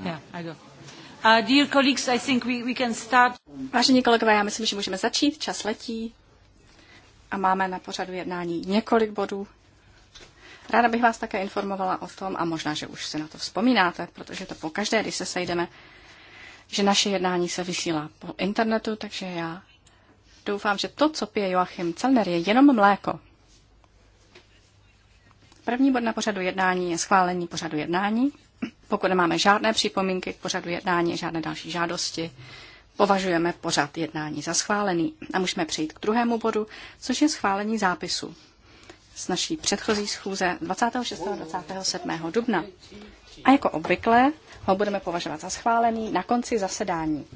Uh, Vážení kolegové, já myslím, že můžeme začít, čas letí a máme na pořadu jednání několik bodů. Ráda bych vás také informovala o tom, a možná, že už si na to vzpomínáte, protože to po každé, když se sejdeme, že naše jednání se vysílá po internetu, takže já doufám, že to, co pije Joachim Celner, je jenom mléko. První bod na pořadu jednání je schválení pořadu jednání. Pokud nemáme žádné připomínky k pořadu jednání, žádné další žádosti, považujeme pořad jednání za schválený. A můžeme přejít k druhému bodu, což je schválení zápisu z naší předchozí schůze 26. a 27. dubna. A jako obvykle ho budeme považovat za schválený na konci zasedání,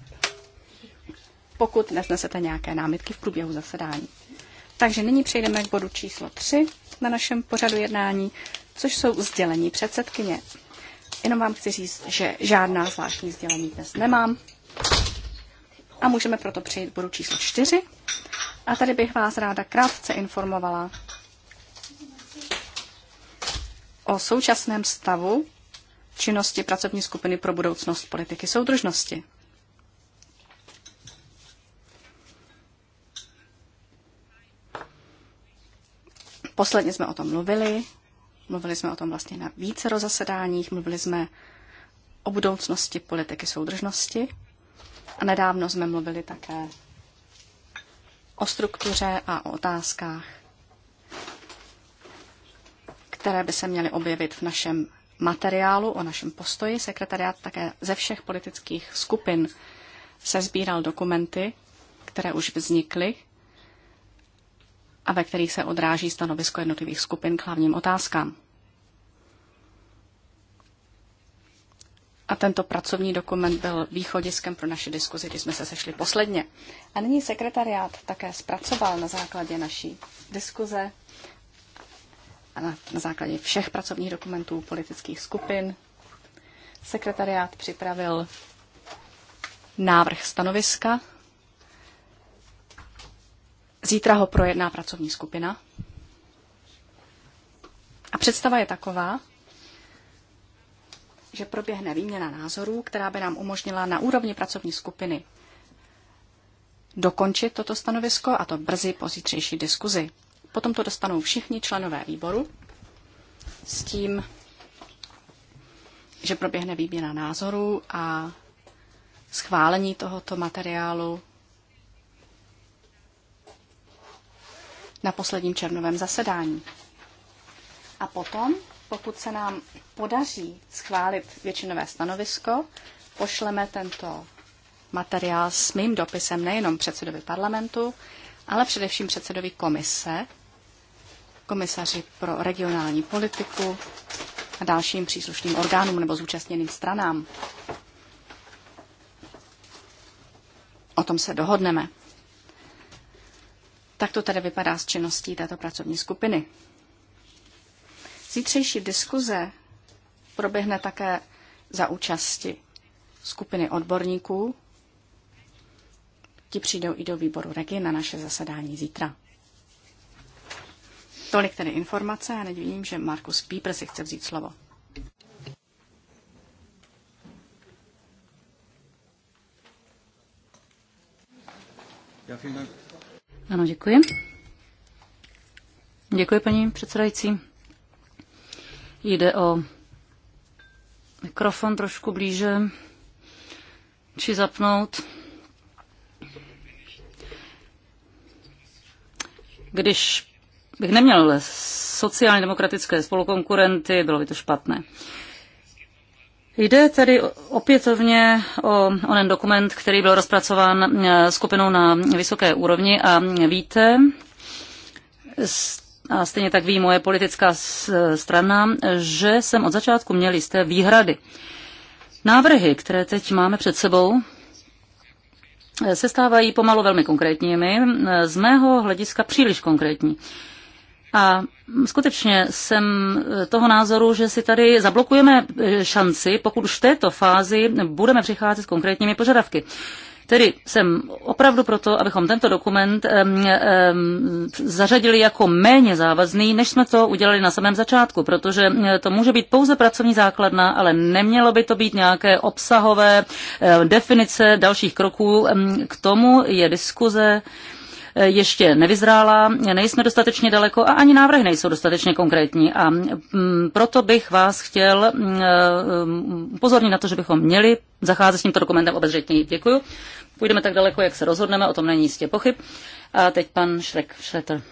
pokud neznesete nějaké námitky v průběhu zasedání. Takže nyní přejdeme k bodu číslo 3 na našem pořadu jednání, což jsou sdělení předsedkyně. Jenom vám chci říct, že žádná zvláštní sdělení dnes nemám. A můžeme proto přejít k bodu číslo 4. A tady bych vás ráda krátce informovala o současném stavu činnosti pracovní skupiny pro budoucnost politiky soudržnosti. Posledně jsme o tom mluvili Mluvili jsme o tom vlastně na více rozasedáních. mluvili jsme o budoucnosti politiky soudržnosti a nedávno jsme mluvili také o struktuře a o otázkách, které by se měly objevit v našem materiálu, o našem postoji. Sekretariát také ze všech politických skupin se sbíral dokumenty, které už vznikly a ve kterých se odráží stanovisko jednotlivých skupin k hlavním otázkám. A tento pracovní dokument byl východiskem pro naši diskuzi, kdy jsme se sešli posledně. A nyní sekretariát také zpracoval na základě naší diskuze a na, na základě všech pracovních dokumentů politických skupin. Sekretariát připravil návrh stanoviska. Zítra ho projedná pracovní skupina. A představa je taková, že proběhne výměna názorů, která by nám umožnila na úrovni pracovní skupiny dokončit toto stanovisko a to brzy po zítřejší diskuzi. Potom to dostanou všichni členové výboru s tím, že proběhne výměna názorů a schválení tohoto materiálu na posledním červnovém zasedání. A potom pokud se nám podaří schválit většinové stanovisko, pošleme tento materiál s mým dopisem nejenom předsedovi parlamentu, ale především předsedovi komise, komisaři pro regionální politiku a dalším příslušným orgánům nebo zúčastněným stranám. O tom se dohodneme. Tak to tedy vypadá s činností této pracovní skupiny. Zítřejší diskuze proběhne také za účasti skupiny odborníků. Ti přijdou i do výboru Regi na naše zasedání zítra. Tolik tedy informace a nedivím, že Markus Pípr si chce vzít slovo. Ano, děkuji. Děkuji, paní předsedající. Jde o mikrofon trošku blíže, či zapnout. Když bych neměl sociálně demokratické spolukonkurenty, bylo by to špatné. Jde tedy opětovně o onen dokument, který byl rozpracován eh, skupinou na vysoké úrovni a víte, z a stejně tak ví moje politická strana, že jsem od začátku měl jisté výhrady. Návrhy, které teď máme před sebou, se stávají pomalu velmi konkrétními, z mého hlediska příliš konkrétní. A skutečně jsem toho názoru, že si tady zablokujeme šanci, pokud už v této fázi budeme přicházet s konkrétními požadavky. Tedy jsem opravdu proto, abychom tento dokument zařadili jako méně závazný, než jsme to udělali na samém začátku, protože to může být pouze pracovní základna, ale nemělo by to být nějaké obsahové eh, definice dalších kroků. K tomu je diskuze Eh, ještě nevyzrála, nejsme dostatečně daleko a ani návrhy nejsou dostatečně konkrétní. A mm, proto bych vás chtěl mm, eh, upozornit na to, že bychom měli zacházet s tímto dokumentem obezřetněji. Děkuji. Půjdeme tak daleko, jak se rozhodneme, o tom není jistě pochyb. A teď pan Šrek, Šletr.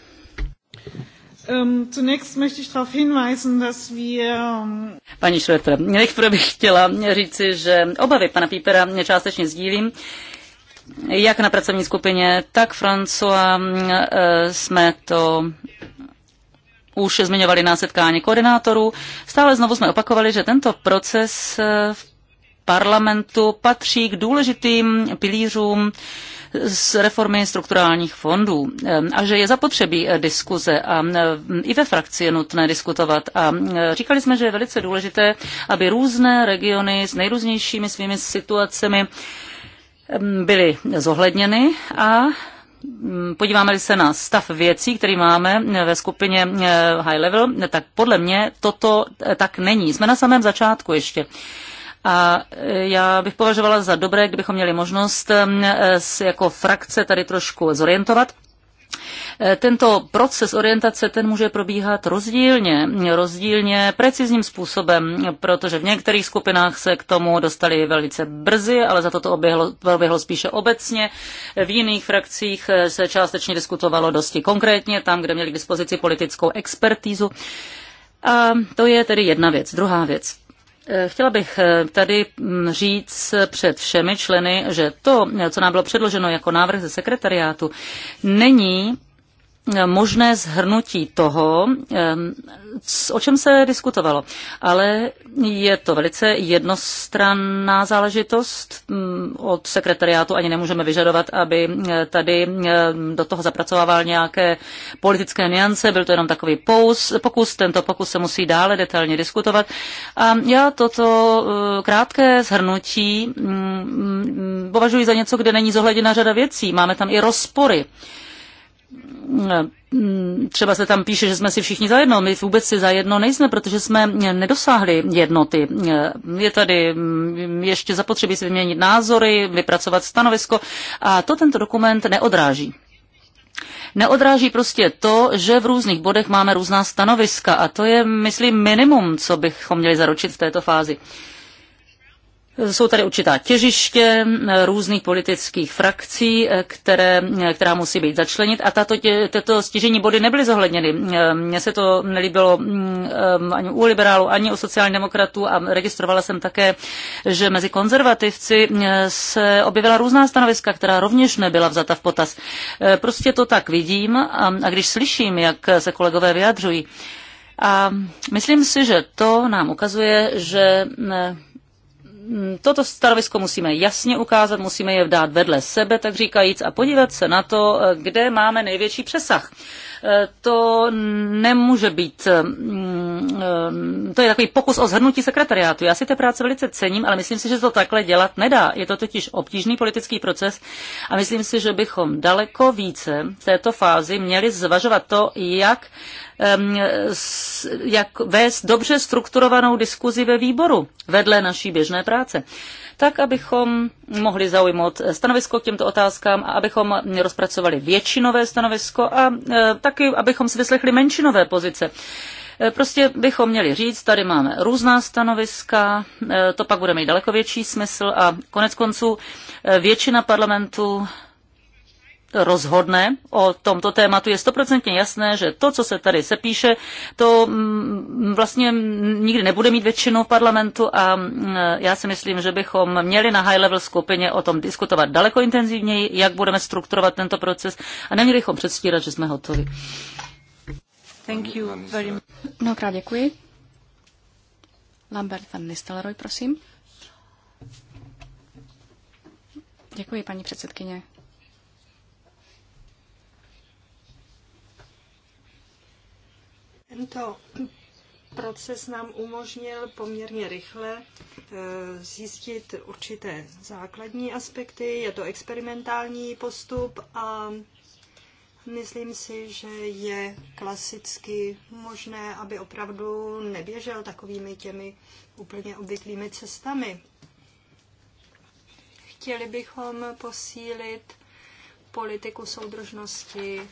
Ähm, zunächst möchte ich darauf hinweisen, dass wir... Ähm, Paní Šreter, nejprve bych chtěla říci, že obavy pana Pípera částečně sdílím jak na pracovní skupině, tak Francois mm, eh, jsme to už zmiňovali na setkání koordinátorů. Stále znovu jsme opakovali, že tento proces eh, v parlamentu patří k důležitým pilířům z reformy strukturálních fondů eh, a že je zapotřebí diskuze a i ve frakci je nutné diskutovat. A říkali jsme, že je velice důležité, aby různé regiony s nejrůznějšími svými situacemi byly zohledněny a mm, podíváme-li se na stav věcí, který máme eh, ve skupině eh, High Level, tak podle mě toto eh, tak není. Jsme na samém začátku ještě. A já bych považovala za dobré, kdybychom měli možnost jako frakce tady trošku zorientovat Eh, tento proces orientace, ten může probíhat rozdílně, rozdílně precizním způsobem, protože v některých skupinách se k tomu dostali velice brzy, ale za to to oběhlo, spíše obecně. V jiných frakcích eh, se částečně diskutovalo dosti konkrétně, tam, kde měli k dispozici politickou expertízu. A to je tedy jedna věc. Druhá věc. Eh, chtěla bych eh, tady mm, říct před všemi členy, že to, co nám bylo předloženo jako návrh ze sekretariátu, není možné zhrnutí toho, o čem se diskutovalo. Ale je to velice jednostranná záležitost. Od sekretariátu ani nemůžeme vyžadovat, aby eh, tady eh, do toho zapracovával nějaké politické niance. Byl to jenom takový pokus. pokus. Tento pokus se musí dále detailně diskutovat. A já toto eh, krátké zhrnutí mm, mm, považuji za něco, kde není zohleděna řada věcí. Máme tam i rozpory třeba se tam píše, že jsme si všichni zajedno. My vůbec si zajedno nejsme, protože jsme nedosáhli jednoty. Je tady mm, ještě zapotřebí si vyměnit názory, vypracovat stanovisko a to tento dokument neodráží neodráží prostě to, že v různých bodech máme různá stanoviska a to je, myslím, minimum, co bychom měli zaručit v této fázi. Jsou tady určitá těžiště eh, různých politických frakcí, eh, které, eh, která musí být začlenit a tato, tyto stěžení body nebyly zohledněny. Mně se to nelíbilo mm, ani u liberálů, ani u sociální demokratů a registrovala jsem také, že mezi konzervativci se objevila různá stanoviska, která rovněž nebyla vzata v potaz. Prostě to tak vidím a, a když slyším, jak se kolegové vyjadřují, a myslím si, že to nám ukazuje, že Hmm, toto stanovisko musíme jasně ukázat, musíme je dát vedle sebe, tak říkajíc, a podívat se na to, eh, kde máme největší přesah to nemůže být, mm, to je takový pokus o zhrnutí sekretariátu. Já si té práce velice cením, ale myslím si, že to takhle dělat nedá. Je to totiž obtížný politický proces a myslím si, že bychom daleko více v této fázi měli zvažovat to, jak jak vést dobře strukturovanou diskuzi ve výboru vedle naší běžné práce tak abychom mohli zaujmout stanovisko k těmto otázkám a abychom rozpracovali většinové stanovisko a e, taky abychom si vyslechli menšinové pozice. E, prostě bychom měli říct, tady máme různá stanoviska, e, to pak bude mít daleko větší smysl a konec konců většina parlamentu rozhodne o tomto tématu, je stoprocentně jasné, že to, co se tady sepíše, to mm, vlastně nikdy nebude mít většinu parlamentu a mm, já si myslím, že bychom měli na high-level skupině o tom diskutovat daleko intenzivněji, jak budeme strukturovat tento proces a neměli bychom předstírat, že jsme hotovi. Thank you very much. krát děkuji. Lambert van Nistelrooy, prosím. Děkuji, paní předsedkyně. Tento proces nám umožnil poměrně rychle e, zjistit určité základní aspekty. Je to experimentální postup a myslím si, že je klasicky možné, aby opravdu neběžel takovými těmi úplně obvyklými cestami. Chtěli bychom posílit politiku soudržnosti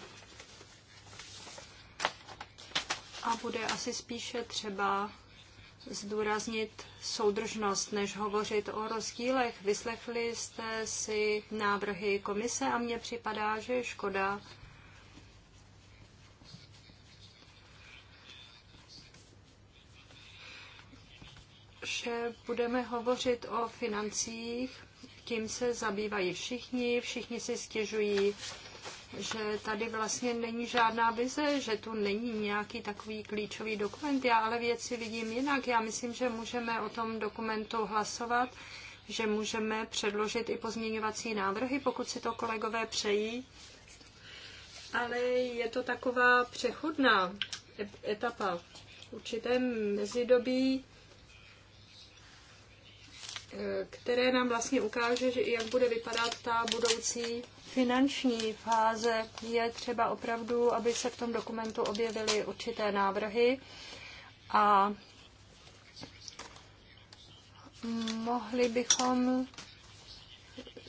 a bude asi spíše třeba zdůraznit soudržnost, než hovořit o rozdílech. Vyslechli jste si návrhy komise a mně připadá, že je škoda, že budeme hovořit o financích, tím se zabývají všichni, všichni si stěžují že tady vlastně není žádná vize, že tu není nějaký takový klíčový dokument. Já ale věci vidím jinak. Já myslím, že můžeme o tom dokumentu hlasovat, že můžeme předložit i pozměňovací návrhy, pokud si to kolegové přejí. Ale je to taková přechodná etapa v určitém mezidobí, eh, které nám vlastně ukáže, že jak bude vypadat ta budoucí finanční fáze je třeba opravdu, aby se v tom dokumentu objevily určité návrhy a mohli bychom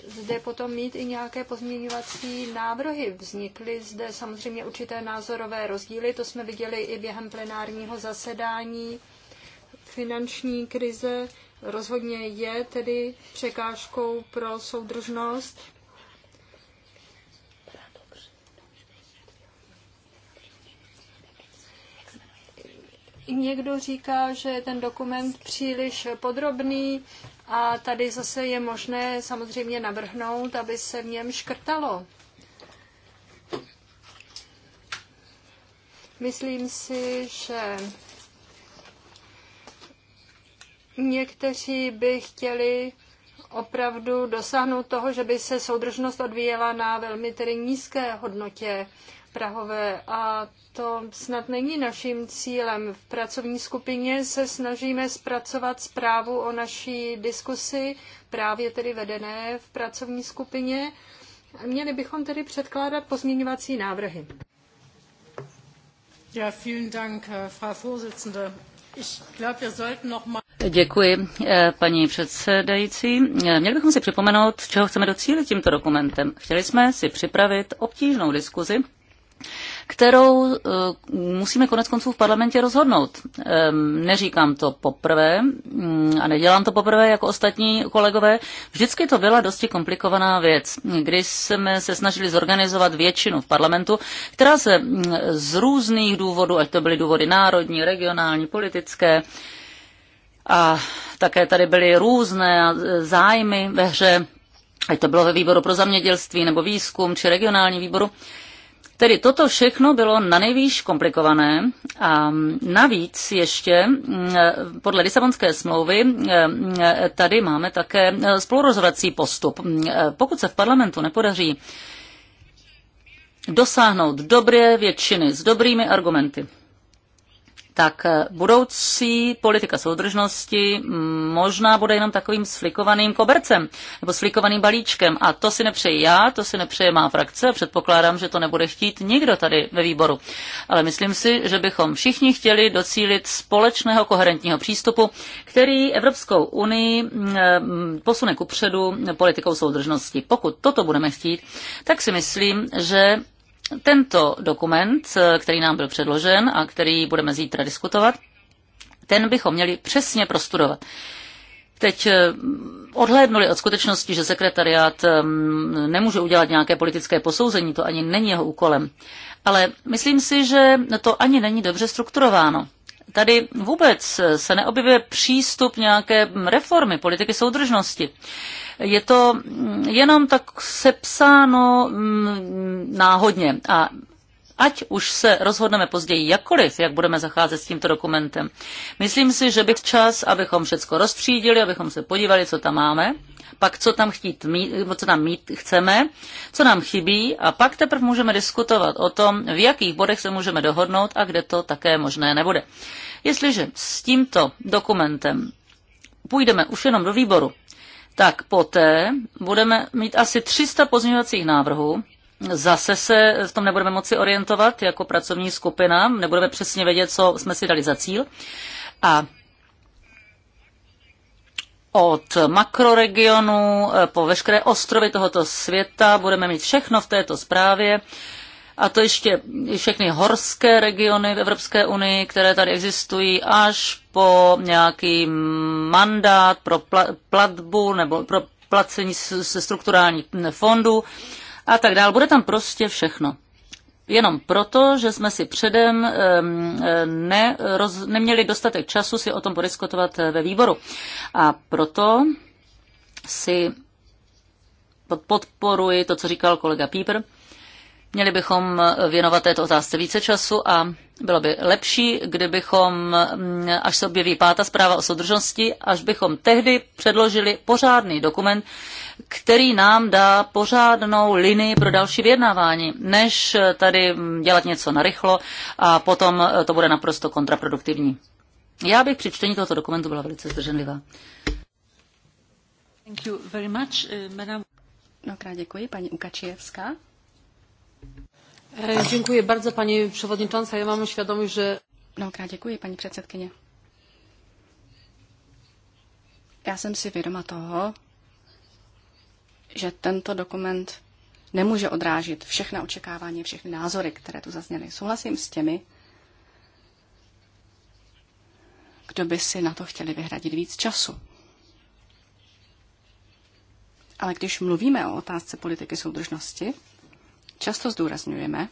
zde potom mít i nějaké pozměňovací návrhy. Vznikly zde samozřejmě určité názorové rozdíly, to jsme viděli i během plenárního zasedání. Finanční krize rozhodně je tedy překážkou pro soudržnost Někdo říká, že je ten dokument příliš podrobný a tady zase je možné samozřejmě navrhnout, aby se v něm škrtalo. Myslím si, že někteří by chtěli opravdu dosáhnout toho, že by se soudržnost odvíjela na velmi tedy nízké hodnotě. Prahové a to snad není naším cílem. V pracovní skupině se snažíme zpracovat zprávu o naší diskusi, právě tedy vedené v pracovní skupině. Měli bychom tedy předkládat pozměňovací návrhy. Ja, vielen Dank, äh, Frau Vorsitzende. Ich glaube, wir sollten noch mal Děkuji, eh, paní předsedající. Eh, měli bychom si připomenout, čeho chceme docílit tímto dokumentem. Chtěli jsme si připravit obtížnou diskuzi kterou eh, musíme konec konců v parlamentě rozhodnout. Ehm, neříkám to poprvé mm, a nedělám to poprvé jako ostatní kolegové. Vždycky to byla dosti komplikovaná věc, když jsme se snažili zorganizovat většinu v parlamentu, která se mm, z různých důvodů, ať to byly důvody národní, regionální, politické, a také tady byly různé eh, zájmy ve hře, ať to bylo ve výboru pro zemědělství nebo výzkum či regionální výboru, Tedy toto všechno bylo na nejvýš komplikované a navíc ještě mm, podle Lisabonské smlouvy mm, tady máme také spolurozhodací postup. Mm, pokud se v parlamentu nepodaří dosáhnout dobré většiny s dobrými argumenty, tak eh, budoucí politika soudržnosti mm, možná bude jenom takovým sflikovaným kobercem nebo sflikovaným balíčkem. A to si nepřeji já, to si nepřeje má frakce a předpokládám, že to nebude chtít nikdo tady ve výboru. Ale myslím si, že bychom všichni chtěli docílit společného koherentního přístupu, který Evropskou unii mm, mm, posune kupředu politikou soudržnosti. Pokud toto budeme chtít, tak si myslím, že tento dokument, eh, který nám byl předložen a který budeme zítra diskutovat, ten bychom měli přesně prostudovat. Teď eh, odhlédnuli od skutečnosti, že sekretariát eh, nemůže udělat nějaké politické posouzení, to ani není jeho úkolem. Ale myslím si, že to ani není dobře strukturováno. Tady vůbec se neobjevuje přístup nějaké reformy politiky soudržnosti. Je to jenom tak sepsáno mm, náhodně. A ať už se rozhodneme později jakkoliv, jak budeme zacházet s tímto dokumentem. Myslím si, že bych čas, abychom všechno rozstřídili, abychom se podívali, co tam máme, pak co tam, chtít mít, co tam mít chceme, co nám chybí a pak teprve můžeme diskutovat o tom, v jakých bodech se můžeme dohodnout a kde to také možné nebude. Jestliže s tímto dokumentem půjdeme už jenom do výboru, tak poté budeme mít asi 300 pozměňovacích návrhů. Zase se v tom nebudeme moci orientovat jako pracovní skupina, nebudeme přesně vědět, co jsme si dali za cíl. A od makroregionu eh, po veškeré ostrovy tohoto světa budeme mít všechno v této zprávě a to ještě všechny horské regiony v Evropské unii, které tady existují, až po nějaký mandát pro platbu nebo pro placení se strukturálních fondů a tak dále. Bude tam prostě všechno. Jenom proto, že jsme si předem ne, roz, neměli dostatek času si o tom podiskutovat ve výboru. A proto si podporuji to, co říkal kolega Píper, Měli bychom věnovat této otázce více času a bylo by lepší, kdybychom, mm, až se objeví pátá zpráva o soudržnosti, až bychom tehdy předložili pořádný dokument, který nám dá pořádnou linii pro další vyjednávání, než tady dělat něco narychlo a potom to bude naprosto kontraproduktivní. Já bych při čtení tohoto dokumentu byla velice zdrženlivá. Thank you very much, eh, madam. krát děkuji, paní Ukačijevská. E, děkuji bardzo, paní Já świadomość, Mnohokrát děkuji, paní předsedkyně. Já jsem si vědoma toho, že tento dokument nemůže odrážit všechna očekávání, všechny názory, které tu zazněly. Souhlasím s těmi, kdo by si na to chtěli vyhradit víc času. Ale když mluvíme o otázce politiky soudržnosti, Často zdůrazňujeme,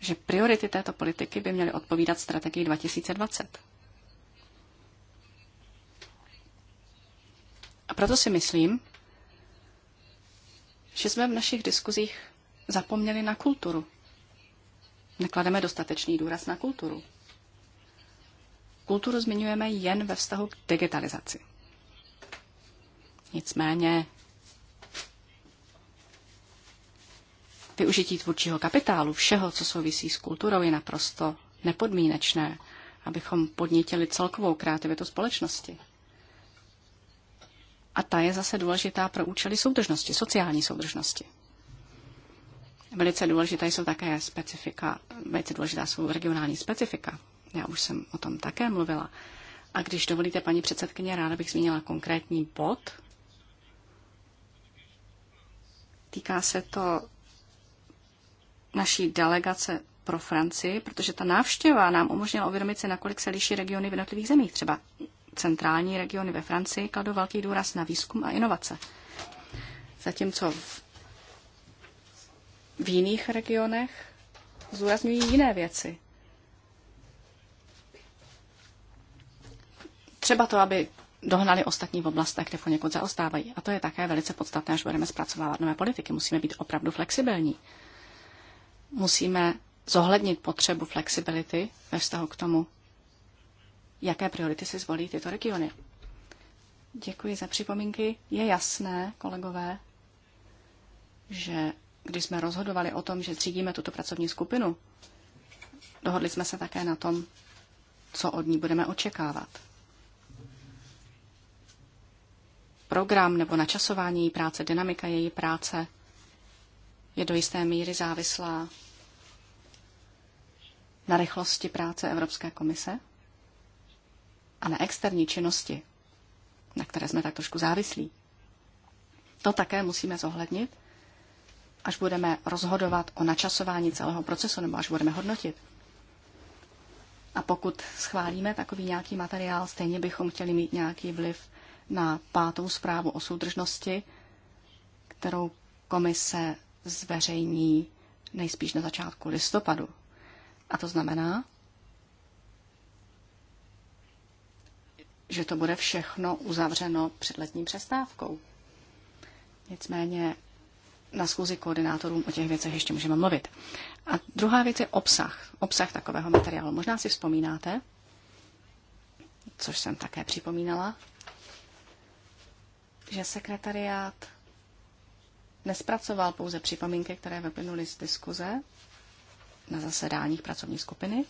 že priority této politiky by měly odpovídat strategii 2020. A proto si myslím, že jsme v našich diskuzích zapomněli na kulturu. Neklademe dostatečný důraz na kulturu. Kulturu zmiňujeme jen ve vztahu k digitalizaci. Nicméně Využití tvůrčího kapitálu, všeho, co souvisí s kulturou, je naprosto nepodmínečné, abychom podnítili celkovou kreativitu společnosti. A ta je zase důležitá pro účely soudržnosti, sociální soudržnosti. Velice důležité jsou také specifika, velice důležitá jsou regionální specifika. Já už jsem o tom také mluvila. A když dovolíte, paní předsedkyně, ráda bych zmínila konkrétní bod. Týká se to naší delegace pro Francii, protože ta návštěva nám umožnila uvědomit si, nakolik se liší regiony v jednotlivých zemích. Třeba centrální regiony ve Francii kladou velký důraz na výzkum a inovace. Zatímco v, v jiných regionech zúraznují jiné věci. Třeba to, aby dohnali ostatní v oblastech, kde poněkud zaostávají. A to je také velice podstatné, až budeme zpracovávat nové politiky. Musíme být opravdu flexibilní musíme zohlednit potřebu flexibility ve vztahu k tomu, jaké priority si zvolí tyto regiony. Děkuji za připomínky. Je jasné, kolegové, že když jsme rozhodovali o tom, že zřídíme tuto pracovní skupinu, dohodli jsme se také na tom, co od ní budeme očekávat. Program nebo načasování její práce, dynamika její práce – je do jisté míry závislá na rychlosti práce Evropské komise a na externí činnosti, na které jsme tak trošku závislí. To také musíme zohlednit, až budeme rozhodovat o načasování celého procesu nebo až budeme hodnotit. A pokud schválíme takový nějaký materiál, stejně bychom chtěli mít nějaký vliv na pátou zprávu o soudržnosti, kterou komise zveřejní nejspíš na začátku listopadu. A to znamená, že to bude všechno uzavřeno před letním přestávkou. Nicméně na schůzi koordinátorům o těch věcech ještě můžeme mluvit. A druhá věc je obsah. Obsah takového materiálu. Možná si vzpomínáte, což jsem také připomínala, že sekretariát nespracoval pouze připomínky, které vyplynuly z diskuze na zasedáních pracovní skupiny.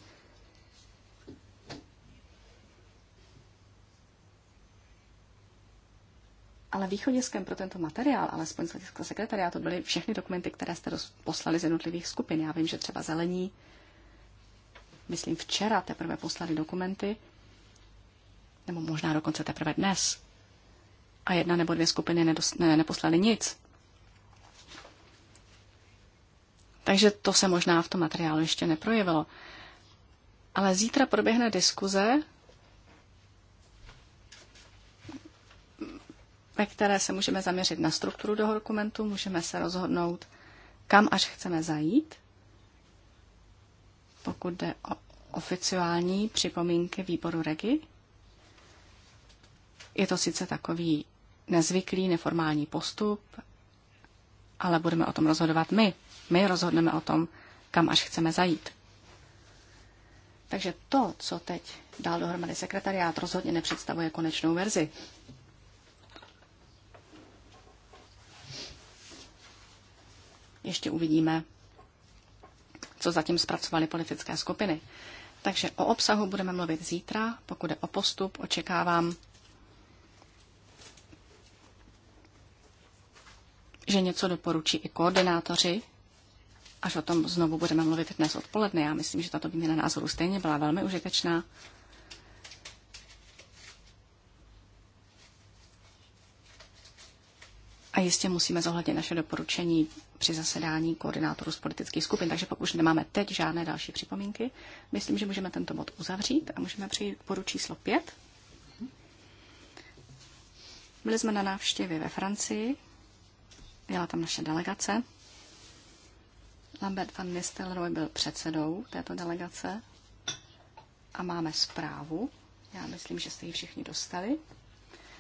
Ale východiskem pro tento materiál, alespoň z hlediska sekretariátu, byly všechny dokumenty, které jste poslali z jednotlivých skupin. Já vím, že třeba zelení, myslím včera teprve poslali dokumenty, nebo možná dokonce teprve dnes. A jedna nebo dvě skupiny nedos- ne, neposlali nic. Takže to se možná v tom materiálu ještě neprojevilo. Ale zítra proběhne diskuze, ve které se můžeme zaměřit na strukturu toho dokumentu, můžeme se rozhodnout, kam až chceme zajít, pokud jde o oficiální připomínky výboru REGI. Je to sice takový nezvyklý neformální postup, ale budeme o tom rozhodovat my. My rozhodneme o tom, kam až chceme zajít. Takže to, co teď dal dohromady sekretariát, rozhodně nepředstavuje konečnou verzi. Ještě uvidíme, co zatím zpracovaly politické skupiny. Takže o obsahu budeme mluvit zítra. Pokud je o postup, očekávám, že něco doporučí i koordinátoři, až o tom znovu budeme mluvit dnes odpoledne. Já myslím, že tato výměna názoru stejně byla velmi užitečná. A jistě musíme zohlednit naše doporučení při zasedání koordinátorů z politických skupin. Takže pokud už nemáme teď žádné další připomínky, myslím, že můžeme tento bod uzavřít a můžeme přejít k bodu číslo 5. Byli jsme na návštěvě ve Francii byla tam naše delegace. Lambert van Nistelrooy byl předsedou této delegace a máme zprávu. Já myslím, že jste ji všichni dostali.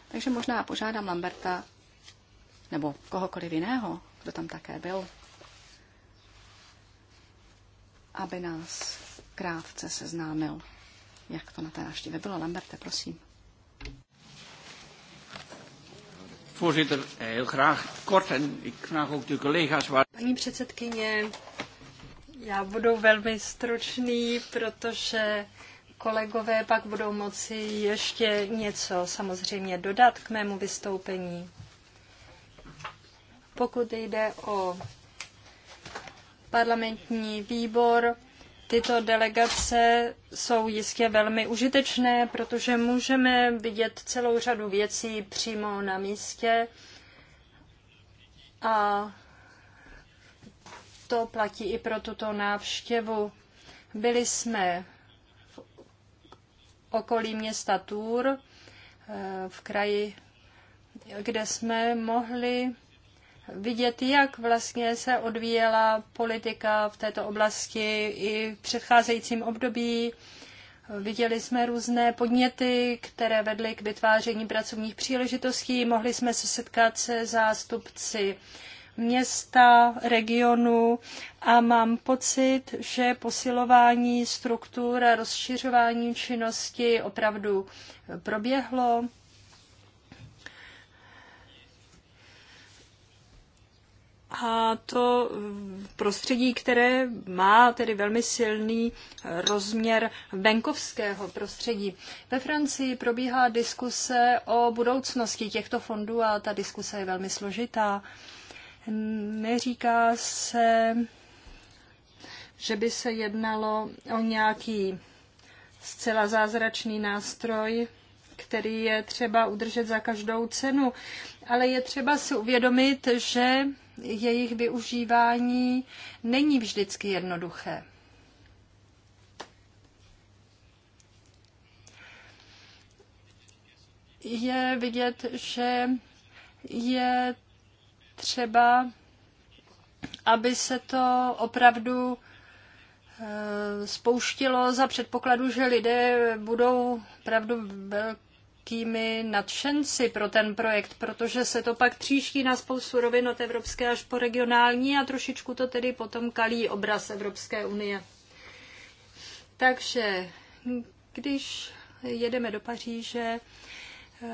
Takže možná požádám Lamberta nebo kohokoliv jiného, kdo tam také byl, aby nás krátce seznámil, jak to na té návštěvě bylo. Lamberte, prosím. Voorzitter, eh, heel graag kort en ik vraag ook de collega's waar... Paní předsedkyně, já budu velmi stručný, protože kolegové pak budou moci ještě něco samozřejmě dodat k mému vystoupení. Pokud jde o parlamentní výbor, Tyto delegace jsou jistě velmi užitečné, protože můžeme vidět celou řadu věcí přímo na místě a to platí i pro tuto návštěvu. Byli jsme v okolí města Tour eh, v kraji, kde jsme mohli vidět, jak vlastně se odvíjela politika v této oblasti i v předcházejícím období. Viděli jsme různé podněty, které vedly k vytváření pracovních příležitostí. Mohli jsme se setkat se zástupci města, regionu a mám pocit, že posilování struktur a rozšiřování činnosti opravdu proběhlo. a to prostředí, které má tedy velmi silný rozměr venkovského prostředí. Ve Francii probíhá diskuse o budoucnosti těchto fondů a ta diskuse je velmi složitá. Neříká se, že by se jednalo o nějaký zcela zázračný nástroj, který je třeba udržet za každou cenu. Ale je třeba si uvědomit, že jejich využívání není vždycky jednoduché. Je vidět, že je třeba, aby se to opravdu eh, spouštilo za předpokladu, že lidé budou opravdu velkými nadšenci pro ten projekt, protože se to pak tříští na spoustu rovin od evropské až po regionální a trošičku to tedy potom kalí obraz Evropské unie. Takže když jedeme do Paříže, eh,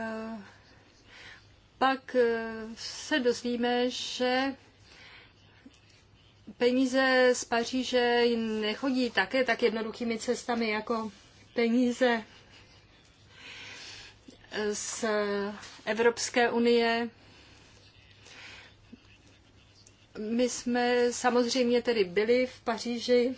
pak eh, se dozvíme, že peníze z Paříže nechodí také tak jednoduchými cestami jako peníze z Evropské unie. My jsme samozřejmě tedy byli v Paříži.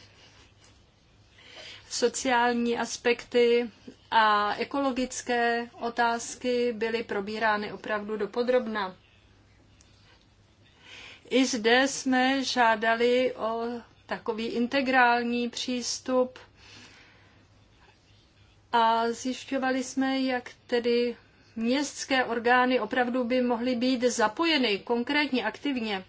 Sociální aspekty a ekologické otázky byly probírány opravdu dopodrobna. I zde jsme žádali o takový integrální přístup – a zjišťovali jsme, jak tedy městské orgány opravdu by mohly být zapojeny konkrétně, aktivně.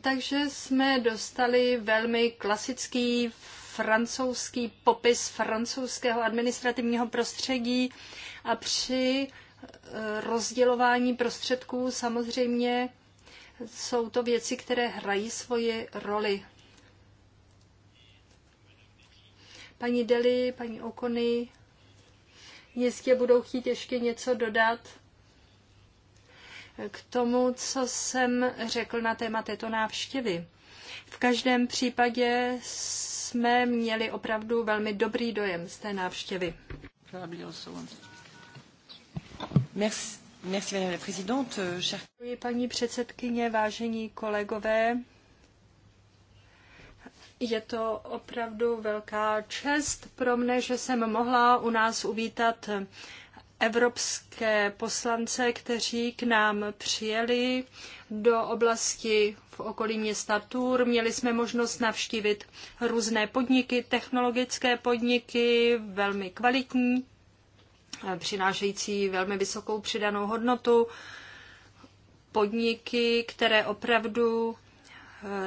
Takže jsme dostali velmi klasický francouzský popis francouzského administrativního prostředí a při eh, rozdělování prostředků samozřejmě jsou to věci, které hrají svoji roli. paní Deli, paní Okony jistě budou chtít ještě něco dodat k tomu, co jsem řekl na téma této návštěvy. V každém případě jsme měli opravdu velmi dobrý dojem z té návštěvy. Euh, Děkuji, paní předsedkyně, vážení kolegové. Je to opravdu velká čest pro mne, že jsem mohla u nás uvítat evropské poslance, kteří k nám přijeli do oblasti v okolí města Tour. Měli jsme možnost navštívit různé podniky, technologické podniky, velmi kvalitní, přinášející velmi vysokou přidanou hodnotu, podniky, které opravdu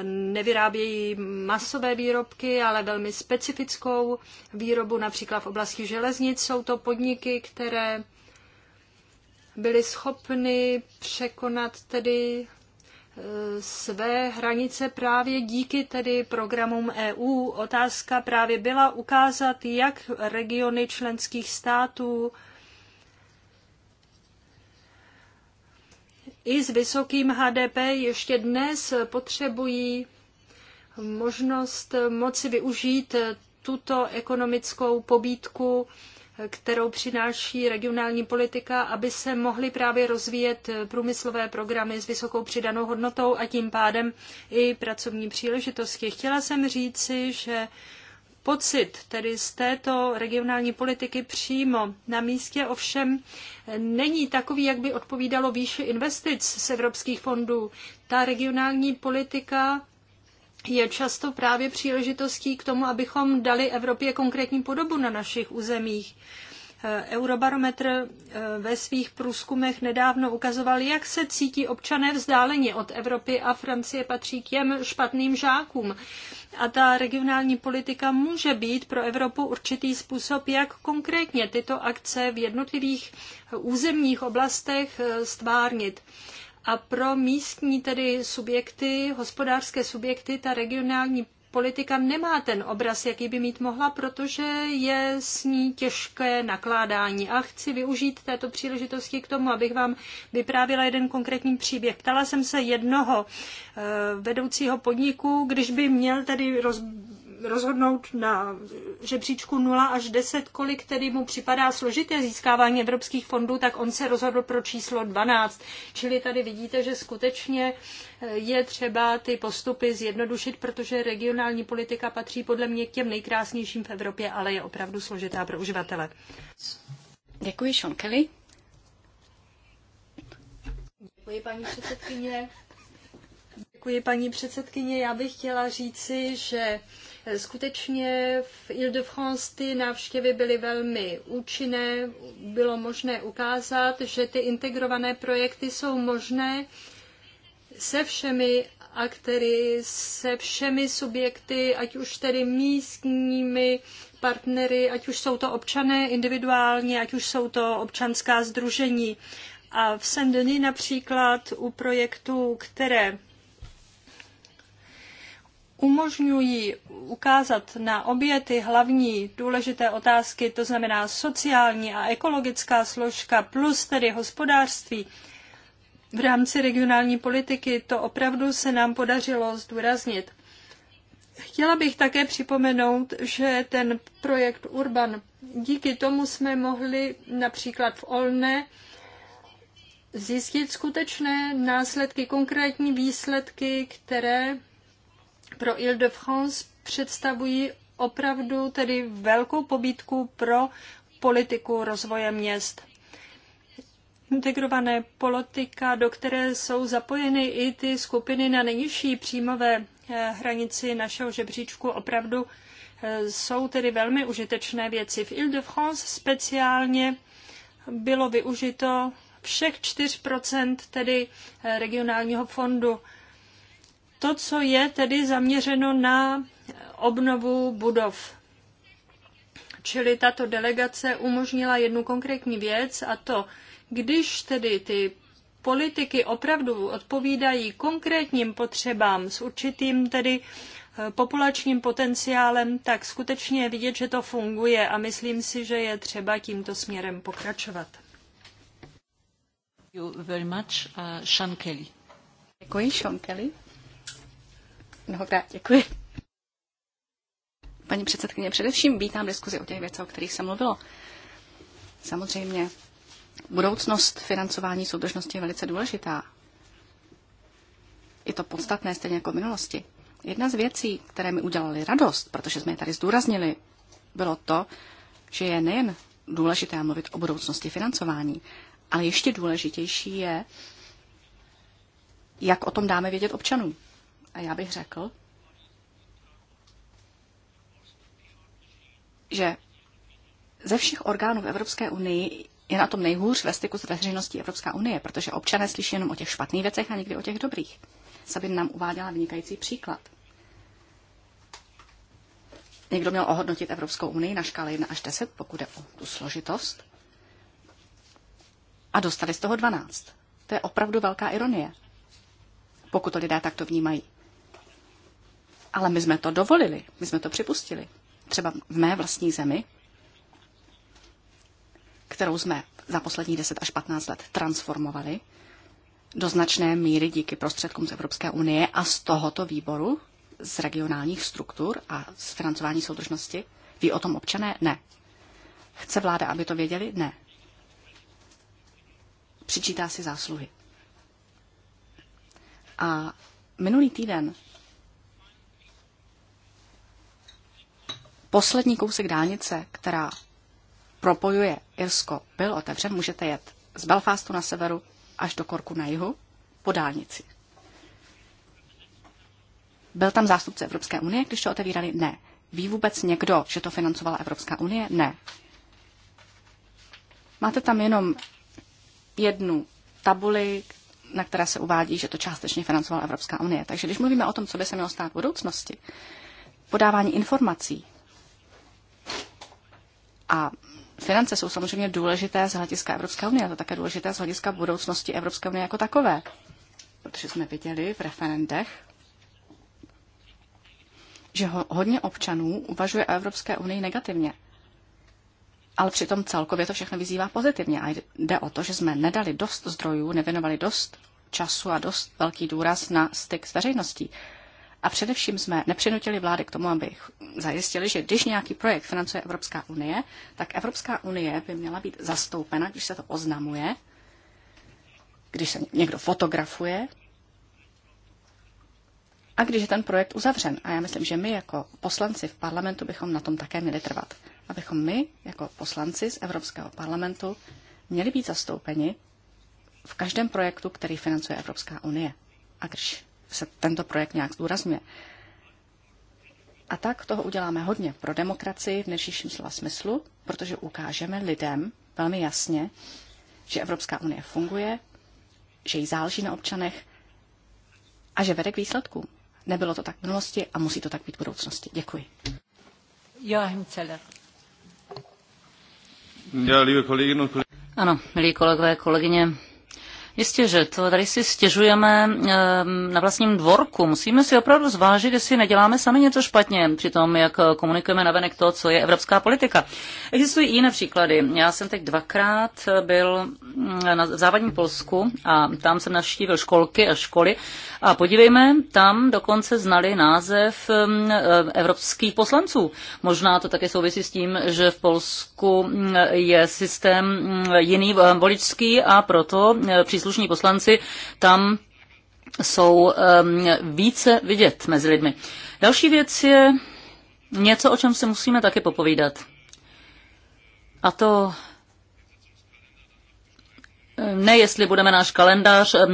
nevyrábějí masové výrobky, ale velmi specifickou výrobu, například v oblasti železnic. Jsou to podniky, které byly schopny překonat tedy eh, své hranice právě díky tedy programům EU. Otázka právě byla ukázat, jak regiony členských států i s vysokým HDP ještě dnes potřebují možnost moci využít tuto ekonomickou pobídku, kterou přináší regionální politika, aby se mohly právě rozvíjet průmyslové programy s vysokou přidanou hodnotou a tím pádem i pracovní příležitosti. Chtěla jsem říci, že pocit tedy z této regionální politiky přímo na místě ovšem není takový, jak by odpovídalo výši investic z evropských fondů. Ta regionální politika je často právě příležitostí k tomu, abychom dali Evropě konkrétní podobu na našich územích. Eh, Eurobarometr eh, ve svých průzkumech nedávno ukazoval, jak se cítí občané vzdáleně od Evropy a Francie patří k těm špatným žákům. A ta regionální politika může být pro Evropu určitý způsob, jak konkrétně tyto akce v jednotlivých eh, územních oblastech stvárnit. A pro místní tedy subjekty, hospodářské subjekty, ta regionální politika nemá ten obraz, jaký by mít mohla, protože je s ní těžké nakládání. A chci využít této příležitosti k tomu, abych vám vyprávěla jeden konkrétní příběh. Ptala jsem se jednoho eh, vedoucího podniku, když by měl tedy roz, rozhodnout na žebříčku 0 až 10, kolik tedy mu připadá složité získávání evropských fondů, tak on se rozhodl pro číslo 12. Čili tady vidíte, že skutečně eh, je třeba ty postupy zjednodušit, protože regionální politika patří podle mě k těm nejkrásnějším v Evropě, ale je opravdu složitá pro uživatele. Děkuji, Sean Kelly. Děkuji, paní předsedkyně. Děkuji, paní předsedkyně. Já bych chtěla říci, že skutečně v Ile-de-France ty návštěvy byly velmi účinné. Bylo možné ukázat, že ty integrované projekty jsou možné se všemi aktéry, se všemi subjekty, ať už tedy místními partnery, ať už jsou to občané individuálně, ať už jsou to občanská združení. A v Saint-Denis například u projektů, které umožňují ukázat na obě ty hlavní důležité otázky, to znamená sociální a ekologická složka plus tedy hospodářství v rámci regionální politiky, to opravdu se nám podařilo zdůraznit. Chtěla bych také připomenout, že ten projekt Urban, díky tomu jsme mohli například v Olne zjistit skutečné následky, konkrétní výsledky, které pro Ile-de-France představují opravdu tedy velkou pobídku pro politiku rozvoje měst. Integrované politika, do které jsou zapojeny i ty skupiny na nejnižší příjmové eh, hranici našeho žebříčku, opravdu eh, jsou tedy velmi užitečné věci. V Ile-de-France speciálně bylo využito všech 4 tedy eh, regionálního fondu to, co je tedy zaměřeno na obnovu budov. Čili tato delegace umožnila jednu konkrétní věc a to, když tedy ty politiky opravdu odpovídají konkrétním potřebám s určitým tedy eh, populačním potenciálem, tak skutečně je vidět, že to funguje a myslím si, že je třeba tímto směrem pokračovat. Thank you very much, uh, Sean Kelly. Děkuji, Sean Kelly. Mnohokrát děkuji. Paní předsedkyně, především vítám diskuzi o těch věcech, o kterých jsem mluvilo. Samozřejmě budoucnost financování soudržnosti je velice důležitá. Je to podstatné stejně jako v minulosti. Jedna z věcí, které mi udělaly radost, protože jsme je tady zdůraznili, bylo to, že je nejen důležité mluvit o budoucnosti financování, ale ještě důležitější je, jak o tom dáme vědět občanům. A já bych řekl, že ze všech orgánů v Evropské unii je na tom nejhůř ve styku s veřejností Evropská unie, protože občané slyší jenom o těch špatných věcech a někdy o těch dobrých. Sabin nám uváděla vynikající příklad. Někdo měl ohodnotit Evropskou unii na škále 1 až 10, pokud je o tu složitost. A dostali z toho 12. To je opravdu velká ironie, pokud to lidé takto vnímají. Ale my jsme to dovolili, my jsme to připustili. Třeba v mé vlastní zemi, kterou jsme za poslední 10 až 15 let transformovali, do značné míry díky prostředkům z Evropské unie a z tohoto výboru, z regionálních struktur a z financování soudržnosti. Ví o tom občané? Ne. Chce vláda, aby to věděli? Ne. Přičítá si zásluhy. A minulý týden poslední kousek dálnice, která propojuje Irsko, byl otevřen, můžete jet z Belfastu na severu až do Korku na jihu po dálnici. Byl tam zástupce Evropské unie, když to otevírali? Ne. Ví vůbec někdo, že to financovala Evropská unie? Ne. Máte tam jenom jednu tabuli, na které se uvádí, že to částečně financovala Evropská unie. Takže když mluvíme o tom, co by se mělo stát v budoucnosti, podávání informací, a finance jsou samozřejmě důležité z hlediska Evropské unie, a to také důležité z hlediska budoucnosti Evropské unie jako takové. Protože jsme viděli v referendech, že ho, hodně občanů uvažuje o Evropské unii negativně. Ale přitom celkově to všechno vyzývá pozitivně a jde o to, že jsme nedali dost zdrojů, nevěnovali dost času a dost velký důraz na styk s veřejností. A především jsme nepřinutili vlády k tomu, aby zajistili, že když nějaký projekt financuje Evropská unie, tak Evropská unie by měla být zastoupena, když se to oznamuje, když se někdo fotografuje a když je ten projekt uzavřen. A já myslím, že my jako poslanci v parlamentu bychom na tom také měli trvat. Abychom my jako poslanci z Evropského parlamentu měli být zastoupeni v každém projektu, který financuje Evropská unie. A když se tento projekt nějak zdůrazňuje. A tak toho uděláme hodně pro demokracii v nejširším slova smyslu, protože ukážeme lidem velmi jasně, že Evropská unie funguje, že jí záleží na občanech a že vede k výsledkům. Nebylo to tak v minulosti a musí to tak být v budoucnosti. Děkuji. Joachim Celer. Ja, liebe Kolleginnen und Ano, milí kolegové, kolegyně, Jistě, že to tady si stěžujeme ehm, na vlastním dvorku. Musíme si opravdu zvážit, jestli neděláme sami něco špatně při tom, jak eh, komunikujeme navenek to, co je evropská politika. Existují i jiné příklady. Já jsem teď dvakrát byl mm, na závadní Polsku a tam jsem navštívil školky a školy. A podívejme, tam dokonce znali název ehm, eh, evropských poslanců. Možná to také souvisí s tím, že v Polsku mm, je systém mm, jiný ehm, voličský a proto eh, při příslušní poslanci tam jsou více vidět mezi lidmi. Další věc je něco, o čem se musíme taky popovídat. A to ne, jestli budeme náš kalendář e,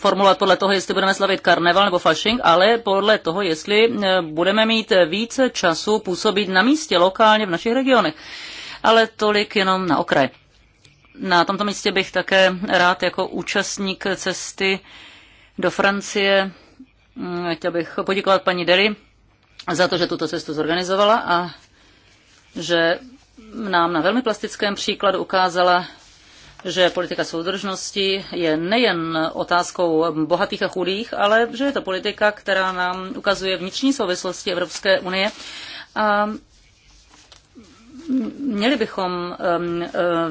formulovat podle toho, jestli budeme slavit karneval nebo fasching, ale podle toho, jestli e, budeme mít více času působit na místě, lokálně v našich regionech. Ale tolik jenom na okraj. Na tomto místě bych také rád jako účastník cesty do Francie mm, chtěl bych poděkovat paní Derry za to, že tuto cestu zorganizovala a že nám na velmi plastickém příkladu ukázala, že politika soudržnosti je nejen otázkou bohatých a chudých, ale že je to politika, která nám ukazuje vnitřní souvislosti Evropské unie a Měli bychom um, uh,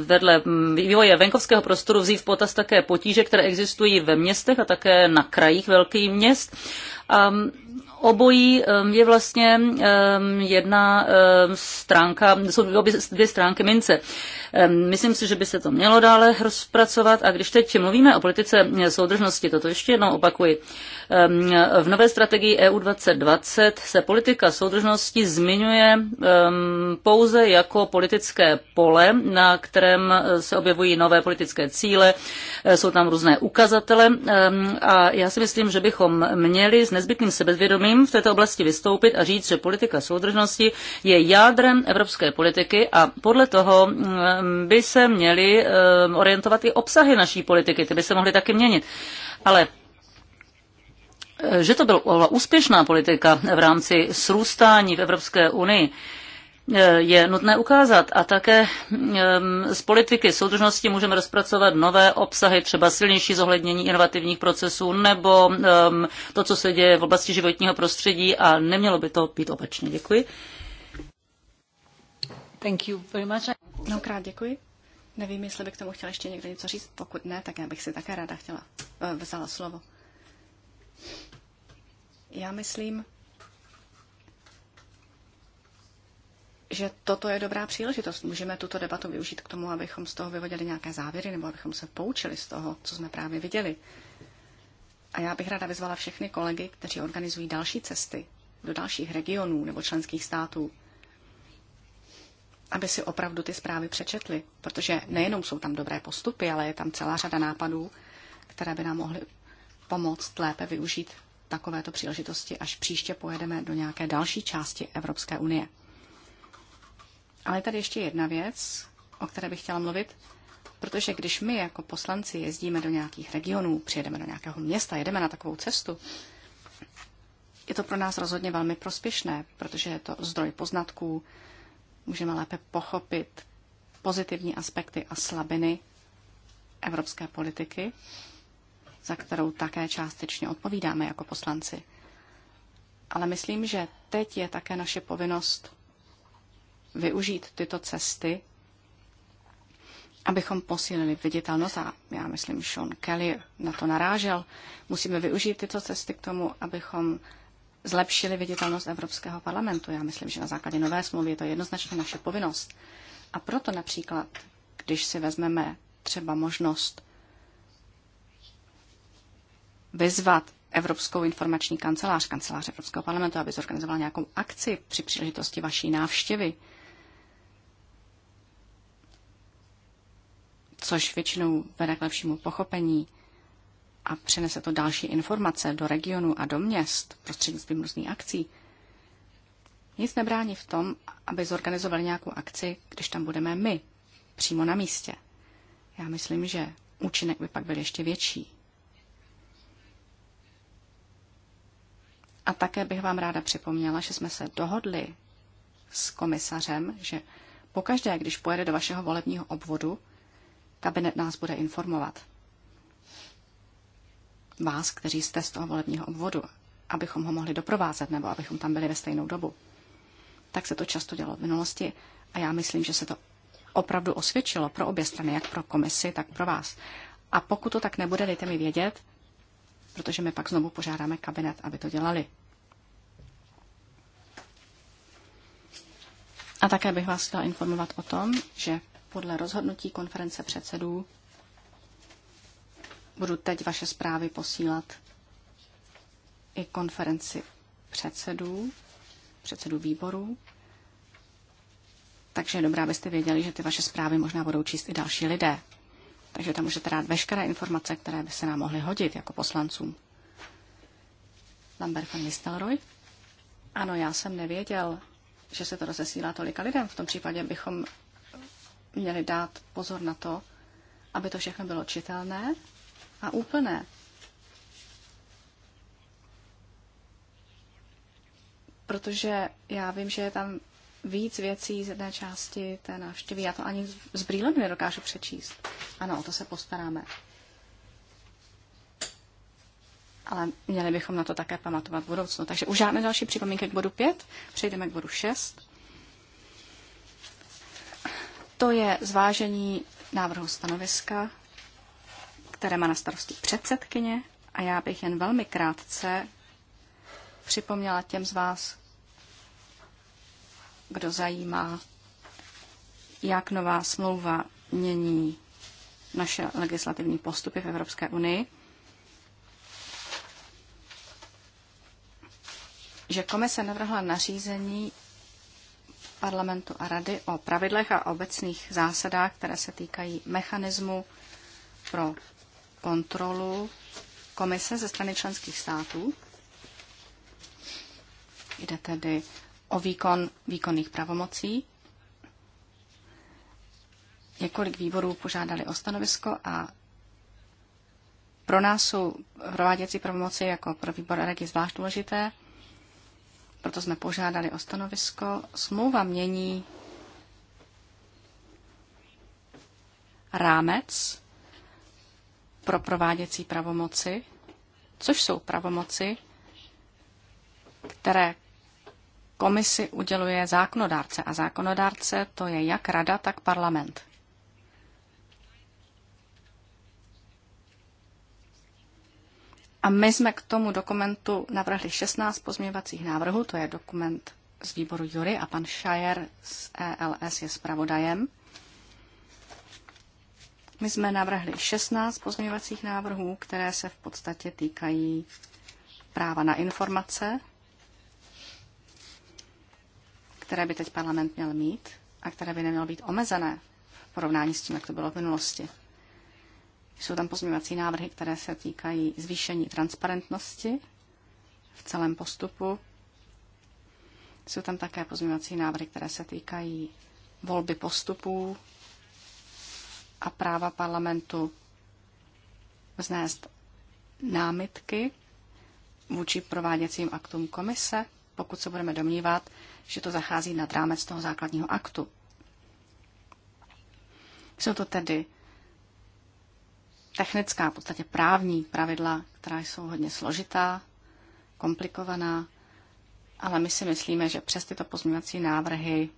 vedle vývoje venkovského prostoru vzít v potaz také potíže, které existují ve městech a také na krajích velkých měst. A um, obojí um, je vlastně jedna stránka, jsou dvě stránky mince. Myslím si, že by se to mělo dále rozpracovat a když teď mluvíme o politice soudržnosti, toto ještě jednou opakuji, v nové strategii EU 2020 se politika soudržnosti zmiňuje pouze jako politické pole, na kterém se objevují nové politické cíle, e, jsou tam různé ukazatele a já si myslím, že bychom měli s nezbytným sebevědomím v této oblasti vystoupit a říct, že politika soudržnosti je jádrem evropské politiky a podle toho by se měly ehm, orientovat i obsahy naší politiky, ty by se mohly taky měnit. Ale e, že to byla úspěšná politika v rámci srůstání v Evropské unii, e, je nutné ukázat. A také ehm, z politiky soudržnosti můžeme rozpracovat nové obsahy, třeba silnější zohlednění inovativních procesů nebo ehm, to, co se děje v oblasti životního prostředí a nemělo by to být opačně. Děkuji. Thank you very much. Mnohokrát děkuji. Nevím, jestli by k tomu chtěla ještě někdo něco říct. Pokud ne, tak já bych si také ráda chtěla eh, vzala slovo. Já myslím, že toto je dobrá příležitost. Můžeme tuto debatu využít k tomu, abychom z toho vyvodili nějaké závěry nebo abychom se poučili z toho, co jsme právě viděli. A já bych ráda vyzvala všechny kolegy, kteří organizují další cesty do dalších regionů nebo členských států, aby si opravdu ty zprávy přečetli, protože nejenom jsou tam dobré postupy, ale je tam celá řada nápadů, které by nám mohly pomoct lépe využít takovéto příležitosti, až příště pojedeme do nějaké další části Evropské unie. Ale je tady ještě jedna věc, o které bych chtěla mluvit, protože když my jako poslanci jezdíme do nějakých regionů, přijedeme do nějakého města, jedeme na takovou cestu, je to pro nás rozhodně velmi prospěšné, protože je to zdroj poznatků, můžeme lépe pochopit pozitivní aspekty a slabiny evropské politiky, za kterou také částečně odpovídáme jako poslanci. Ale myslím, že teď je také naše povinnost využít tyto cesty, abychom posílili viditelnost. A já myslím, že Sean Kelly na to narážel. Musíme využít tyto cesty k tomu, abychom zlepšili viditelnost Evropského parlamentu. Já myslím, že na základě nové smlouvy je to jednoznačně naše povinnost. A proto například, když si vezmeme třeba možnost vyzvat Evropskou informační kancelář, kancelář Evropského parlamentu, aby zorganizovala nějakou akci při příležitosti vaší návštěvy, což většinou vede k lepšímu pochopení a přinese to další informace do regionu a do měst prostřednictvím různých akcí, nic nebrání v tom, aby zorganizovali nějakou akci, když tam budeme my, přímo na místě. Já myslím, že účinek by pak byl ještě větší. A také bych vám ráda připomněla, že jsme se dohodli s komisařem, že pokaždé, když pojede do vašeho volebního obvodu, kabinet nás bude informovat vás, kteří jste z toho volebního obvodu, abychom ho mohli doprovázet nebo abychom tam byli ve stejnou dobu. Tak se to často dělo v minulosti a já myslím, že se to opravdu osvědčilo pro obě strany, jak pro komisi, tak pro vás. A pokud to tak nebude, dejte mi vědět, protože my pak znovu požádáme kabinet, aby to dělali. A také bych vás chtěla informovat o tom, že podle rozhodnutí konference předsedů Budu teď vaše zprávy posílat i konferenci předsedů, předsedů výborů. Takže je dobré, abyste věděli, že ty vaše zprávy možná budou číst i další lidé. Takže tam můžete dát veškeré informace, které by se nám mohly hodit jako poslancům. Lambert van Nistelrooy? Ano, já jsem nevěděl, že se to rozesílá tolika lidem. V tom případě bychom měli dát pozor na to, aby to všechno bylo čitelné a úplné. Protože já vím, že je tam víc věcí z jedné části té návštěvy. Já to ani z brýlem nedokážu přečíst. Ano, o to se postaráme. Ale měli bychom na to také pamatovat v budoucnu. Takže už žádné další připomínky k bodu 5. Přejdeme k bodu 6. To je zvážení návrhu stanoviska které má na starosti předsedkyně a já bych jen velmi krátce připomněla těm z vás, kdo zajímá, jak nová smlouva mění naše legislativní postupy v Evropské unii, že komise navrhla nařízení parlamentu a rady o pravidlech a obecných zásadách, které se týkají mechanismu pro kontrolu komise ze strany členských států. Jde tedy o výkon výkonných pravomocí. Několik výborů požádali o stanovisko a pro nás jsou prováděcí pravomoci jako pro výbor REGI zvlášť důležité, proto jsme požádali o stanovisko. Smlouva mění rámec pro prováděcí pravomoci, což jsou pravomoci, které komisi uděluje zákonodárce. A zákonodárce to je jak rada, tak parlament. A my jsme k tomu dokumentu navrhli 16 pozměňovacích návrhů, to je dokument z výboru Jury a pan Šajer z ELS je zpravodajem. My jsme navrhli 16 pozměňovacích návrhů, které se v podstatě týkají práva na informace, které by teď parlament měl mít a které by nemělo být omezené v porovnání s tím, jak to bylo v minulosti. Jsou tam pozměňovací návrhy, které se týkají zvýšení transparentnosti v celém postupu. Jsou tam také pozměňovací návrhy, které se týkají volby postupů a práva parlamentu vznést námitky vůči prováděcím aktům komise, pokud se budeme domnívat, že to zachází nad rámec toho základního aktu. Jsou to tedy technická, v podstatě právní pravidla, která jsou hodně složitá, komplikovaná, ale my si myslíme, že přes tyto pozměňovací návrhy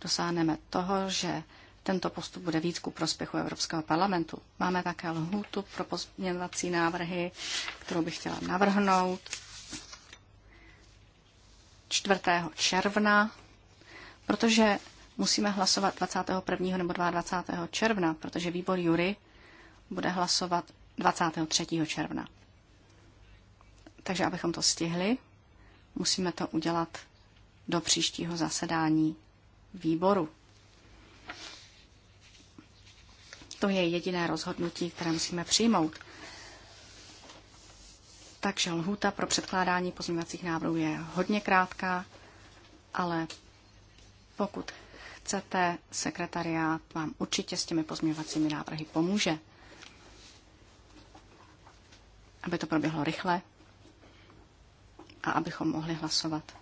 dosáhneme toho, že tento postup bude víc ku prospěchu Evropského parlamentu. Máme také lhůtu pro pozměňovací návrhy, kterou bych chtěla navrhnout. 4. června, protože musíme hlasovat 21. nebo 22. června, protože výbor Jury bude hlasovat 23. června. Takže abychom to stihli, musíme to udělat do příštího zasedání výboru To je jediné rozhodnutí, které musíme přijmout. Takže lhůta pro předkládání pozměňovacích návrhů je hodně krátká, ale pokud chcete, sekretariát vám určitě s těmi pozměňovacími návrhy pomůže, aby to proběhlo rychle a abychom mohli hlasovat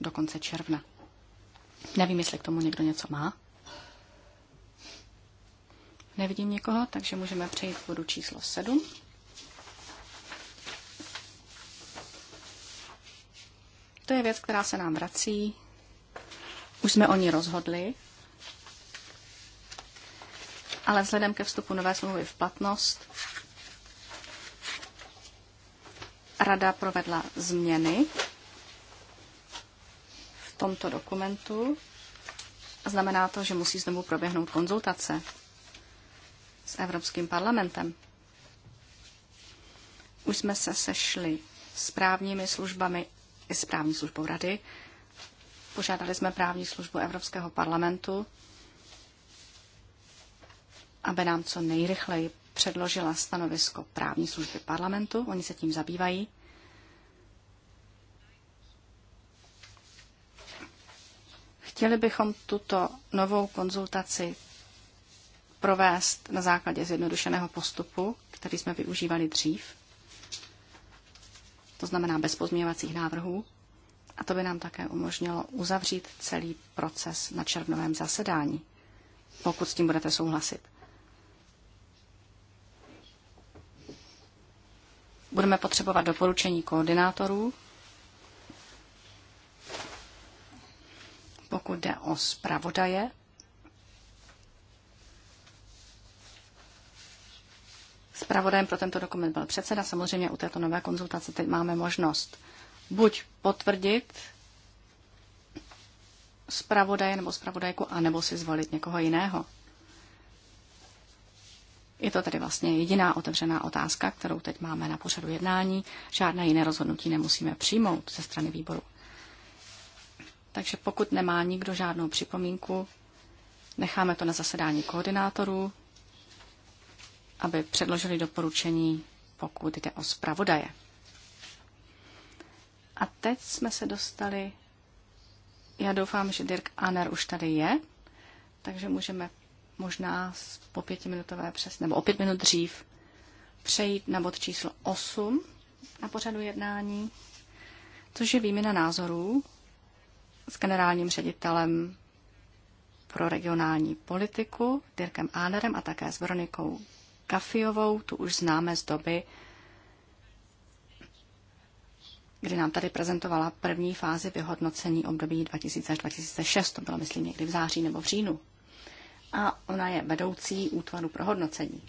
do konce června. Nevím, jestli k tomu někdo něco má. Nevidím nikoho, takže můžeme přejít k bodu číslo 7. To je věc, která se nám vrací. Už jsme o ní rozhodli, ale vzhledem ke vstupu nové smlouvy v platnost Rada provedla změny v tomto dokumentu. Znamená to, že musí znovu proběhnout konzultace s Evropským parlamentem. Už jsme se sešli s právními službami i s právní službou Rady. Požádali jsme právní službu Evropského parlamentu, aby nám co nejrychleji předložila stanovisko právní služby parlamentu. Oni se tím zabývají. Chtěli bychom tuto novou konzultaci provést na základě zjednodušeného postupu, který jsme využívali dřív, to znamená bez pozměňovacích návrhů, a to by nám také umožnilo uzavřít celý proces na červnovém zasedání, pokud s tím budete souhlasit. Budeme potřebovat doporučení koordinátorů, pokud jde o zpravodaje Spravodajem pro tento dokument byl předseda. Samozřejmě u této nové konzultace teď máme možnost buď potvrdit zpravodaje nebo zpravodajku, anebo si zvolit někoho jiného. Je to tedy vlastně jediná otevřená otázka, kterou teď máme na pořadu jednání. Žádné jiné rozhodnutí nemusíme přijmout ze strany výboru. Takže pokud nemá nikdo žádnou připomínku, necháme to na zasedání koordinátorů aby předložili doporučení, pokud jde o zpravodaje. A teď jsme se dostali, já doufám, že Dirk Aner už tady je, takže můžeme možná po pětiminutové přes, nebo o pět minut dřív přejít na bod číslo 8 na pořadu jednání, což je výměna názorů s generálním ředitelem pro regionální politiku Dirkem Ánerem a také s Veronikou Kafiovou, tu už známe z doby, kdy nám tady prezentovala první fázi vyhodnocení období 2000 až 2006. To bylo, myslím, někdy v září nebo v říjnu. A ona je vedoucí útvaru pro hodnocení.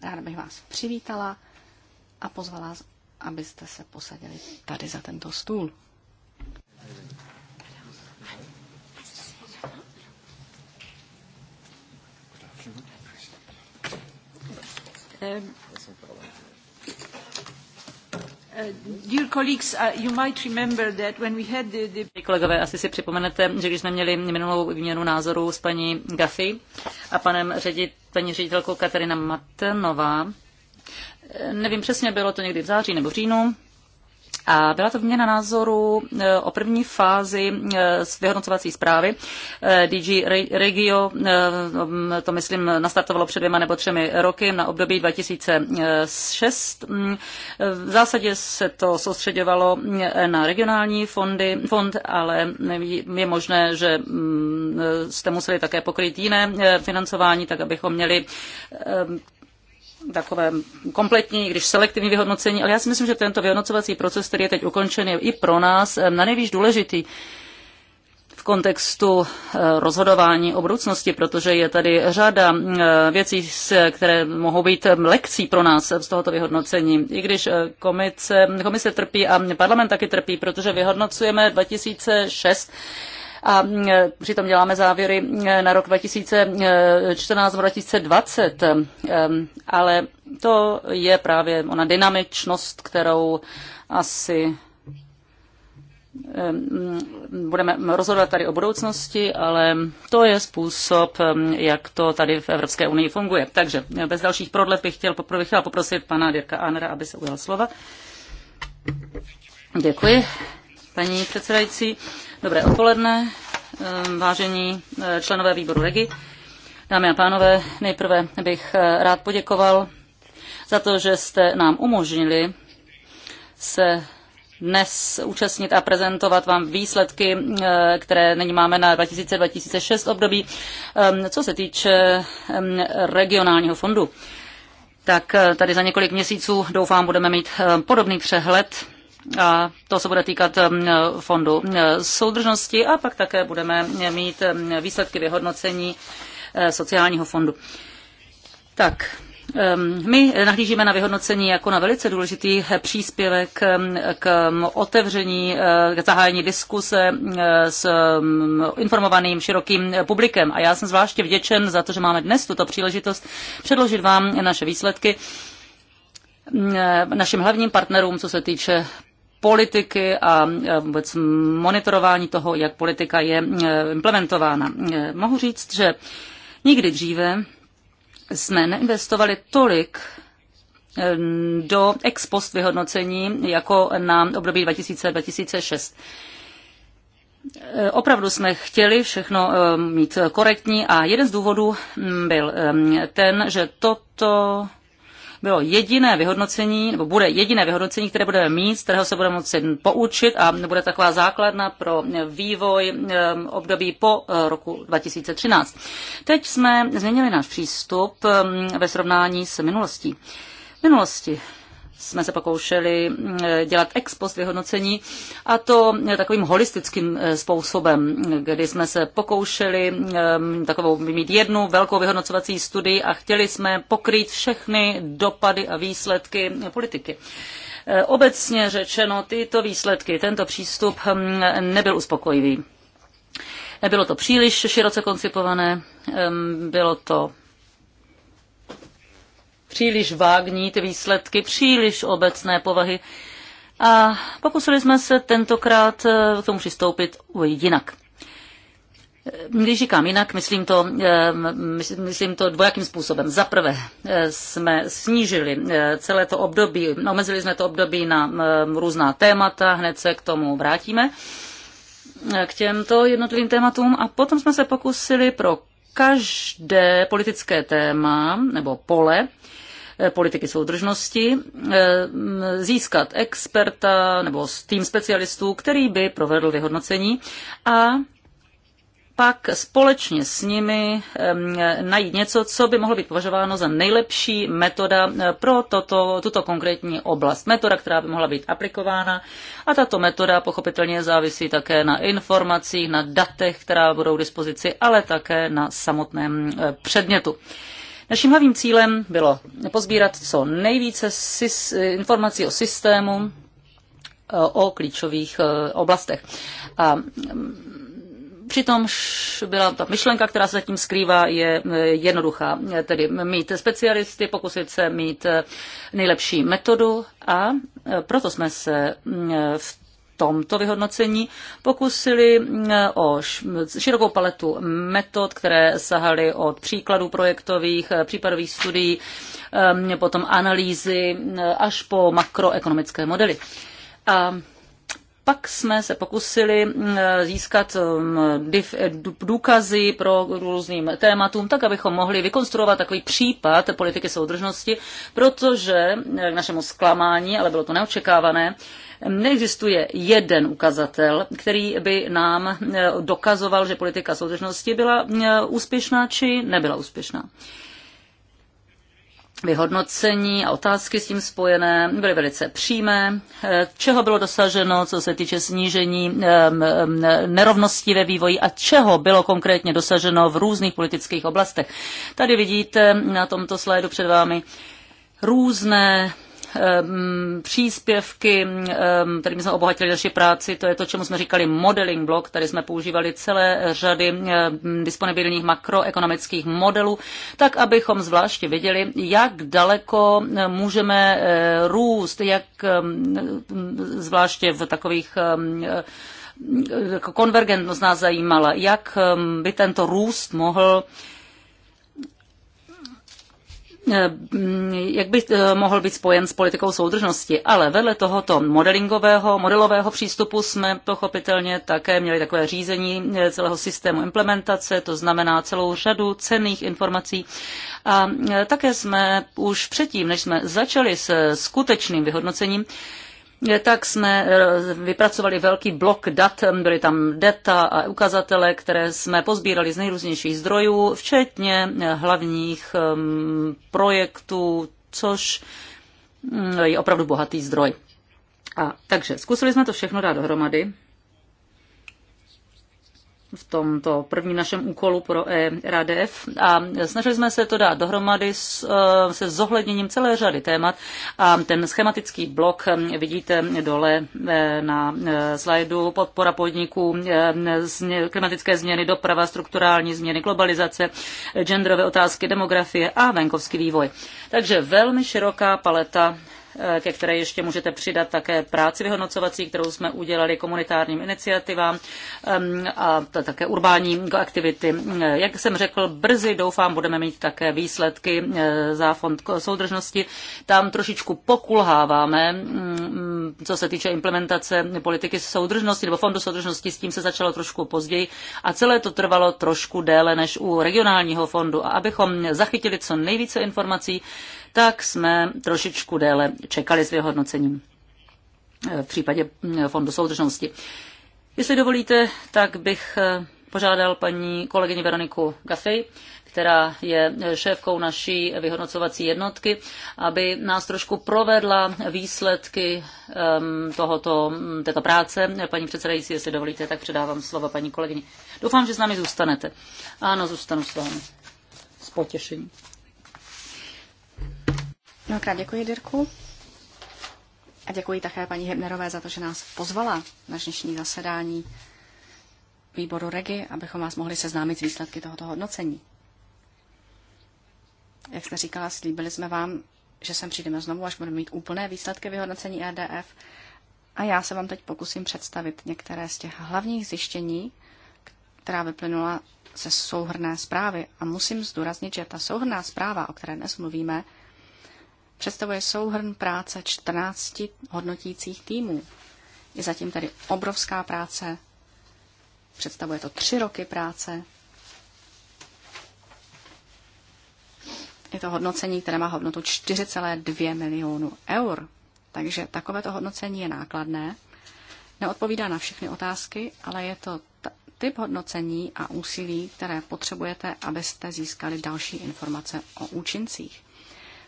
Ráda bych vás přivítala a pozvala, abyste se posadili tady za tento stůl. Kolegové, asi si připomenete, že když jsme měli minulou výměnu názorů s paní Gaffy a panem ředit, paní ředitelkou Katarina Matnová, eh, nevím přesně, bylo to někdy v září nebo v říjnu, a byla to výměna názoru e, o první fázi e, z vyhodnocovací zprávy. E, DG Regio to, myslím, nastartovalo před dvěma nebo třemi roky na období 2006. Mm, v zásadě se to soustředovalo na regionální fondy, fond, ale je možné, že mm, jste museli také pokryt jiné financování, tak abychom měli takové kompletní, když selektivní vyhodnocení, ale já si myslím, že tento vyhodnocovací proces, který je teď ukončen, je i pro nás eh, na nejvíc důležitý v kontextu eh, rozhodování o budoucnosti, protože je tady řada eh, věcí, které mohou být lekcí pro nás z tohoto vyhodnocení. I když komice, komise trpí a parlament taky trpí, protože vyhodnocujeme 2006 a přitom děláme závěry e, na rok 2014-2020, e, ale to je právě ona dynamičnost, kterou asi e, budeme rozhodovat tady o budoucnosti, ale to je způsob, jak to tady v Evropské unii funguje. Takže bez dalších prodlev bych chtěl, bych chtěl poprosit pana Dirka Anera, aby se ujal slova. Děkuji, paní předsedající. Dobré odpoledne, eh, vážení eh, členové výboru REGI. Dámy a pánové, nejprve bych eh, rád poděkoval za to, že jste nám umožnili se dnes účastnit a prezentovat vám výsledky, které nyní máme na 2000-2006 období, co se týče regionálního fondu. Tak tady za několik měsíců doufám budeme mít podobný přehled a to se bude týkat mm, fondu mm, soudržnosti a pak také budeme mít mm, výsledky vyhodnocení eh, sociálního fondu. Tak, ehm, my nahlížíme na vyhodnocení jako na velice důležitý eh, příspěvek ehm, k otevření, eh, k zahájení diskuse s informovaným širokým publikem. A já jsem zvláště vděčen za to, že máme dnes tuto příležitost předložit vám naše výsledky našim hlavním partnerům, co se týče politiky a vůbec monitorování toho, jak politika je implementována. E, mohu říct, že nikdy dříve jsme neinvestovali tolik e, do ex post vyhodnocení jako na období 2000-2006. E, opravdu jsme chtěli všechno mít korektní a jeden z důvodů byl ten, že toto bylo jediné vyhodnocení, nebo bude jediné vyhodnocení, které budeme mít, z kterého se budeme moci poučit a bude taková základna pro vývoj období po eh, roku 2013. Teď jsme změnili náš přístup ve srovnání s minulostí. V minulosti jsme se pokoušeli mm, dělat ex post vyhodnocení a to eh, takovým holistickým eh, způsobem, kdy jsme se pokoušeli ehm, takovou mít jednu velkou vyhodnocovací studii a chtěli jsme pokrýt všechny dopady a výsledky eh, politiky. Obecně řečeno, tyto výsledky, tento přístup hm, nebyl uspokojivý. Bylo to příliš široce koncipované, ehm, bylo to příliš vágní ty výsledky, příliš obecné povahy. A pokusili jsme se tentokrát eh, k tomu přistoupit jinak. Eh, když říkám jinak, myslím to, eh, myslím to dvojakým způsobem. Za prvé jsme snížili celé to období, omezili jsme to období na různá témata, hned se k tomu vrátíme, k těmto jednotlivým tématům. A potom jsme se pokusili pro každé politické téma nebo pole Eh, politiky soudržnosti eh, získat experta nebo tým specialistů, který by provedl vyhodnocení a pak společně s nimi eh, najít něco, co by mohlo být považováno za nejlepší metoda pro toto, tuto konkrétní oblast. Metoda, která by mohla být aplikována a tato metoda pochopitelně závisí také na informacích, na datech, která budou k dispozici, ale také na samotném předmětu. Naším hlavním cílem bylo pozbírat co nejvíce informací o systému, eh, o klíčových eh, oblastech. A mm, Přitom byla ta myšlenka, která se zatím skrývá, je eh, jednoduchá. Tedy mít specialisty, pokusit se mít nejlepší metodu a proto jsme se mm, v tomto vyhodnocení pokusili mm, o širokou paletu metod, které sahaly od příkladů projektových, eh, případových studií, eh, potom analýzy mm, až po makroekonomické modely. A pak jsme se pokusili mm, získat mm, důkazy pro různým tématům, tak abychom mohli vykonstruovat takový případ politiky soudržnosti, protože eh, k našemu zklamání, ale bylo to neočekávané, neexistuje jeden ukazatel, který by nám eh, dokazoval, že politika soudržnosti byla eh, úspěšná či nebyla úspěšná vyhodnocení a otázky s tím spojené byly velice přímé. Eh, čeho bylo dosaženo, co se týče snížení nerovností ve vývoji a čeho bylo konkrétně dosaženo v různých politických oblastech. Tady vidíte na tomto slajdu před vámi různé Ehm, příspěvky, ehm, kterými jsme obohatili naši práci, to je to, čemu jsme říkali modeling block, tady jsme používali celé řady ehm, disponibilních makroekonomických modelů, tak abychom zvláště viděli, jak daleko můžeme eh, růst, jak zvláště v takových e, jako konvergentnost nás zajímala, jak by tento růst mohl Eh, jak by eh, mohl být spojen s politikou soudržnosti. Ale vedle tohoto modelingového, modelového přístupu jsme pochopitelně také měli takové řízení eh, celého systému implementace, to znamená celou řadu cenných informací. A také jsme už předtím, než jsme začali s skutečným vyhodnocením, tak jsme eh, vypracovali velký blok dat, byly tam data a ukazatele, které jsme pozbírali z nejrůznějších zdrojů, včetně eh, hlavních ehm, projektů, což mm, je opravdu bohatý zdroj. A, takže zkusili jsme to všechno dát dohromady v tomto prvním našem úkolu pro e, RADF a snažili jsme se to dát dohromady s, eh, se zohledněním celé řady témat a ten schematický blok eh, vidíte dole eh, na slajdu podpora podniků, klimatické změny, doprava, strukturální změny, globalizace, genderové otázky, demografie a venkovský vývoj. Takže velmi široká paleta ke které ještě můžete přidat také práci vyhodnocovací, kterou jsme udělali komunitárním iniciativám a také urbání aktivity. Jak jsem řekl, brzy doufám, budeme mít také výsledky eh, za fond soudržnosti. Tam trošičku pokulháváme, mm, co se týče implementace politiky soudržnosti nebo fondu soudržnosti, s tím se začalo trošku později a celé to trvalo trošku déle než u regionálního fondu. A abychom zachytili co nejvíce informací, tak jsme trošičku déle čekali s vyhodnocením eh, v případě eh, Fondu soudržnosti. Jestli dovolíte, tak bych eh, požádal paní kolegyni Veroniku Gaffey, která je šéfkou naší vyhodnocovací jednotky, aby nás trošku provedla výsledky ehm, tohoto, mm, této práce. Paní předsedající, jestli dovolíte, tak předávám slovo paní kolegyni. Doufám, že s námi zůstanete. Ano, zůstanu s vámi. S potěšením. Mnohokrát děkuji, Dirku. A děkuji také paní Hebnerové za to, že nás pozvala na dnešní zasedání výboru REGI, abychom vás mohli seznámit s výsledky tohoto hodnocení. Jak jste říkala, slíbili jsme vám, že sem přijdeme znovu, až budeme mít úplné výsledky vyhodnocení RDF. A já se vám teď pokusím představit některé z těch hlavních zjištění, která vyplynula ze souhrné zprávy. A musím zdůraznit, že ta souhrná zpráva, o které dnes mluvíme, představuje souhrn práce 14 hodnotících týmů. Je zatím tedy obrovská práce, představuje to tři roky práce. Je to hodnocení, které má hodnotu 4,2 milionu eur. Takže takovéto hodnocení je nákladné, neodpovídá na všechny otázky, ale je to typ hodnocení a úsilí, které potřebujete, abyste získali další informace o účincích.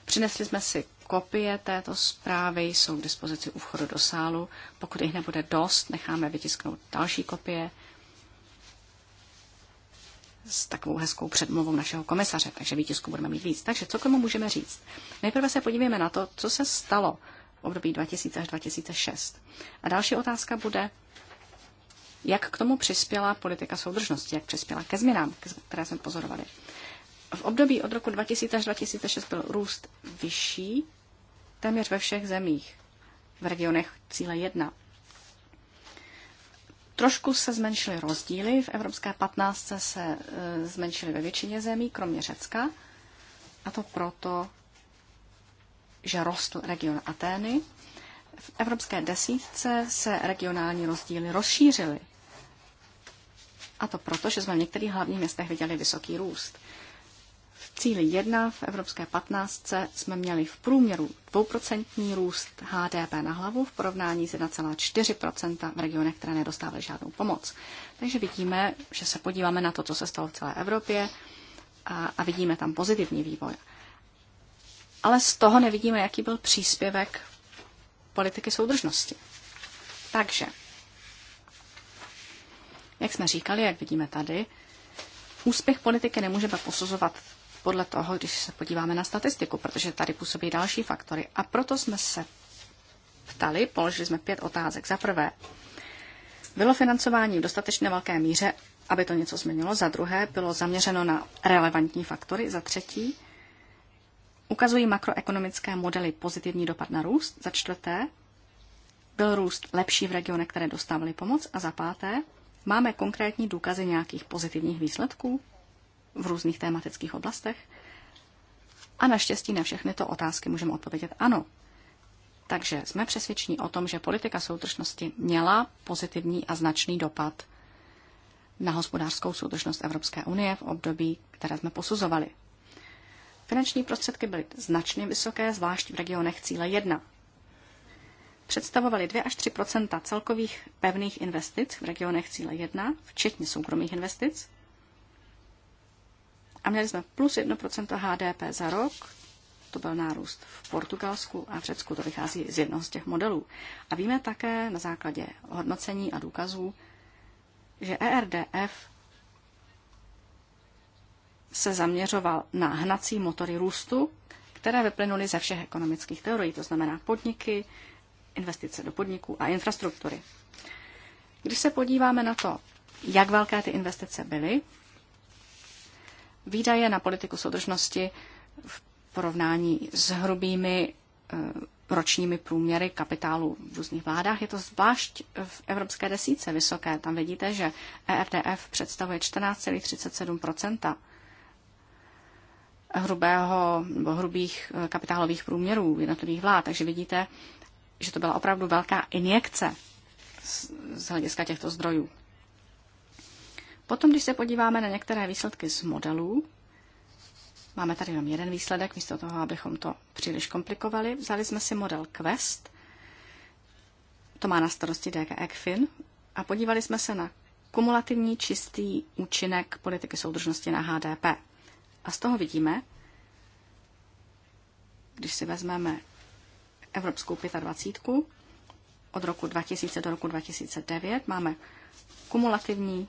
Přinesli jsme si kopie této zprávy, jsou k dispozici u vchodu do sálu. Pokud jich nebude dost, necháme vytisknout další kopie s takovou hezkou předmluvou našeho komisaře, takže výtisku budeme mít víc. Takže co k tomu můžeme říct? Nejprve se podívejme na to, co se stalo v období 2000 až 2006. A další otázka bude, jak k tomu přispěla politika soudržnosti, jak přispěla ke změnám, které jsme pozorovali. V období od roku 2000 až 2006 byl růst vyšší téměř ve všech zemích v regionech cíle 1. Trošku se zmenšily rozdíly. V Evropské 15 se e, zmenšily ve většině zemí, kromě Řecka. A to proto, že rostl region Atény. V Evropské desítce se regionální rozdíly rozšířily. A to proto, že jsme v některých hlavních městech viděli vysoký růst cíli 1 v Evropské 15 jsme měli v průměru 2% růst HDP na hlavu v porovnání s 1,4% v regionech, které nedostávaly žádnou pomoc. Takže vidíme, že se podíváme na to, co se stalo v celé Evropě a, a vidíme tam pozitivní vývoj. Ale z toho nevidíme, jaký byl příspěvek politiky soudržnosti. Takže, jak jsme říkali, jak vidíme tady, úspěch politiky nemůžeme posuzovat podle toho, když se podíváme na statistiku, protože tady působí další faktory. A proto jsme se ptali, položili jsme pět otázek. Za prvé, bylo financování v dostatečně velké míře, aby to něco změnilo. Za druhé, bylo zaměřeno na relevantní faktory. Za třetí, ukazují makroekonomické modely pozitivní dopad na růst. Za čtvrté, byl růst lepší v regionech, které dostávaly pomoc. A za páté, máme konkrétní důkazy nějakých pozitivních výsledků v různých tématických oblastech. A naštěstí na všechny to otázky můžeme odpovědět ano. Takže jsme přesvědčeni o tom, že politika soudržnosti měla pozitivní a značný dopad na hospodářskou soudržnost Evropské unie v období, které jsme posuzovali. Finanční prostředky byly značně vysoké, zvlášť v regionech cíle 1. Představovaly 2 až 3 celkových pevných investic v regionech cíle 1, včetně soukromých investic – a měli jsme plus 1% HDP za rok, to byl nárůst v Portugalsku a v Řecku, to vychází z jednoho z těch modelů. A víme také na základě hodnocení a důkazů, že ERDF se zaměřoval na hnací motory růstu, které vyplynuly ze všech ekonomických teorií, to znamená podniky, investice do podniků a infrastruktury. Když se podíváme na to, jak velké ty investice byly, výdaje na politiku soudržnosti v porovnání s hrubými eh, ročními průměry kapitálu v různých vládách. Je to zvlášť v evropské desíce vysoké. Tam vidíte, že EFDF představuje 14,37 hrubého nebo hrubých eh, kapitálových průměrů jednotlivých vlád. Takže vidíte, že to byla opravdu velká injekce z hlediska těchto zdrojů. Potom, když se podíváme na některé výsledky z modelů, máme tady jenom jeden výsledek, místo toho, abychom to příliš komplikovali, vzali jsme si model Quest, to má na starosti DG ECFIN, a podívali jsme se na kumulativní čistý účinek politiky soudržnosti na HDP. A z toho vidíme, když si vezmeme Evropskou 25, od roku 2000 do roku 2009 máme kumulativní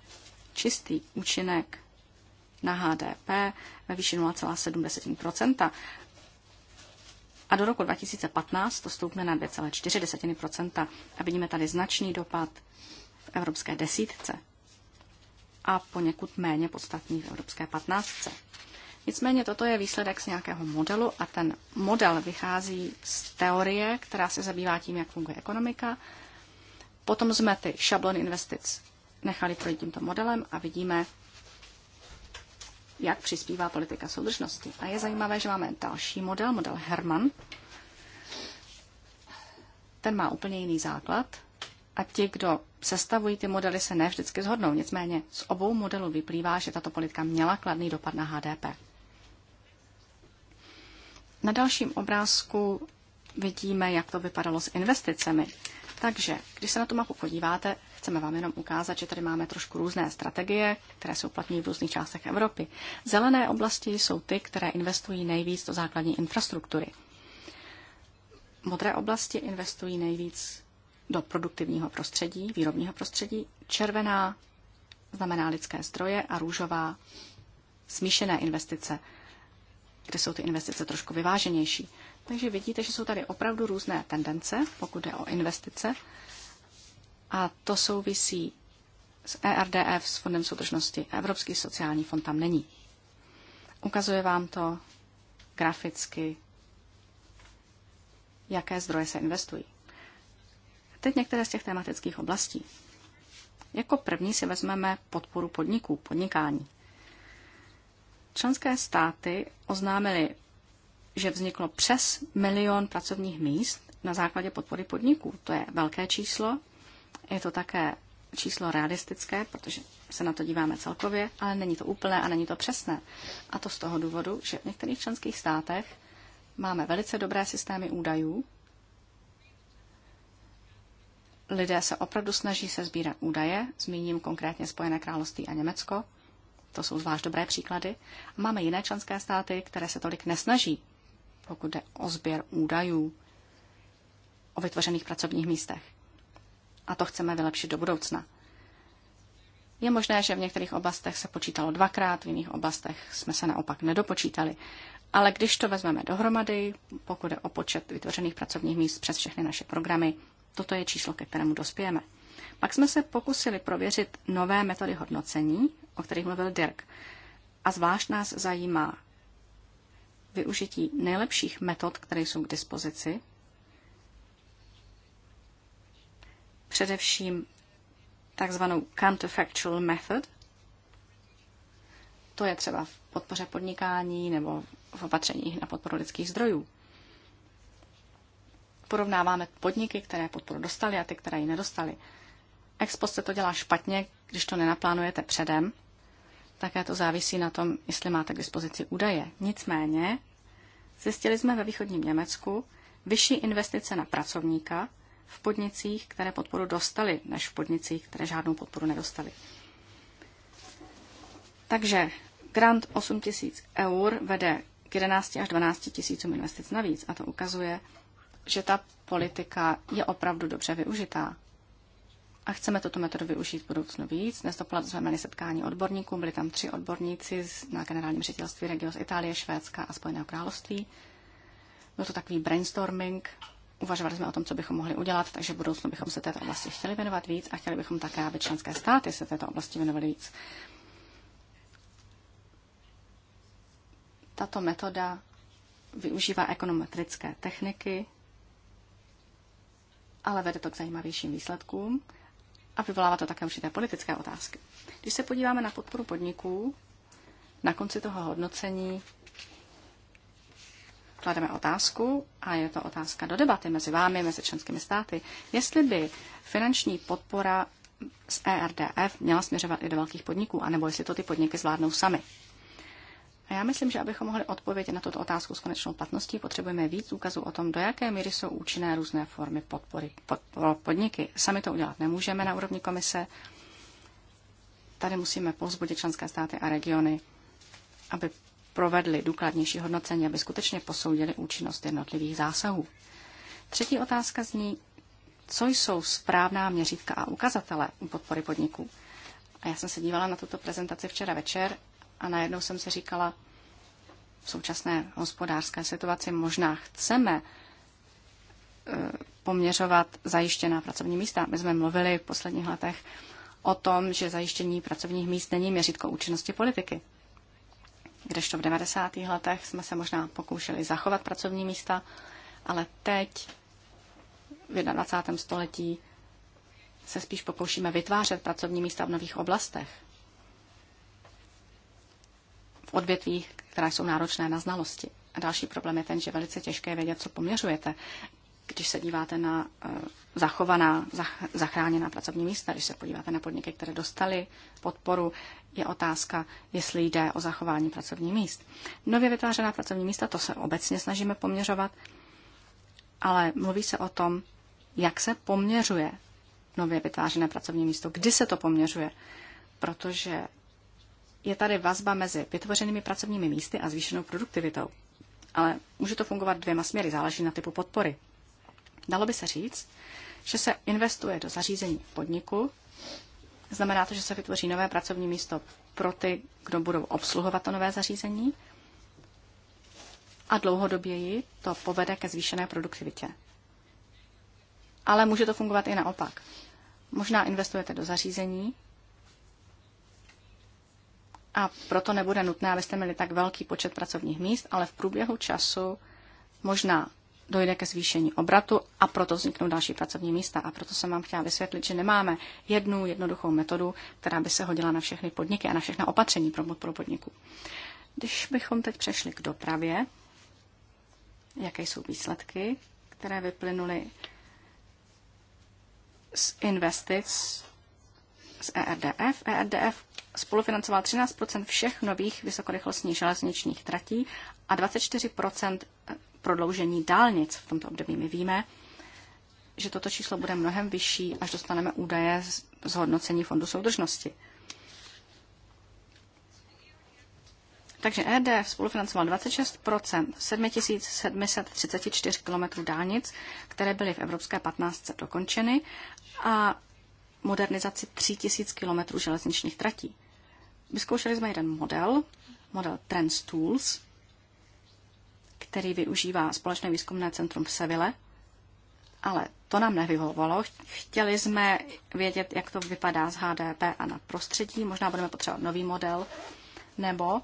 čistý účinek na HDP ve výši 0,7 a do roku 2015 to stoupne na 2,4 a vidíme tady značný dopad v evropské desítce a poněkud méně podstatný v evropské patnáctce. Nicméně toto je výsledek z nějakého modelu a ten model vychází z teorie, která se zabývá tím, jak funguje ekonomika. Potom jsme ty šablony investic nechali projít tímto modelem a vidíme, jak přispívá politika soudržnosti. A je zajímavé, že máme další model, model Herman. Ten má úplně jiný základ a ti, kdo sestavují ty modely, se ne vždycky zhodnou. Nicméně z obou modelů vyplývá, že tato politika měla kladný dopad na HDP. Na dalším obrázku vidíme, jak to vypadalo s investicemi. Takže, když se na tu mapu podíváte, Chceme vám jenom ukázat, že tady máme trošku různé strategie, které jsou platní v různých částech Evropy. Zelené oblasti jsou ty, které investují nejvíc do základní infrastruktury. Modré oblasti investují nejvíc do produktivního prostředí, výrobního prostředí. Červená znamená lidské zdroje a růžová smíšené investice, kde jsou ty investice trošku vyváženější. Takže vidíte, že jsou tady opravdu různé tendence, pokud jde o investice. A to souvisí s ERDF, s Fondem soudržnosti. Evropský sociální fond tam není. Ukazuje vám to graficky, jaké zdroje se investují. Teď některé z těch tematických oblastí. Jako první si vezmeme podporu podniků, podnikání. Členské státy oznámily, že vzniklo přes milion pracovních míst na základě podpory podniků. To je velké číslo je to také číslo realistické, protože se na to díváme celkově, ale není to úplné a není to přesné. A to z toho důvodu, že v některých členských státech máme velice dobré systémy údajů. Lidé se opravdu snaží se sbírat údaje, zmíním konkrétně Spojené království a Německo, to jsou zvlášť dobré příklady. máme jiné členské státy, které se tolik nesnaží, pokud jde o sběr údajů o vytvořených pracovních místech a to chceme vylepšit do budoucna. Je možné, že v některých oblastech se počítalo dvakrát, v jiných oblastech jsme se naopak nedopočítali. Ale když to vezmeme dohromady, pokud je o počet vytvořených pracovních míst přes všechny naše programy, toto je číslo, ke kterému dospějeme. Pak jsme se pokusili prověřit nové metody hodnocení, o kterých mluvil Dirk. A zvlášť nás zajímá využití nejlepších metod, které jsou k dispozici především takzvanou counterfactual method. To je třeba v podpoře podnikání nebo v opatřeních na podporu lidských zdrojů. Porovnáváme podniky, které podporu dostali a ty, které ji nedostali. Ex post se to dělá špatně, když to nenaplánujete předem. Také to závisí na tom, jestli máte k dispozici údaje. Nicméně zjistili jsme ve východním Německu vyšší investice na pracovníka v podnicích, které podporu dostaly, než v podnicích, které žádnou podporu nedostaly. Takže grant 8 tisíc eur vede k 11 až 12 tisícům investic navíc a to ukazuje, že ta politika je opravdu dobře využitá. A chceme tuto metodu využít v budoucnu víc. Dnes dopoledne jsme měli setkání odborníků, byli tam tři odborníci na generálním ředitelství regionu z Itálie, Švédska a Spojeného království. Byl to takový brainstorming Uvažovali jsme o tom, co bychom mohli udělat, takže v budoucnu bychom se této oblasti chtěli věnovat víc a chtěli bychom také, aby členské státy se této oblasti věnovaly víc. Tato metoda využívá ekonometrické techniky, ale vede to k zajímavějším výsledkům a vyvolává to také určité politické otázky. Když se podíváme na podporu podniků, na konci toho hodnocení klademe otázku, a je to otázka do debaty mezi vámi, mezi členskými státy, jestli by finanční podpora z ERDF měla směřovat i do velkých podniků, anebo jestli to ty podniky zvládnou sami. A já myslím, že abychom mohli odpovědět na tuto otázku s konečnou platností, potřebujeme víc úkazů o tom, do jaké míry jsou účinné různé formy podpory pod, pro podniky. Sami to udělat nemůžeme na úrovni komise. Tady musíme povzbudit členské státy a regiony, aby provedli důkladnější hodnocení, aby skutečně posoudili účinnost jednotlivých zásahů. Třetí otázka zní, co jsou správná měřítka a ukazatele u podpory podniků. A já jsem se dívala na tuto prezentaci včera večer a najednou jsem si říkala, v současné hospodářské situaci možná chceme eh, poměřovat zajištěná pracovní místa. My jsme mluvili v posledních letech o tom, že zajištění pracovních míst není měřítko účinnosti politiky. Kdežto v 90. letech jsme se možná pokoušeli zachovat pracovní místa, ale teď v 21. století se spíš pokoušíme vytvářet pracovní místa v nových oblastech. V odvětvích, která jsou náročné na znalosti. A další problém je ten, že velice těžké je vědět, co poměřujete když se díváte na eh, zachovaná, zachráněná pracovní místa, když se podíváte na podniky, které dostaly podporu, je otázka, jestli jde o zachování pracovních míst. Nově vytvářená pracovní místa, to se obecně snažíme poměřovat, ale mluví se o tom, jak se poměřuje nově vytvářené pracovní místo, kdy se to poměřuje, protože je tady vazba mezi vytvořenými pracovními místy a zvýšenou produktivitou. Ale může to fungovat dvěma směry, záleží na typu podpory. Dalo by se říct, že se investuje do zařízení podniku, znamená to, že se vytvoří nové pracovní místo pro ty, kdo budou obsluhovat to nové zařízení a dlouhodoběji to povede ke zvýšené produktivitě. Ale může to fungovat i naopak. Možná investujete do zařízení a proto nebude nutné, abyste měli tak velký počet pracovních míst, ale v průběhu času možná dojde ke zvýšení obratu a proto vzniknou další pracovní místa. A proto jsem vám chtěla vysvětlit, že nemáme jednu jednoduchou metodu, která by se hodila na všechny podniky a na všechna opatření pro podporu podniků. Když bychom teď přešli k dopravě, jaké jsou výsledky, které vyplynuly z investic z ERDF. ERDF spolufinancoval 13 všech nových vysokorychlostních železničních tratí a 24 prodloužení dálnic v tomto období. My víme, že toto číslo bude mnohem vyšší, až dostaneme údaje z hodnocení Fondu soudržnosti. Takže EDF spolufinancoval 26 7734 km dálnic, které byly v Evropské 15 dokončeny a modernizaci 3000 km železničních tratí. Vyzkoušeli jsme jeden model, model Trends Tools, který využívá společné výzkumné centrum v Seville, ale to nám nevyhovovalo. Chtěli jsme vědět, jak to vypadá z HDP a na prostředí. Možná budeme potřebovat nový model, nebo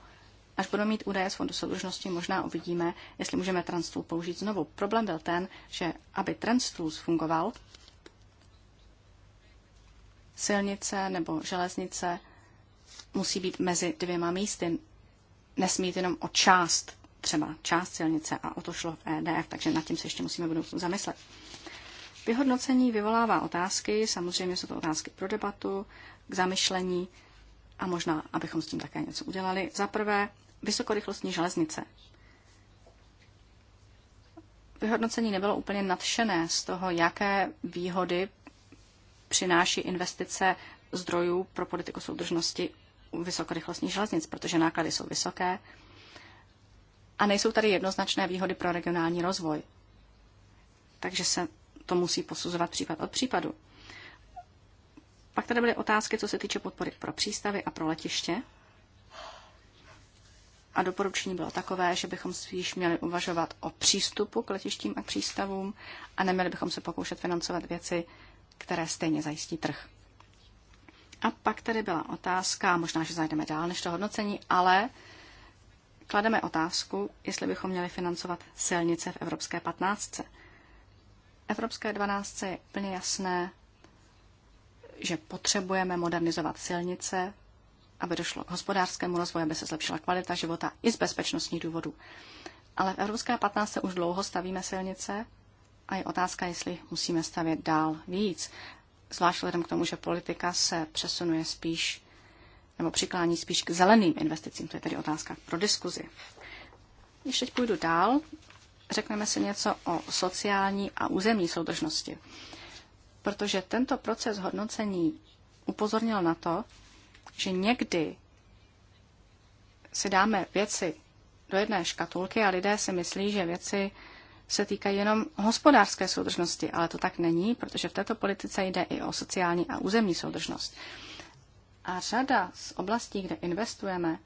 až budeme mít údaje z Fondu soudržnosti, možná uvidíme, jestli můžeme Transtool použít znovu. Problém byl ten, že aby Transtool fungoval, silnice nebo železnice musí být mezi dvěma místy. Nesmí jít jenom o část třeba část silnice a o to šlo v EDF, takže nad tím se ještě musíme budoucnu zamyslet. Vyhodnocení vyvolává otázky, samozřejmě jsou to otázky pro debatu, k zamyšlení a možná, abychom s tím také něco udělali. Za prvé, vysokorychlostní železnice. Vyhodnocení nebylo úplně nadšené z toho, jaké výhody přináší investice zdrojů pro politiku soudržnosti u vysokorychlostních železnic, protože náklady jsou vysoké a nejsou tady jednoznačné výhody pro regionální rozvoj. Takže se to musí posuzovat případ od případu. Pak tady byly otázky, co se týče podpory pro přístavy a pro letiště. A doporučení bylo takové, že bychom spíš měli uvažovat o přístupu k letištím a k přístavům a neměli bychom se pokoušet financovat věci, které stejně zajistí trh. A pak tady byla otázka, možná, že zajdeme dál než to hodnocení, ale klademe otázku, jestli bychom měli financovat silnice v Evropské 15. Evropské 12 je plně jasné, že potřebujeme modernizovat silnice, aby došlo k hospodářskému rozvoji, aby se zlepšila kvalita života i z bezpečnostních důvodů. Ale v Evropské 15 už dlouho stavíme silnice a je otázka, jestli musíme stavět dál víc. Zvlášť vzhledem k tomu, že politika se přesunuje spíš nebo přiklání spíš k zeleným investicím. To je tedy otázka pro diskuzi. Když teď půjdu dál, řekneme si něco o sociální a územní soudržnosti. Protože tento proces hodnocení upozornil na to, že někdy si dáme věci do jedné škatulky a lidé si myslí, že věci se týkají jenom hospodářské soudržnosti, ale to tak není, protože v této politice jde i o sociální a územní soudržnost. A řada z oblastí, kde investujeme,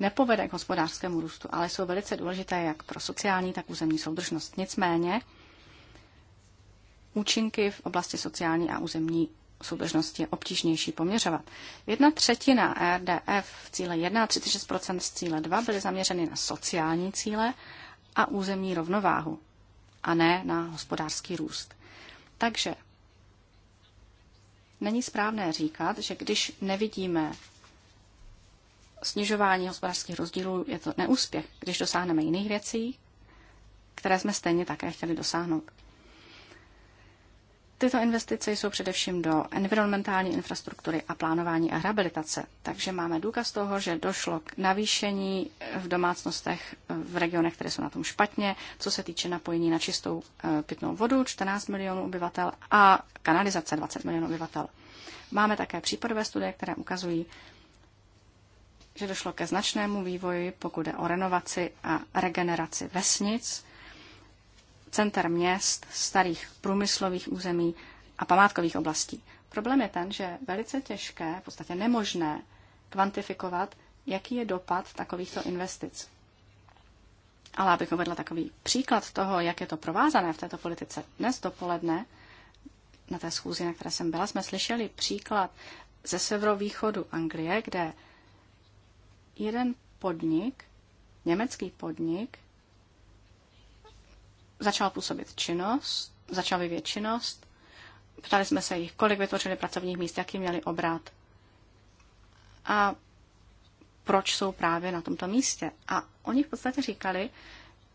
nepovede k hospodářskému růstu, ale jsou velice důležité jak pro sociální, tak územní soudržnost. Nicméně účinky v oblasti sociální a územní soudržnosti je obtížnější poměřovat. Jedna třetina RDF v cíle 1 36 z cíle 2 byly zaměřeny na sociální cíle a územní rovnováhu a ne na hospodářský růst. Takže Není správné říkat, že když nevidíme snižování hospodářských rozdílů, je to neúspěch, když dosáhneme jiných věcí, které jsme stejně také chtěli dosáhnout. Tyto investice jsou především do environmentální infrastruktury a plánování a rehabilitace. Takže máme důkaz toho, že došlo k navýšení v domácnostech v regionech, které jsou na tom špatně, co se týče napojení na čistou eh, pitnou vodu 14 milionů obyvatel a kanalizace 20 milionů obyvatel. Máme také případové studie, které ukazují, že došlo ke značnému vývoji, pokud jde o renovaci a regeneraci vesnic – center měst, starých průmyslových území a památkových oblastí. Problém je ten, že velice těžké, v podstatě nemožné kvantifikovat, jaký je dopad takovýchto investic. Ale abych uvedla takový příklad toho, jak je to provázané v této politice. Dnes dopoledne na té schůzi, na které jsem byla, jsme slyšeli příklad ze severovýchodu Anglie, kde jeden podnik, německý podnik, začal působit činnost, začal vyvět činnost. Ptali jsme se jich, kolik vytvořili pracovních míst, jaký měli obrat a proč jsou právě na tomto místě. A oni v podstatě říkali,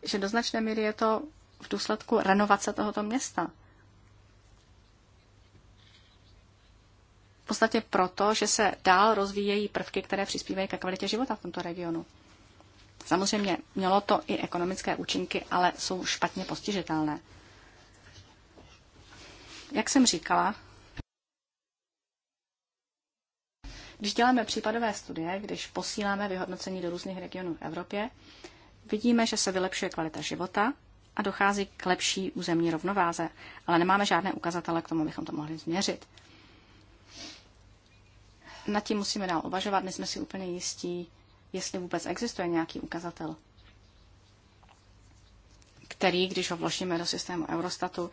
že do značné míry je to v důsledku renovace tohoto města. V podstatě proto, že se dál rozvíjejí prvky, které přispívají ke kvalitě života v tomto regionu. Samozřejmě mělo to i ekonomické účinky, ale jsou špatně postižitelné. Jak jsem říkala, Když děláme případové studie, když posíláme vyhodnocení do různých regionů v Evropě, vidíme, že se vylepšuje kvalita života a dochází k lepší územní rovnováze, ale nemáme žádné ukazatele k tomu, bychom to mohli změřit. Nad tím musíme dál uvažovat, nejsme si úplně jistí, jestli vůbec existuje nějaký ukazatel, který, když ho vložíme do systému Eurostatu,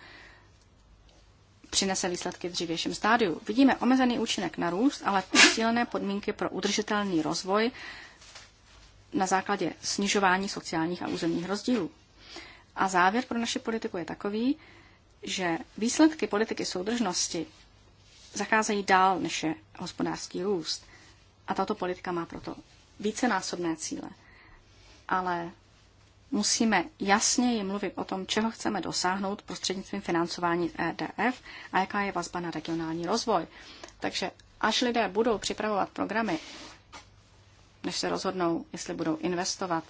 přinese výsledky v dřívějším stádiu. Vidíme omezený účinek na růst, ale posílené podmínky pro udržitelný rozvoj na základě snižování sociálních a územních rozdílů. A závěr pro naši politiku je takový, že výsledky politiky soudržnosti zacházejí dál, než je hospodářský růst. A tato politika má proto vícenásobné cíle, ale musíme jasně jim mluvit o tom, čeho chceme dosáhnout prostřednictvím financování EDF a jaká je vazba na regionální rozvoj. Takže až lidé budou připravovat programy, než se rozhodnou, jestli budou investovat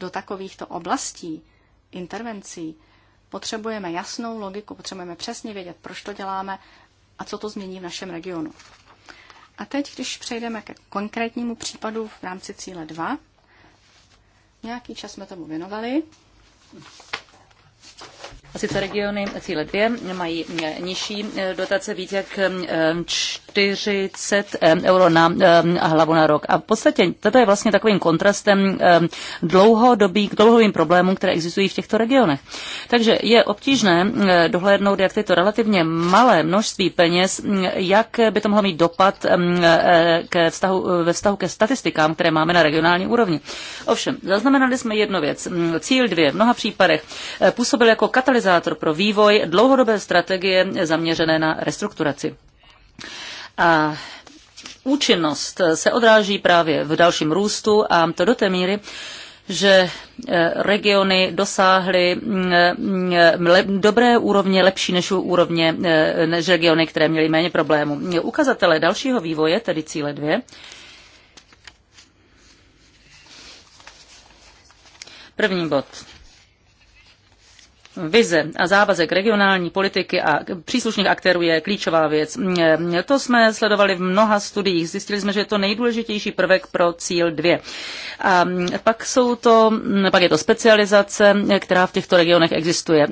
do takovýchto oblastí intervencí, potřebujeme jasnou logiku, potřebujeme přesně vědět, proč to děláme a co to změní v našem regionu. A teď, když přejdeme ke konkrétnímu případu v rámci cíle 2, nějaký čas jsme tomu věnovali. A sice regiony cíle 2 mají eh, nižší eh, dotace víc jak 40 eh, euro na hlavu na rok. A v podstatě toto je vlastně takovým kontrastem dlouhodobý, k dlouhodobým problémům, které existují v těchto regionech. Takže je obtížné dohlédnout, jak tyto relativně malé množství peněz, mm, jak by to mohlo mít dopad mm, ke vztahu, ve vztahu ke statistikám, které máme na regionální úrovni. Ovšem, zaznamenali jsme jednu věc. Mm, cíl 2 v mnoha případech působil jako katalyzátor katalyzátor pro vývoj dlouhodobé strategie zaměřené na restrukturaci. A účinnost se odráží právě v dalším růstu a to do té míry, že eh, regiony dosáhly mm, eh, dobré úrovně, lepší než úrovně eh, než regiony, které měly méně problémů. Ukazatele dalšího vývoje, tedy cíle dvě, První bod Vize a závazek regionální politiky a příslušných aktérů je klíčová věc. To jsme sledovali v mnoha studiích. Zjistili jsme, že je to nejdůležitější prvek pro cíl 2. A pak, jsou to, pak je to specializace, která v těchto regionech existuje.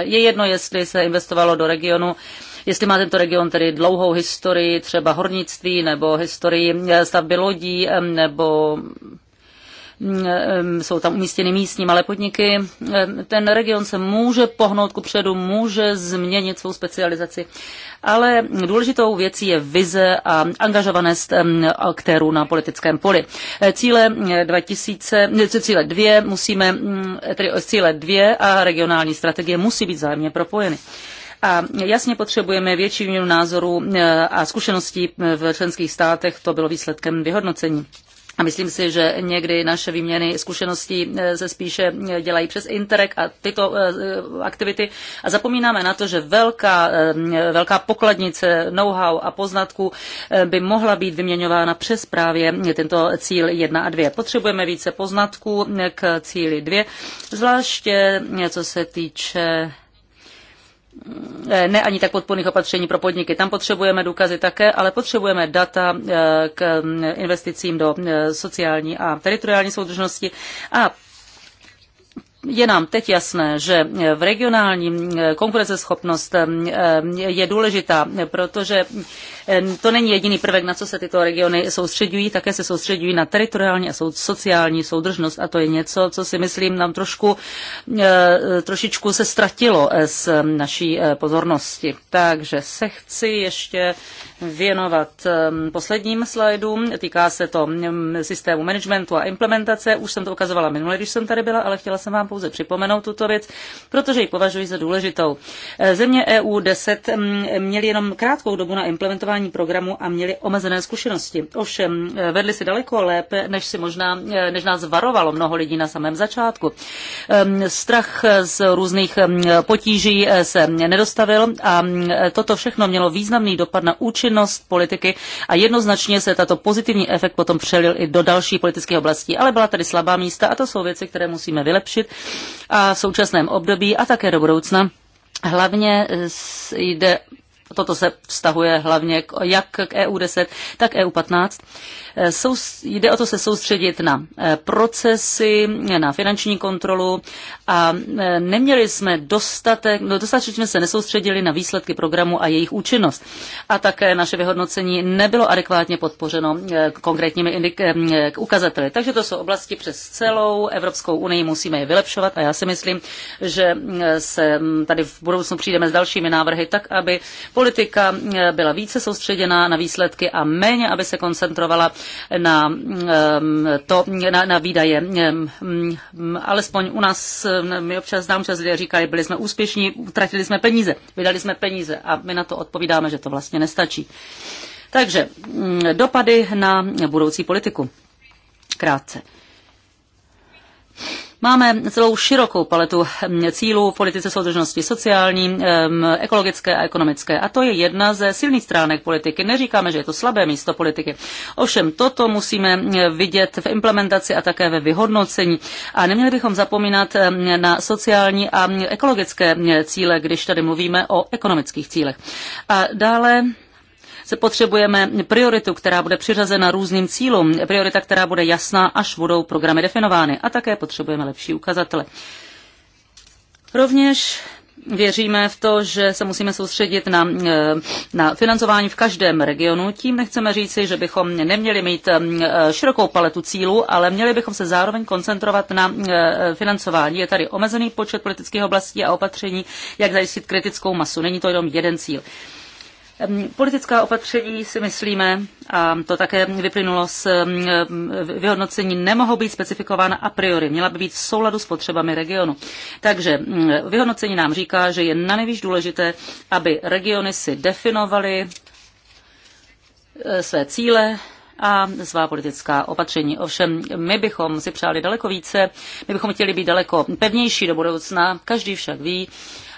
Je jedno, jestli se investovalo do regionu jestli má tento region tedy dlouhou historii třeba hornictví nebo historii stavby lodí nebo Mm, jsou tam umístěny místní malé podniky. Mm, ten region se může pohnout ku předu, může změnit svou specializaci. Ale důležitou věcí je vize a angažovanost mm, aktérů na politickém poli. Cíle 2000, cíle 2 musíme, tedy eh, cíle 2 a regionální strategie musí být zájemně propojeny a jasně potřebujeme větší výměnu názorů a zkušeností v členských státech. To bylo výsledkem vyhodnocení. A myslím si, že někdy naše výměny zkušeností eh, se spíše eh, dělají přes Interreg a tyto eh, aktivity. A zapomínáme na to, že velká, velká pokladnice know-how a poznatků by mohla být vyměňována přes právě tento cíl 1 a 2. Potřebujeme více poznatků k cíli 2, zvláště co se týče ne ani tak podporných opatření pro podniky. Tam potřebujeme důkazy také, ale potřebujeme data eh, k mm, investicím do eh, sociální a teritoriální soudržnosti a je nám teď jasné, že eh, v regionální mm, konkurenceschopnost je důležitá, protože Ehm, to není jediný prvek, na co se tyto regiony soustředují, také se soustředují na teritoriální a sociální soudržnost a to je něco, co si myslím nám trošku, eh, trošičku se ztratilo eh, z ehm, naší eh, pozornosti. Takže se chci ještě věnovat ehm, posledním slajdům. Týká se to mm, systému managementu a implementace. Už jsem to ukazovala minule, když jsem tady byla, ale chtěla jsem vám pouze připomenout tuto věc, protože ji považuji za důležitou. Země EU 10 mm, měly jenom krátkou dobu na implementování fungování programu a měli omezené zkušenosti. Ovšem, eh, vedli si daleko lépe, než, si možná, eh, než nás varovalo mnoho lidí na samém začátku. Ehm, strach z různých ehm, potíží eh, se nedostavil a toto všechno mělo významný dopad na účinnost politiky a jednoznačně se tato pozitivní efekt potom přelil i do další politické oblasti. Ale byla tady slabá místa a to jsou věci, které musíme vylepšit a v současném období a také do budoucna. Hlavně jde toto se vztahuje hlavně jak k EU10, tak EU15, Eh, Sou, jde o to se soustředit na eh, procesy, na finanční kontrolu a eh, neměli jsme dostatek, no dostatečně jsme se nesoustředili na výsledky programu a jejich účinnost. A také naše vyhodnocení nebylo adekvátně podpořeno konkrétními ukazateli. Takže to jsou oblasti přes celou Evropskou unii, musíme je vylepšovat a já si myslím, že se tady v budoucnu přijdeme s dalšími návrhy tak, aby politika byla více soustředěná na výsledky a méně, aby se koncentrovala na, to, na, na výdaje. Alespoň u nás, my občas znám, čas lidé říkali, byli jsme úspěšní, utratili jsme peníze, vydali jsme peníze a my na to odpovídáme, že to vlastně nestačí. Takže dopady na budoucí politiku. Krátce. Máme celou širokou paletu hm, cílů v politice soudržnosti sociální, hm, ekologické a ekonomické. A to je jedna ze silných stránek politiky. Neříkáme, že je to slabé místo politiky. Ovšem, toto musíme hm, vidět v implementaci a také ve vyhodnocení. A neměli bychom zapomínat na sociální a ekologické cíle, když tady mluvíme o ekonomických cílech. A dále se potřebujeme prioritu, která bude přiřazena různým cílům, priorita, která bude jasná, až budou programy definovány. A také potřebujeme lepší ukazatele. Rovněž Věříme v to, že se musíme soustředit na, eh, na financování v každém regionu. Tím nechceme říci, že bychom neměli mít eh, širokou paletu cílů, ale měli bychom se zároveň koncentrovat na eh, financování. Je tady omezený počet politických oblastí a opatření, jak zajistit kritickou masu. Není to jenom jeden cíl. Politická opatření si myslíme, a to také vyplynulo z vyhodnocení, nemohou být specifikována a priori. Měla by být v souladu s potřebami regionu. Takže vyhodnocení nám říká, že je na nejvíc důležité, aby regiony si definovaly e, své cíle, a svá politická opatření. Ovšem, my bychom si přáli daleko více, my bychom chtěli být daleko pevnější do budoucna. Každý však ví,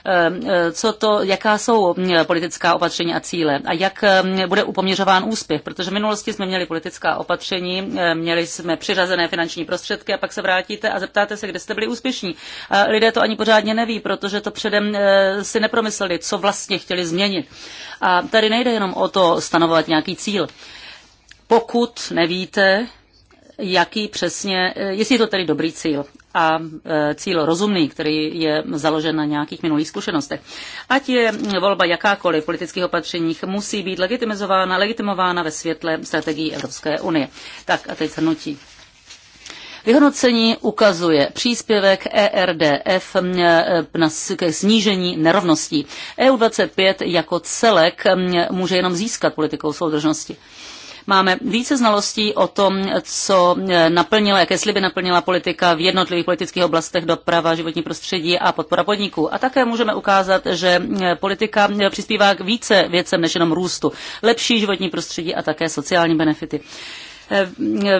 Eh, co to, jaká jsou mm, politická opatření a cíle a jak eh, bude upoměřován úspěch, protože v minulosti jsme měli politická opatření, eh, měli jsme přiřazené finanční prostředky a pak se vrátíte a zeptáte se, kde jste byli úspěšní. A lidé to ani pořádně neví, protože to předem si nepromysleli, co vlastně chtěli změnit. A tady nejde jenom o to stanovovat nějaký cíl. Pokud nevíte, jaký přesně, jestli je to tedy dobrý cíl a e, cíl rozumný, který je založen na nějakých minulých zkušenostech. Ať je volba jakákoliv politických opatřeních, musí být legitimizována, legitimována ve světle strategií Evropské unie. Tak a teď hnutí. Vyhodnocení ukazuje příspěvek ERDF e, na ke snížení nerovností. EU25 jako celek může jenom získat politikou soudržnosti. Máme více znalostí o tom, co naplnila, jaké sliby naplnila politika v jednotlivých politických oblastech doprava, životní prostředí a podpora podniků. A také můžeme ukázat, že politika přispívá k více věcem než jenom růstu. Lepší životní prostředí a také sociální benefity.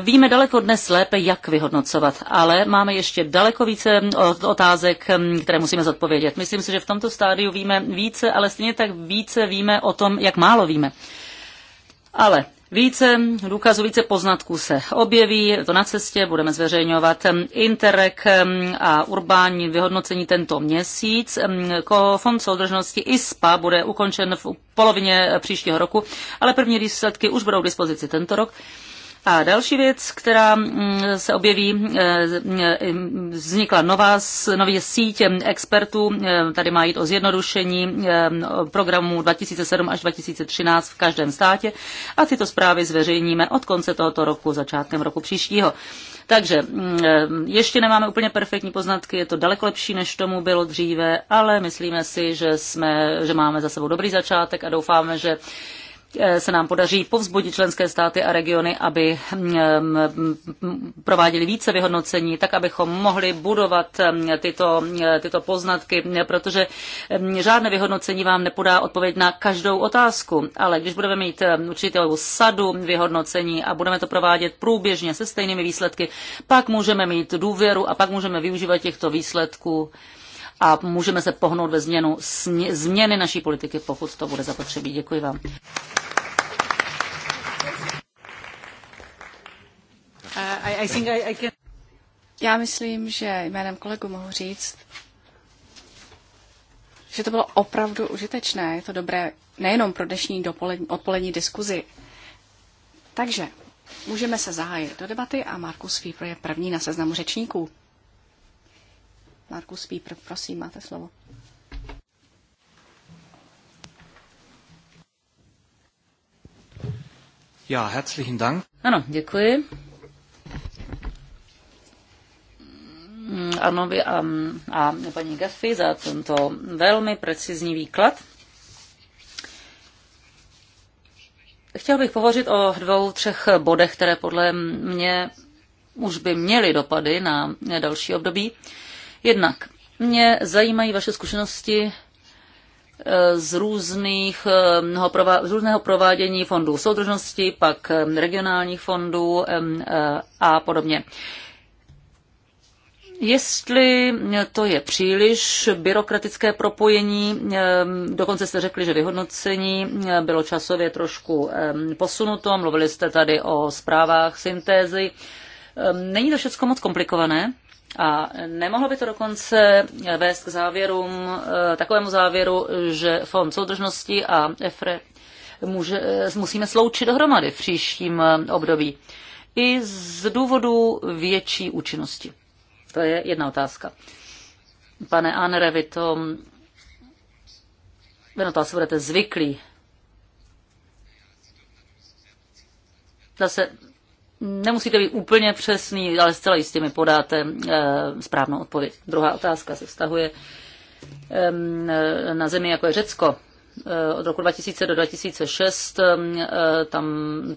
Víme daleko dnes lépe, jak vyhodnocovat, ale máme ještě daleko více otázek, hm, které musíme zodpovědět. Myslím si, že v tomto stádiu víme více, ale stejně tak více víme o tom, jak málo víme. Ale více důkazů, více poznatků se objeví, je to na cestě, budeme zveřejňovat um, Interreg um, a urbání vyhodnocení tento měsíc. Um, fond soudržnosti ISPA bude ukončen v polovině příštího roku, ale první výsledky už budou k dispozici tento rok. A další věc, která mm, se objeví, eh, eh, vznikla nová, nový síť expertů, eh, tady má jít o zjednodušení programů 2007 až 2013 v každém státě a tyto zprávy zveřejníme od konce tohoto roku, začátkem roku příštího. Takže mm, ještě nemáme úplně perfektní poznatky, je to daleko lepší, než tomu bylo dříve, ale myslíme si, že, jsme, že máme za sebou dobrý začátek a doufáme, že Eh, se nám podaří povzbudit členské státy a regiony, aby prováděli více vyhodnocení, tak abychom mohli budovat tyto, eh, tyto poznatky, protože žádné vyhodnocení vám nepodá odpověď na každou otázku, ale když budeme mít určitou sadu vyhodnocení a budeme to provádět průběžně se stejnými výsledky, pak můžeme mít důvěru a pak můžeme využívat těchto výsledků a můžeme se pohnout ve změnu, změny naší politiky, pokud to bude zapotřebí. Děkuji vám. I think I, I can... Já myslím, že jménem kolegu mohu říct, že to bylo opravdu užitečné. Je to dobré nejenom pro dnešní dopolední, odpolední diskuzi. Takže můžeme se zahájit do debaty a Markus Fípr je první na seznamu řečníků. Markus Fípr, prosím, máte slovo. Ja, herzlichen Dank. Ano, děkuji. Arnovi a, a paní Gaffy za tento velmi precizní výklad. Chtěl bych povořit o dvou, třech bodech, které podle mě už by měly dopady na další období. Jednak mě zajímají vaše zkušenosti eh, z, různých, eh, z různého provádění fondů soudržnosti, pak eh, regionálních fondů a podobně jestli to je příliš byrokratické propojení, eh, dokonce jste řekli, že vyhodnocení eh, bylo časově trošku eh, posunuto, mluvili jste tady o zprávách syntézy. Není to všechno moc komplikované? A nemohlo by to dokonce vést k závěrům, takovému závěru, že Fond soudržnosti a EFRE může, musíme sloučit dohromady v příštím období i z důvodu větší účinnosti. To je jedna otázka. Pane Anere, vy to, vy na to asi budete zvyklí. Zase nemusíte být úplně přesný, ale zcela jistě mi podáte e, správnou odpověď. Druhá otázka se vztahuje e, na zemi, jako je Řecko. Eh, od roku 2000 do 2006 eh, tam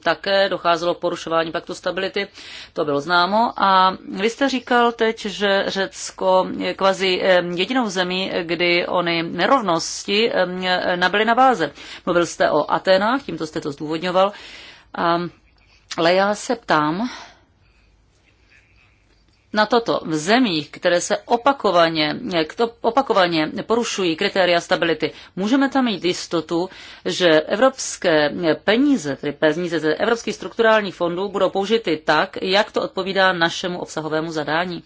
také docházelo k porušování paktu stability, to bylo známo. A vy jste říkal teď, že Řecko je kvazi eh, jedinou zemí, kdy ony nerovnosti nabyly na váze. Mluvil jste o Atenách, tímto jste to zdůvodňoval. Ale já se ptám, na toto v zemích, které se opakovaně, opakovaně porušují kritéria stability, můžeme tam mít jistotu, že evropské peníze, tedy peníze ze evropských strukturálních fondů, budou použity tak, jak to odpovídá našemu obsahovému zadání.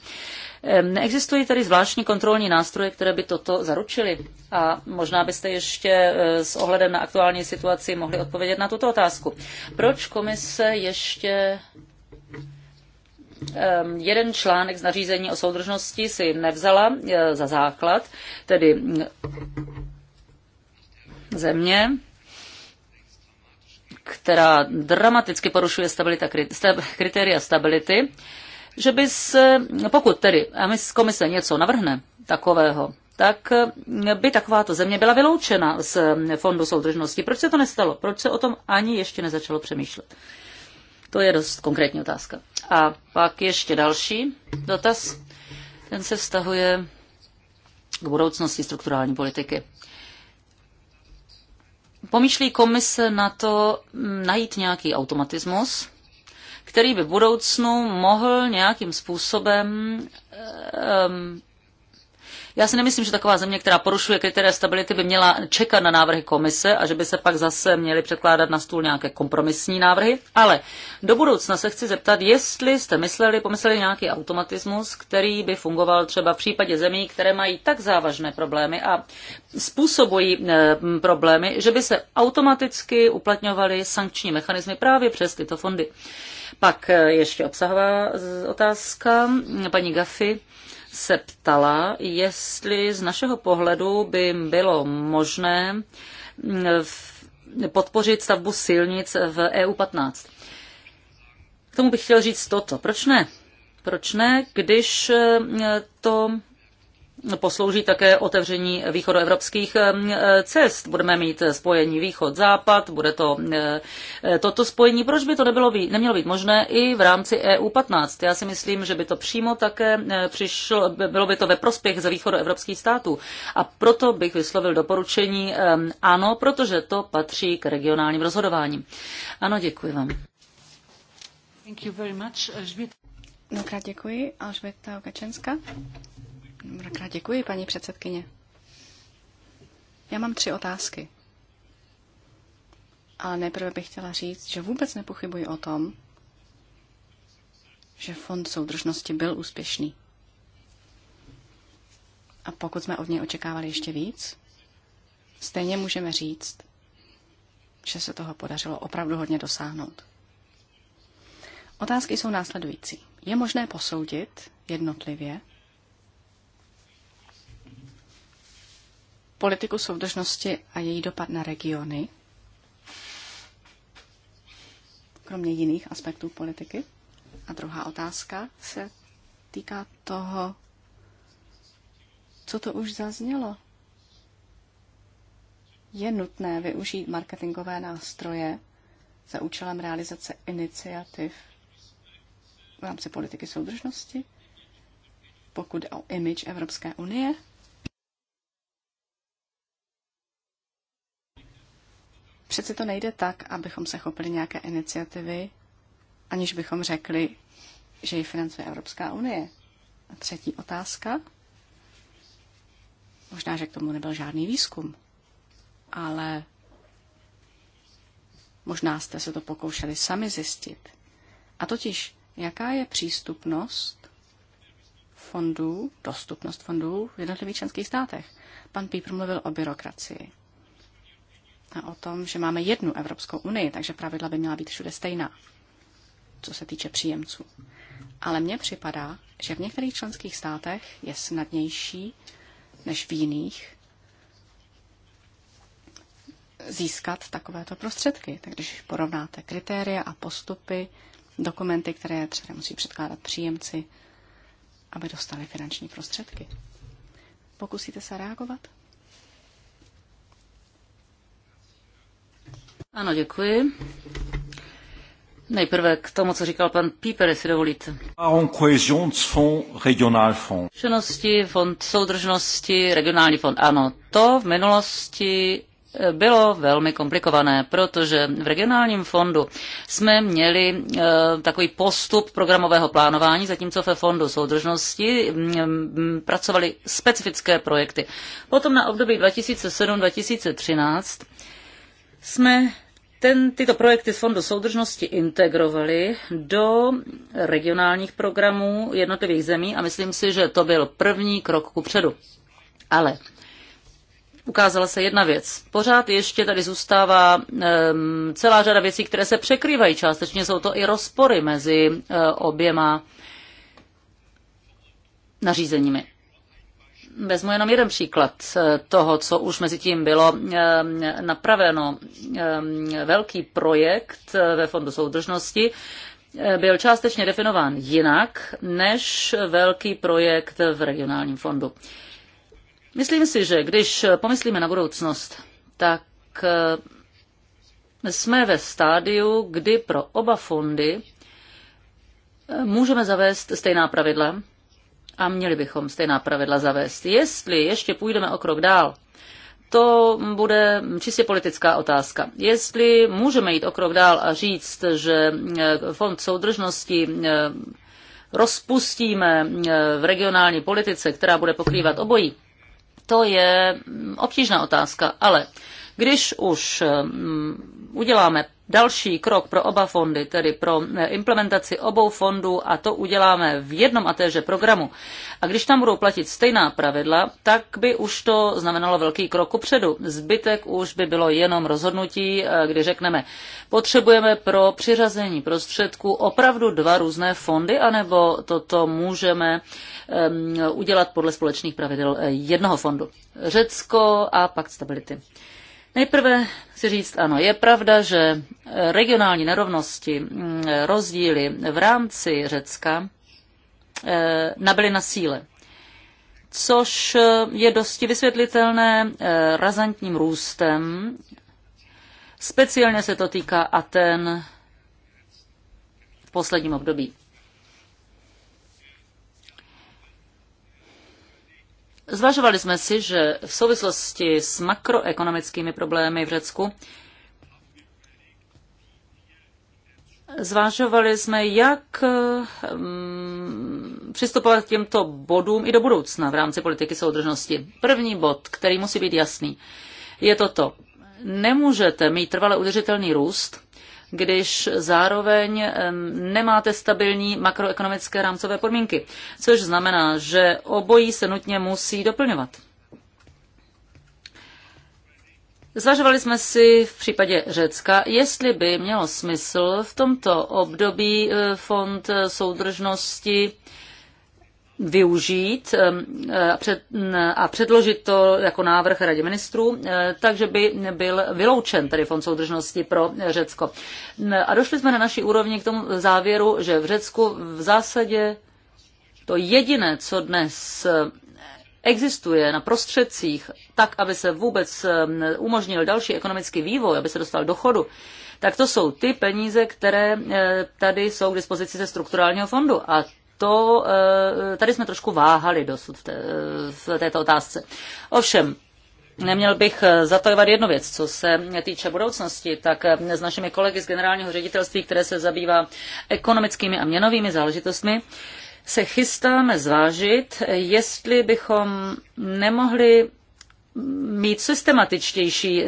Neexistují tady zvláštní kontrolní nástroje, které by toto zaručily? A možná byste ještě e, s ohledem na aktuální situaci mohli odpovědět na tuto otázku. Proč komise ještě Ehm, jeden článek z nařízení o soudržnosti si nevzala e, za základ, tedy mm, země, která dramaticky porušuje stabilita, kritéria stability, že by se, pokud tedy komise něco navrhne takového, tak e, by takováto země byla vyloučena z e, Fondu soudržnosti. Proč se to nestalo? Proč se o tom ani ještě nezačalo přemýšlet? To je dost konkrétní otázka. A pak ještě další dotaz. Ten se vztahuje k budoucnosti strukturální politiky. Pomýšlí komise na to mm, najít nějaký automatismus, který by v budoucnu mohl nějakým způsobem um, já si nemyslím, že taková země, která porušuje kritéria stability, by měla čekat na návrhy komise a že by se pak zase měly předkládat na stůl nějaké kompromisní návrhy. Ale do budoucna se chci zeptat, jestli jste mysleli, pomysleli nějaký automatismus, který by fungoval třeba v případě zemí, které mají tak závažné problémy a způsobují eh, problémy, že by se automaticky uplatňovaly sankční mechanismy právě přes tyto fondy. Pak eh, ještě obsahová otázka paní Gafy se ptala, jestli z našeho pohledu by bylo možné mm, podpořit stavbu silnic v EU15. K tomu bych chtěl říct toto. Proč ne? Proč ne, když mm, to poslouží také otevření východoevropských eh, cest. Budeme mít spojení východ-západ, bude to eh, toto spojení. Proč by to nebylo, nemělo být možné i v rámci EU15? Já si myslím, že by to přímo také eh, přišlo, bylo by to ve prospěch ze východoevropských států. A proto bych vyslovil doporučení ano, protože to patří k regionálním rozhodováním. Ano, děkuji vám. Thank you very much. Mnohokrát děkuji. Alžběta Okačenská. Mnohokrát děkuji, paní předsedkyně. Já mám tři otázky. Ale nejprve bych chtěla říct, že vůbec nepochybuji o tom, že fond soudržnosti byl úspěšný. A pokud jsme od něj očekávali ještě víc, stejně můžeme říct, že se toho podařilo opravdu hodně dosáhnout. Otázky jsou následující. Je možné posoudit jednotlivě, politiku soudržnosti a její dopad na regiony, kromě jiných aspektů politiky. A druhá otázka se týká toho, co to už zaznělo. Je nutné využít marketingové nástroje za účelem realizace iniciativ v rámci politiky soudržnosti, pokud o image Evropské unie – Přeci to nejde tak, abychom se chopili nějaké iniciativy, aniž bychom řekli, že ji financuje Evropská unie. A třetí otázka. Možná, že k tomu nebyl žádný výzkum, ale možná jste se to pokoušeli sami zjistit. A totiž, jaká je přístupnost fondů, dostupnost fondů v jednotlivých členských státech? Pan Pípr mluvil o byrokracii a o tom, že máme jednu Evropskou unii, takže pravidla by měla být všude stejná, co se týče příjemců. Ale mně připadá, že v některých členských státech je snadnější než v jiných získat takovéto prostředky. Tak když porovnáte kritéria a postupy, dokumenty, které třeba musí předkládat příjemci, aby dostali finanční prostředky. Pokusíte se reagovat? Ano, děkuji. Nejprve k tomu, co říkal pan Píper, jestli dovolíte. A on cohesion fond, regional fond. Činnosti, fond soudržnosti, regionální fond. Ano, to v minulosti eh, bylo velmi komplikované, protože v regionálním fondu jsme měli eh, takový postup programového plánování, zatímco ve fondu soudržnosti mm, mm, pracovali specifické projekty. Potom na období 2007-2013 jsme ten, tyto projekty z Fondu soudržnosti integrovali do regionálních programů jednotlivých zemí a myslím si, že to byl první krok ku předu. Ale ukázala se jedna věc. Pořád ještě tady zůstává um, celá řada věcí, které se překrývají. Částečně jsou to i rozpory mezi uh, oběma nařízeními. Vezmu jenom jeden příklad toho, co už mezi tím bylo eh, napraveno. Eh, velký projekt eh, ve Fondu soudržnosti byl částečně definován jinak než velký projekt v regionálním fondu. Myslím si, že když pomyslíme na budoucnost, tak jsme ve stádiu, kdy pro oba fondy můžeme zavést stejná pravidla, a měli bychom stejná pravidla zavést. Jestli ještě půjdeme o krok dál, to bude čistě politická otázka. Jestli můžeme jít o krok dál a říct, že eh, fond soudržnosti eh, rozpustíme eh, v regionální politice, která bude pokrývat obojí, to je mm, obtížná otázka, ale když už uděláme další krok pro oba fondy, tedy pro eh, implementaci obou fondů a to uděláme v jednom a téže programu. A když tam budou platit stejná pravidla, tak by už to znamenalo velký krok upředu. Zbytek už by bylo jenom rozhodnutí, eh, kdy řekneme, potřebujeme pro přiřazení prostředků opravdu dva různé fondy, anebo toto můžeme udělat podle společných pravidel eh, jednoho fondu. Řecko a Pakt stability. Nejprve si říct, ano, je pravda, že eh, regionální nerovnosti, mm, rozdíly v rámci Řecka eh, nabyly na síle, což eh, je dosti vysvětlitelné razantním růstem. Speciálně se to týká Aten v posledním období. Zvažovali jsme si, že v souvislosti s makroekonomickými problémy v Řecku zvažovali jsme, jak mm, přistupovat k těmto bodům i do budoucna v rámci politiky soudržnosti. První bod, který musí být jasný, je toto. Nemůžete mít trvale udržitelný růst, když zároveň nemáte stabilní makroekonomické rámcové podmínky, což znamená, že obojí se nutně musí doplňovat. Zvažovali jsme si v případě Řecka, jestli by mělo smysl v tomto období eh, fond eh, soudržnosti využít eh, mm, a předložit to jako návrh Radě ministrů, eh, takže by byl vyloučen tedy Fond soudržnosti pro Řecko. A došli jsme na naší úrovni k tomu závěru, že v Řecku v zásadě to jediné, co dnes eh, existuje na prostředcích, tak aby se vůbec umožnil další ekonomický vývoj, aby se dostal do chodu, tak to jsou ty peníze, které tady jsou k dispozici ze strukturálního fondu. A to, eh, tady jsme trošku váhali dosud v, té, v této otázce. Ovšem, Neměl bych eh, zatajovat jednu věc, co se týče budoucnosti, tak eh, s našimi kolegy z generálního ředitelství, které se zabývá ekonomickými a měnovými záležitostmi, se chystáme zvážit, jestli bychom nemohli mít systematičtější,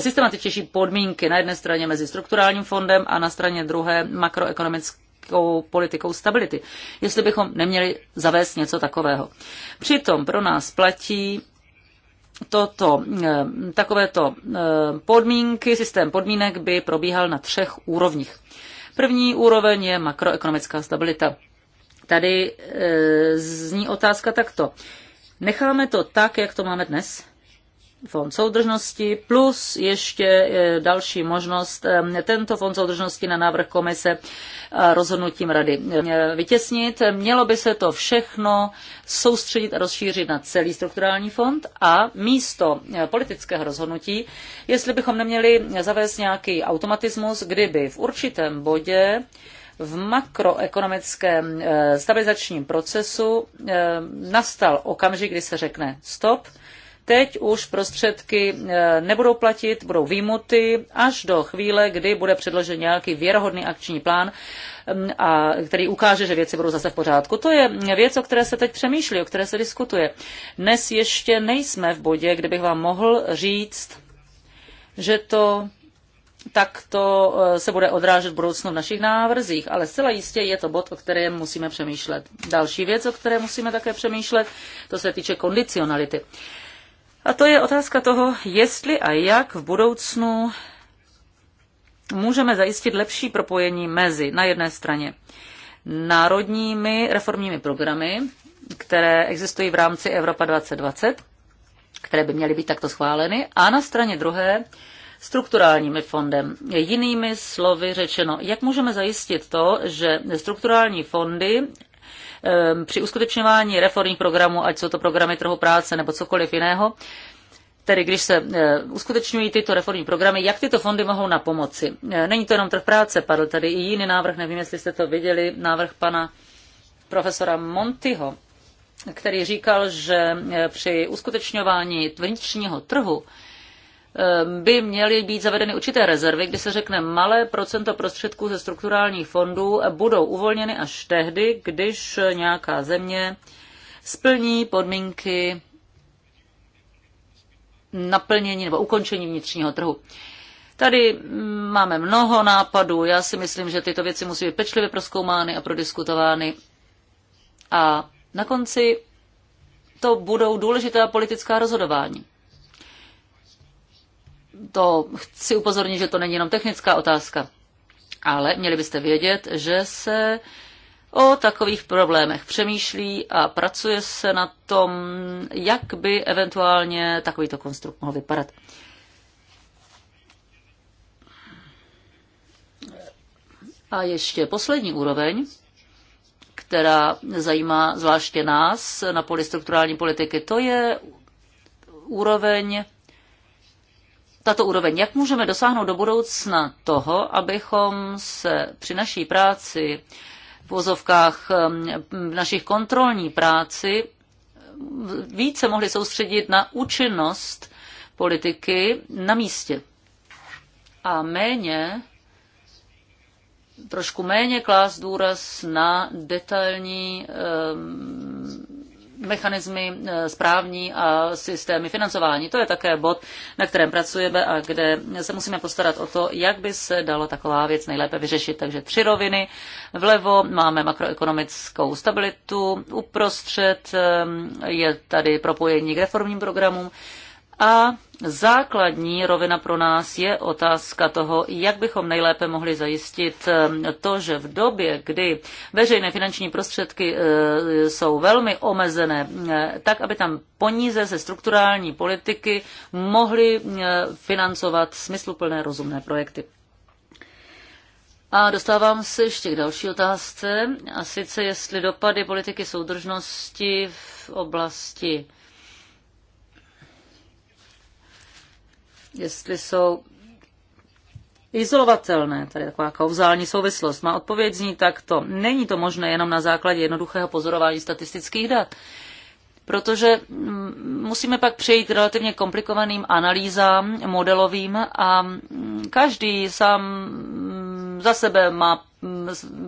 systematičtější podmínky na jedné straně mezi strukturálním fondem a na straně druhé makroekonomické politickou, politikou stability. Jestli bychom neměli zavést něco takového. Přitom pro nás platí toto, eh, takovéto eh, podmínky, systém podmínek by probíhal na třech úrovních. První úroveň je makroekonomická stabilita. Tady eh, zní otázka takto. Necháme to tak, jak to máme dnes? fond soudržnosti plus ještě eh, další možnost eh, tento fond soudržnosti na návrh komise rozhodnutím rady vytěsnit. Mělo by se to všechno soustředit a rozšířit na celý strukturální fond a místo eh, politického rozhodnutí, jestli bychom neměli zavést nějaký automatismus, kdyby v určitém bodě v makroekonomickém stabilizačním procesu nastal okamžik, kdy se řekne stop, Teď už prostředky eh, nebudou platit, budou výmuty až do chvíle, kdy bude předložen nějaký věrohodný akční plán, mm, a který ukáže, že věci budou zase v pořádku. To je věc, o které se teď přemýšlí, o které se diskutuje. Dnes ještě nejsme v bodě, kde bych vám mohl říct, že to tak to eh, se bude odrážet v budoucnu v našich návrzích, ale zcela jistě je to bod, o kterém musíme přemýšlet. Další věc, o které musíme také přemýšlet, to se týče kondicionality. A to je otázka toho, jestli a jak v budoucnu můžeme zajistit lepší propojení mezi na jedné straně národními reformními programy, které existují v rámci Evropa 2020, které by měly být takto schváleny, a na straně druhé strukturálními fondem. Jinými slovy řečeno, jak můžeme zajistit to, že strukturální fondy Ehm, při uskutečňování reformních programů, ať jsou to programy trhu práce nebo cokoliv jiného, Tedy když se eh, uskutečňují tyto reformní programy, jak tyto fondy mohou na pomoci? Eh, není to jenom trh práce, padl tady i jiný návrh, nevím, jestli jste to viděli, návrh pana profesora Montyho, který říkal, že eh, při uskutečňování vnitřního trhu Ehm, by měly být zavedeny určité rezervy, kdy se řekne malé procento prostředků ze strukturálních fondů budou uvolněny až tehdy, když nějaká země splní podmínky naplnění nebo ukončení vnitřního trhu. Tady mm, máme mnoho nápadů, já si myslím, že tyto věci musí být pečlivě proskoumány a prodiskutovány. A na konci to budou důležitá politická rozhodování to chci upozornit, že to není jenom technická otázka, ale měli byste vědět, že se o takových problémech přemýšlí a pracuje se na tom, jak by eventuálně takovýto konstrukt mohl vypadat. A ještě poslední úroveň, která zajímá zvláště nás na poli strukturální politiky, to je úroveň tato úroveň. Jak můžeme dosáhnout do budoucna toho, abychom se při naší práci v vozovkách um, v našich kontrolní práci více mohli soustředit na účinnost politiky na místě a méně trošku méně klást důraz na detailní um, mechanismy eh, správní a systémy financování. To je také bod, na kterém pracujeme a kde se musíme postarat o to, jak by se dalo taková věc nejlépe vyřešit. Takže tři roviny. Vlevo máme makroekonomickou stabilitu, uprostřed eh, je tady propojení k reformním programům a základní rovina pro nás je otázka toho, jak bychom nejlépe mohli zajistit ehm, to, že v době, kdy veřejné finanční prostředky eh, jsou velmi omezené, eh, tak aby tam poníze ze strukturální politiky mohly eh, financovat smysluplné rozumné projekty. A dostávám se ještě k další otázce, a sice jestli dopady politiky soudržnosti v oblasti jestli jsou izolovatelné, tady je taková kauzální souvislost. Má odpověď zní takto. Není to možné jenom na základě jednoduchého pozorování statistických dat, protože mm, musíme pak přejít k relativně komplikovaným analýzám modelovým a mm, každý sám mm, za sebe má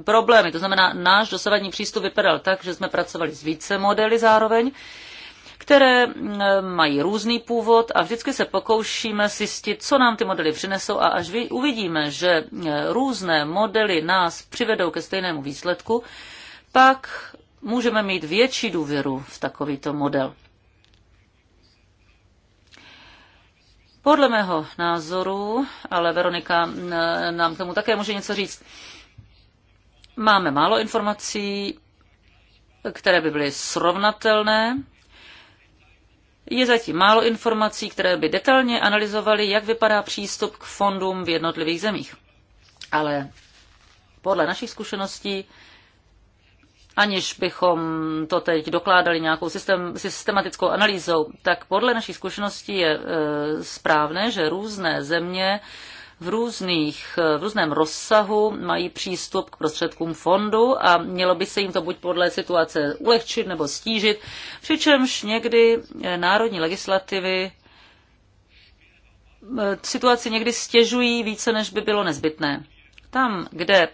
problémy. To znamená, náš dosavadní přístup vypadal tak, že jsme pracovali s více modely zároveň, které mají různý původ a vždycky se pokoušíme zjistit, co nám ty modely přinesou a až uvidíme, že e, různé modely nás přivedou ke stejnému výsledku, pak můžeme mít větší důvěru v takovýto model. Podle mého názoru, ale Veronika nám k tomu také může něco říct, máme málo informací, které by byly srovnatelné je zatím málo informací, které by detailně analyzovaly, jak vypadá přístup k fondům v jednotlivých zemích. Ale podle našich zkušeností, aniž bychom to teď dokládali nějakou systém, systematickou analýzou, tak podle našich zkušeností je e, správné, že různé země v, různých, v různém rozsahu mají přístup k prostředkům fondu a mělo by se jim to buď podle situace ulehčit nebo stížit, přičemž někdy eh, národní legislativy eh, situaci někdy stěžují více, než by bylo nezbytné. Tam, kde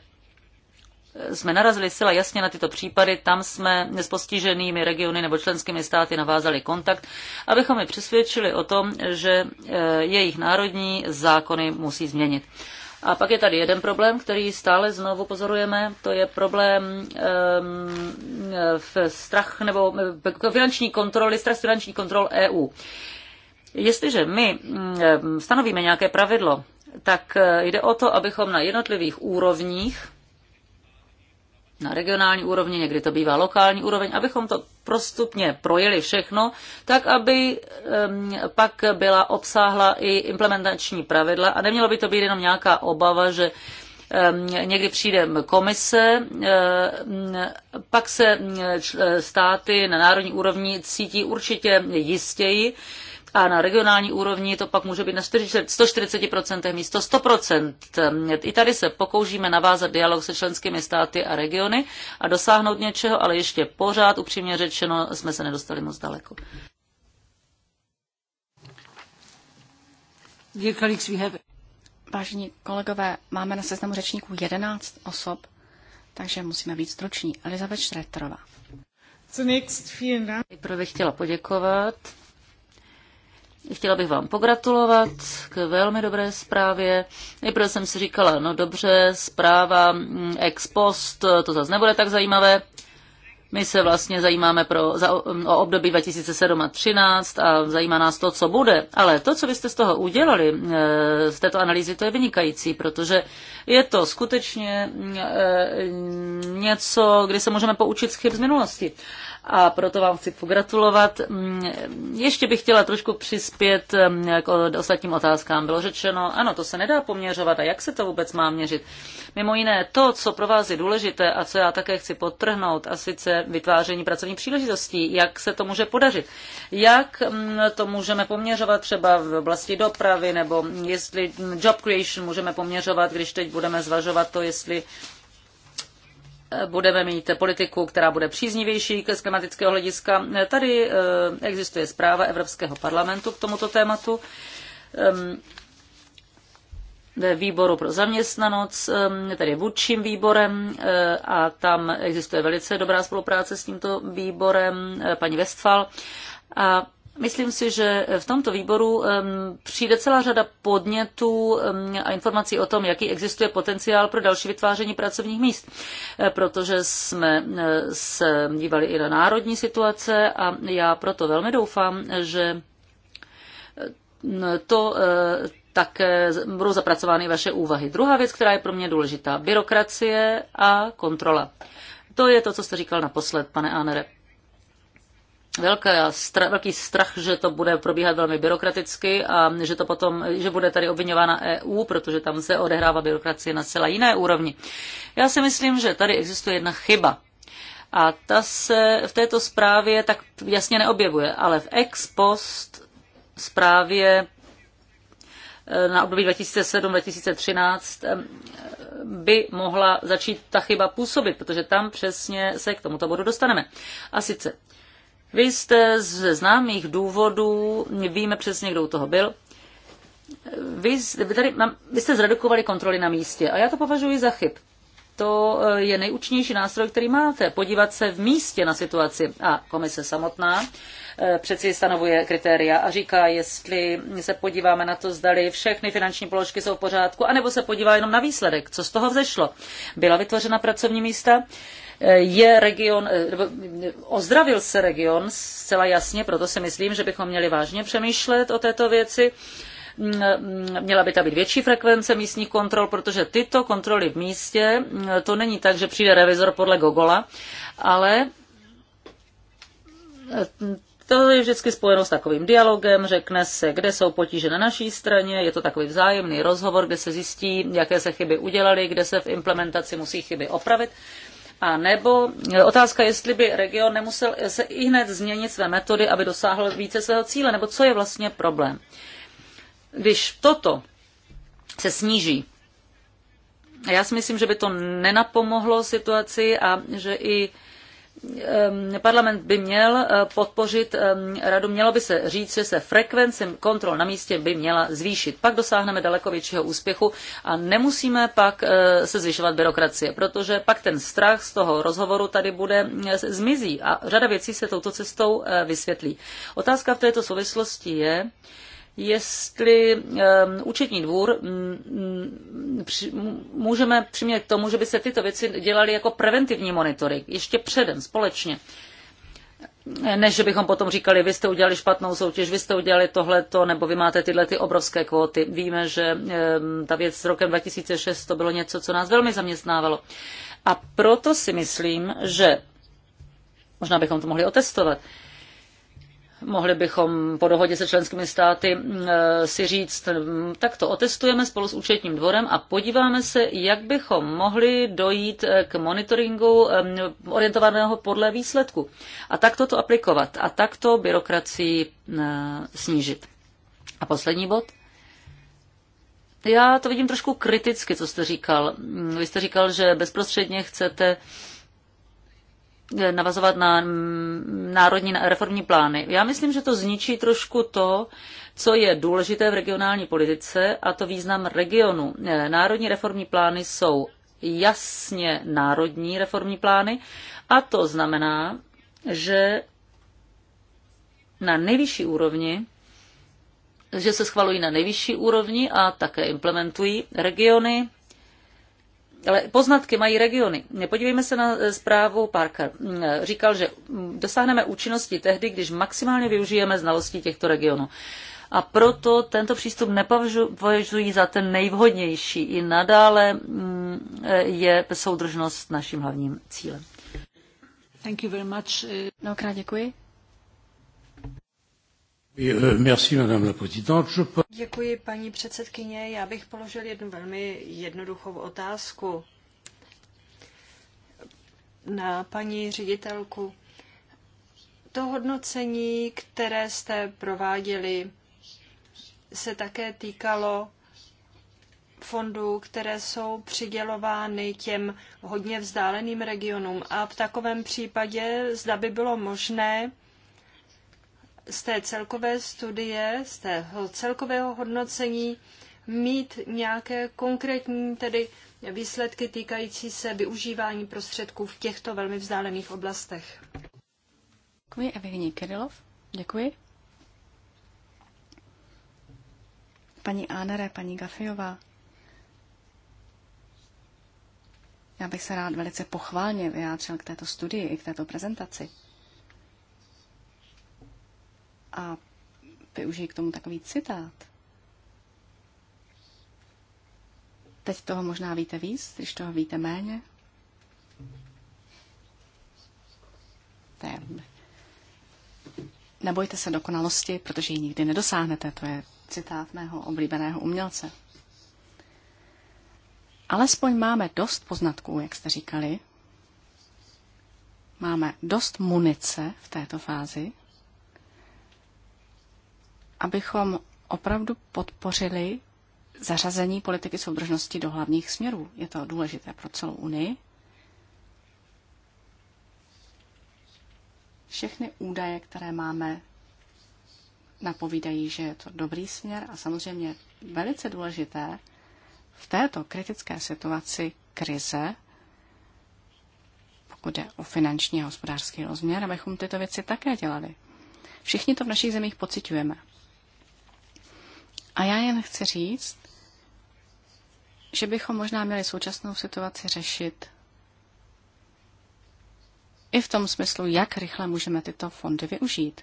jsme narazili zcela jasně na tyto případy, tam jsme s postiženými regiony nebo členskými státy navázali kontakt, abychom je přesvědčili o tom, že e, jejich národní zákony musí změnit. A pak je tady jeden problém, který stále znovu pozorujeme, to je problém um, v strach nebo e, finanční kontroly, strach finanční kontrol EU. Jestliže my stanovíme nějaké pravidlo, tak jde o to, abychom na jednotlivých úrovních na regionální úrovni, někdy to bývá lokální úroveň, abychom to prostupně projeli všechno, tak aby pak byla obsáhla i implementační pravidla a nemělo by to být jenom nějaká obava, že někdy přijde komise, pak se státy na národní úrovni cítí určitě jistěji, a na regionální úrovni to pak může být na 140% místo 100%. I tady se pokoušíme navázat dialog se členskými státy a regiony a dosáhnout něčeho, ale ještě pořád, upřímně řečeno, jsme se nedostali moc daleko. Vážení kolegové, máme na seznamu řečníků 11 osob, takže musíme být struční. Elizabeth Štretrová. Nejprve chtěla poděkovat Chtěla bych vám pogratulovat k velmi dobré zprávě. Nejprve jsem si říkala, no dobře, zpráva mm, ex post, to zase nebude tak zajímavé. My se vlastně zajímáme pro, za, mm, o období 2007 a 2013 a zajímá nás to, co bude. Ale to, co byste z toho udělali, mm, z této analýzy, to je vynikající, protože je to skutečně e, něco, kdy se můžeme poučit z chyb z minulosti a proto vám chci pogratulovat. Mm, ještě bych chtěla trošku přispět mm, k ostatním otázkám. Bylo řečeno, ano, to se nedá poměřovat a jak se to vůbec má měřit. Mimo jiné, to, co pro vás je důležité a co já také chci podtrhnout, a sice vytváření pracovních příležitostí, jak se to může podařit. Jak mm, to můžeme poměřovat třeba v oblasti dopravy, nebo jestli job creation můžeme poměřovat, když teď budeme zvažovat to, jestli budeme mít politiku, která bude příznivější z klimatického hlediska. Tady eh, existuje zpráva Evropského parlamentu k tomuto tématu ehm, ve výboru pro zaměstnanost, ehm, tedy vůdčím výborem eh, a tam existuje velice dobrá spolupráce s tímto výborem eh, paní Westfal. A Myslím si, že v tomto výboru přijde celá řada podnětů a informací o tom, jaký existuje potenciál pro další vytváření pracovních míst, e, protože jsme e, se dívali i na národní situace a já proto velmi doufám, že e, to tak budou zapracovány vaše úvahy. Druhá věc, která je pro mě důležitá, byrokracie a kontrola. To je to, co jste říkal naposled, pane Anere stra, velký strach, že to bude probíhat velmi byrokraticky a že to potom, že bude tady obvinována EU, protože tam se odehrává byrokracie na celé jiné úrovni. Já si myslím, že tady existuje jedna chyba. A ta se v této zprávě tak jasně neobjevuje, ale v ex post zprávě eh, na období 2007-2013 eh, by mohla začít ta chyba působit, protože tam přesně se k tomuto bodu dostaneme. A sice vy jste ze známých důvodů, víme přesně, kdo u toho byl, vy, vy, tady, vy jste zredukovali kontroly na místě a já to považuji za chyb. To eh, je nejúčinnější nástroj, který máte, podívat se v místě na situaci. A komise samotná eh, přeci stanovuje kritéria a říká, jestli se podíváme na to, zdali všechny finanční položky jsou v pořádku, anebo se podívá jenom na výsledek, co z toho vzešlo. Byla vytvořena pracovní místa? je region, eh, eh, ozdravil se region zcela jasně, proto si myslím, že bychom měli vážně přemýšlet o této věci mm, mm, měla by tam být větší frekvence místních kontrol, protože tyto kontroly v místě, mm, to není tak, že přijde revizor podle Gogola, ale to je vždycky spojeno s takovým dialogem, řekne se, kde jsou potíže na naší straně, je to takový vzájemný rozhovor, kde se zjistí, jaké se chyby udělaly, kde se v implementaci musí chyby opravit. A nebo otázka, jestli by region nemusel se i hned změnit své metody, aby dosáhl více svého cíle, nebo co je vlastně problém. Když toto se sníží, já si myslím, že by to nenapomohlo situaci a že i Ehm, parlament by měl eh, podpořit ehm, radu, mělo by se říct, že se frekvence kontrol na místě by měla zvýšit. Pak dosáhneme daleko většího úspěchu a nemusíme pak eh, se zvyšovat byrokracie, protože pak ten strach z toho rozhovoru tady bude eh, zmizí a řada věcí se touto cestou vysvětlí. Otázka v této souvislosti je, jestli ehm, účetní dvůr můžeme přimět k tomu, že by se tyto věci dělaly jako preventivní monitoring, ještě předem, společně e, než že bychom potom říkali, vy jste udělali špatnou soutěž, vy jste udělali tohleto, nebo vy máte tyhle ty obrovské kvóty. Víme, že ehm, ta věc s rokem 2006 to bylo něco, co nás velmi zaměstnávalo. A proto si myslím, že možná bychom to mohli otestovat, mohli bychom po dohodě se členskými státy e, si říct, tak to otestujeme spolu s účetním dvorem a podíváme se, jak bychom mohli dojít e, k monitoringu e, orientovaného podle výsledku. A takto to aplikovat a takto byrokracii snížit. A poslední bod. Já to vidím trošku kriticky, co jste říkal. Mm, vy jste říkal, že bezprostředně chcete navazovat na národní reformní plány. Já myslím, že to zničí trošku to, co je důležité v regionální politice, a to význam regionu. Eh, národní reformní plány jsou jasně národní reformní plány a to znamená, že na nejvyšší úrovni že se schvalují na nejvyšší úrovni a také implementují regiony ale poznatky mají regiony. Podívejme se na eh, zprávu Parker. Mm, eh, říkal, že mm, dosáhneme účinnosti tehdy, když maximálně využijeme znalostí těchto regionů. A proto tento přístup nepovažuji za ten nejvhodnější. I nadále mm, eh, je soudržnost naším hlavním cílem. Thank you very much. Mnohokrát děkuji. Euh, Děkuji, paní předsedkyně. Já bych položil jednu velmi jednoduchou otázku na paní ředitelku. To hodnocení, které jste prováděli, se také týkalo fondů, které jsou přidělovány těm hodně vzdáleným regionům. A v takovém případě, zda by bylo možné z té celkové studie, z toho celkového hodnocení mít nějaké konkrétní tedy výsledky týkající se využívání prostředků v těchto velmi vzdálených oblastech. Děkuji Evgenie Kirilov. Děkuji. Paní Ánere, paní Gafiová, Já bych se rád velice pochválně vyjádřil k této studii i k této prezentaci. A využij k tomu takový citát. Teď toho možná víte víc, když toho víte méně. Ten. Nebojte se dokonalosti, protože ji nikdy nedosáhnete. To je citát mého oblíbeného umělce. Alespoň máme dost poznatků, jak jste říkali. Máme dost munice v této fázi, abychom opravdu podpořili zařazení politiky soudržnosti do hlavních směrů. Je to důležité pro celou Unii. Všechny údaje, které máme, napovídají, že je to dobrý směr a samozřejmě velice důležité v této kritické situaci krize, pokud je o finanční a hospodářský rozměr, abychom tyto věci také dělali. Všichni to v našich zemích pociťujeme. A já jen chci říct, že bychom možná měli současnou situaci řešit i v tom smyslu, jak rychle můžeme tyto fondy využít.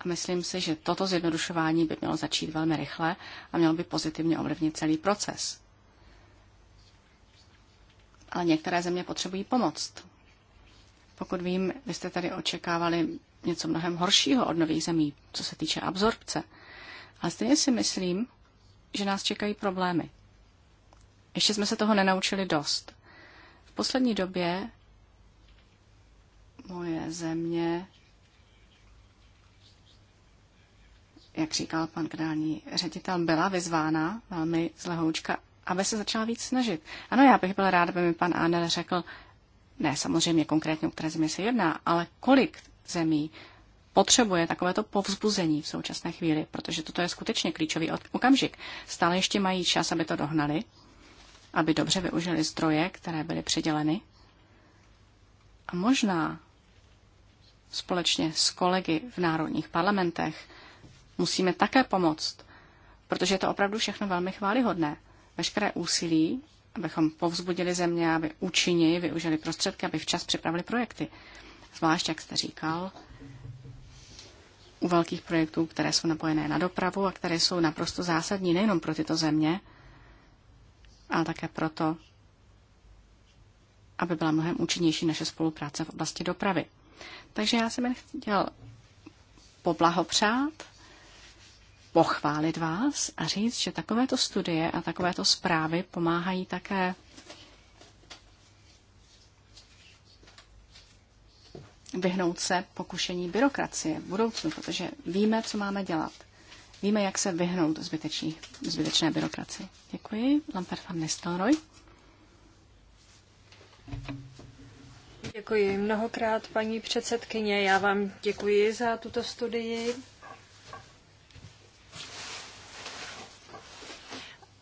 A myslím si, že toto zjednodušování by mělo začít velmi rychle a mělo by pozitivně ovlivnit celý proces. Ale některé země potřebují pomoc. Pokud vím, vy jste tady očekávali něco mnohem horšího od nových zemí, co se týče absorpce – a stejně si myslím, že nás čekají problémy. Ještě jsme se toho nenaučili dost. V poslední době moje země, jak říkal pan generální ředitel, byla vyzvána velmi zlehoučka, aby se začala víc snažit. Ano, já bych byl rád, aby mi pan Áner řekl, ne samozřejmě konkrétně, o které země se jedná, ale kolik zemí potřebuje takovéto povzbuzení v současné chvíli, protože toto je skutečně klíčový okamžik. Stále ještě mají čas, aby to dohnali, aby dobře využili zdroje, které byly přiděleny. A možná společně s kolegy v národních parlamentech musíme také pomoct, protože je to opravdu všechno velmi chválihodné. Veškeré úsilí, abychom povzbudili země, aby účinněji využili prostředky, aby včas připravili projekty. Zvlášť, jak jste říkal, u velkých projektů, které jsou napojené na dopravu a které jsou naprosto zásadní nejenom pro tyto země, ale také proto, aby byla mnohem účinnější naše spolupráce v oblasti dopravy. Takže já jsem jen chtěl poblahopřát, pochválit vás a říct, že takovéto studie a takovéto zprávy pomáhají také vyhnout se pokušení byrokracie v budoucnu, protože víme, co máme dělat. Víme, jak se vyhnout zbytečný, zbytečné byrokracii. Děkuji. Lampert van Nistelrooy. Děkuji mnohokrát, paní předsedkyně. Já vám děkuji za tuto studii.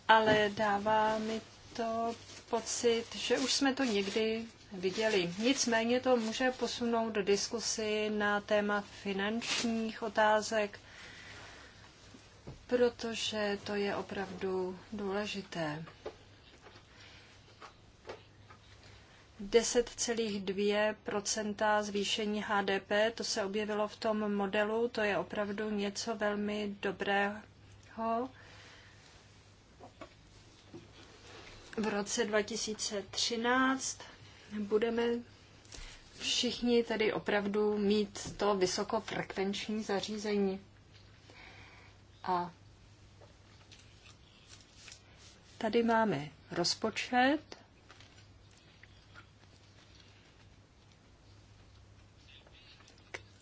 Ale dává mi to pocit, že už jsme to někdy viděli. Nicméně to může posunout do diskusy na téma finančních otázek, protože to je opravdu důležité. 10,2 zvýšení HDP, to se objevilo v tom modelu, to je opravdu něco velmi dobrého. V roce 2013 budeme všichni tady opravdu mít to vysokofrekvenční zařízení. A tady máme rozpočet.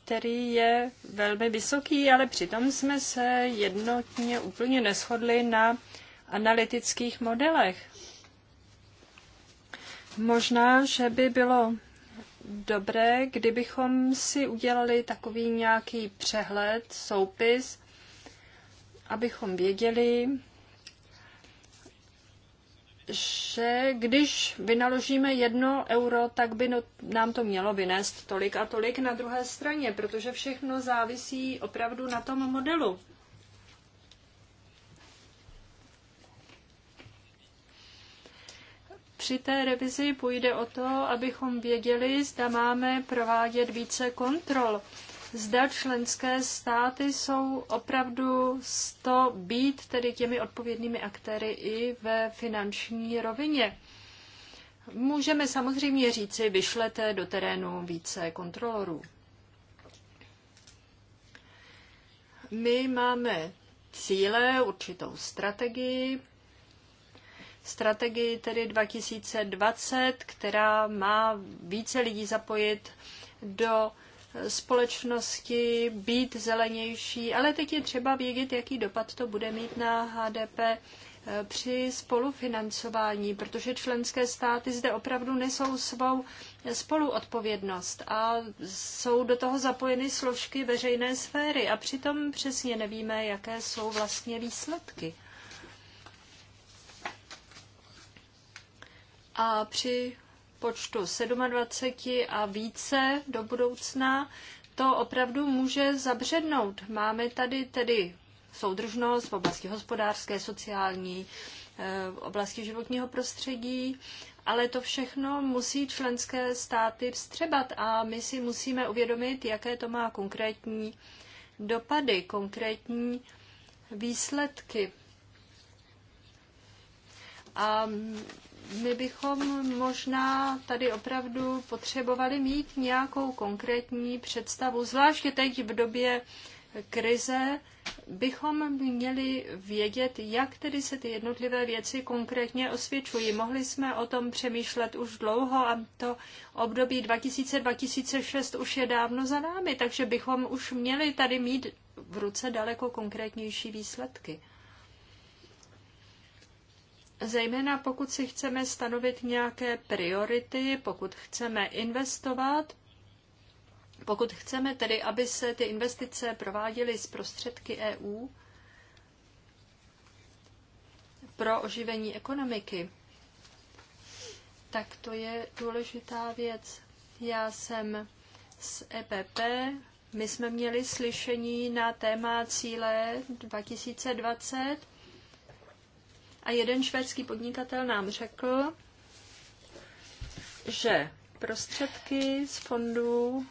který je velmi vysoký, ale přitom jsme se jednotně úplně neschodli na analytických modelech. Možná, že by bylo dobré, kdybychom si udělali takový nějaký přehled, soupis, abychom věděli, že když vynaložíme jedno euro, tak by no, nám to mělo vynést tolik a tolik na druhé straně, protože všechno závisí opravdu na tom modelu. Při té revizi půjde o to, abychom věděli, zda máme provádět více kontrol. Zda členské státy jsou opravdu z to být tedy těmi odpovědnými aktéry i ve finanční rovině. Můžeme samozřejmě říci, vyšlete do terénu více kontrolorů. My máme cíle, určitou strategii, strategii tedy 2020, která má více lidí zapojit do společnosti, být zelenější, ale teď je třeba vědět, jaký dopad to bude mít na HDP eh, při spolufinancování, protože členské státy zde opravdu nesou svou spoluodpovědnost a jsou do toho zapojeny složky veřejné sféry a přitom přesně nevíme, jaké jsou vlastně výsledky. a při počtu 27 a více do budoucna to opravdu může zabřednout. Máme tady tedy soudržnost v oblasti hospodářské, sociální, eh, v oblasti životního prostředí, ale to všechno musí členské státy vstřebat a my si musíme uvědomit, jaké to má konkrétní dopady, konkrétní výsledky. A my bychom možná tady opravdu potřebovali mít nějakou konkrétní představu, zvláště teď v době krize bychom měli vědět, jak tedy se ty jednotlivé věci konkrétně osvědčují. Mohli jsme o tom přemýšlet už dlouho a to období 2000-2006 už je dávno za námi, takže bychom už měli tady mít v ruce daleko konkrétnější výsledky zejména pokud si chceme stanovit nějaké priority, pokud chceme investovat, pokud chceme tedy, aby se ty investice prováděly z prostředky EU pro oživení ekonomiky, tak to je důležitá věc. Já jsem z EPP, my jsme měli slyšení na téma cíle 2020 a jeden švédský podnikatel nám řekl, že prostředky z fondů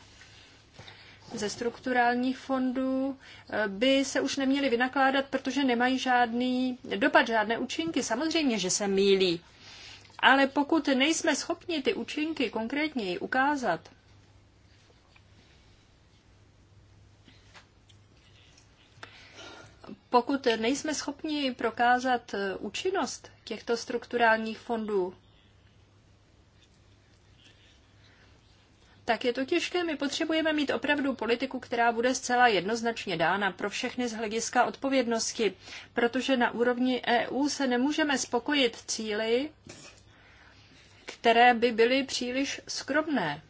ze strukturálních fondů eh, by se už neměly vynakládat, protože nemají žádný dopad, žádné účinky. Samozřejmě, že se mílí. Ale pokud nejsme schopni ty účinky konkrétněji ukázat, pokud nejsme schopni prokázat eh, účinnost těchto strukturálních fondů, tak je to těžké. My potřebujeme mít opravdu politiku, která bude zcela jednoznačně dána pro všechny z hlediska odpovědnosti, protože na úrovni EU se nemůžeme spokojit cíly, které by byly příliš skromné.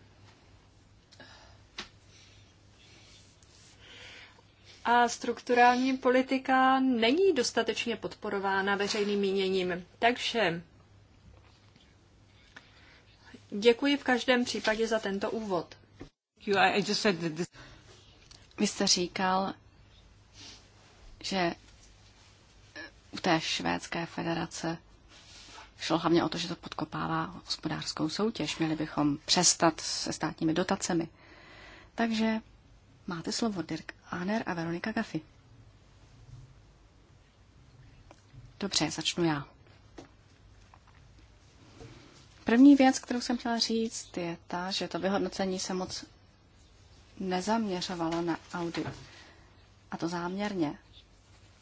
a strukturální politika není dostatečně podporována veřejným míněním. Takže děkuji v každém případě za tento úvod. Vy jste říkal, že u té švédské federace šlo hlavně o to, že to podkopává hospodářskou soutěž. Měli bychom přestat se státními dotacemi. Takže máte slovo, Dirk. Aner a Veronika Gafi. Dobře, začnu já. První věc, kterou jsem chtěla říct, je ta, že to vyhodnocení se moc nezaměřovalo na audit. A to záměrně.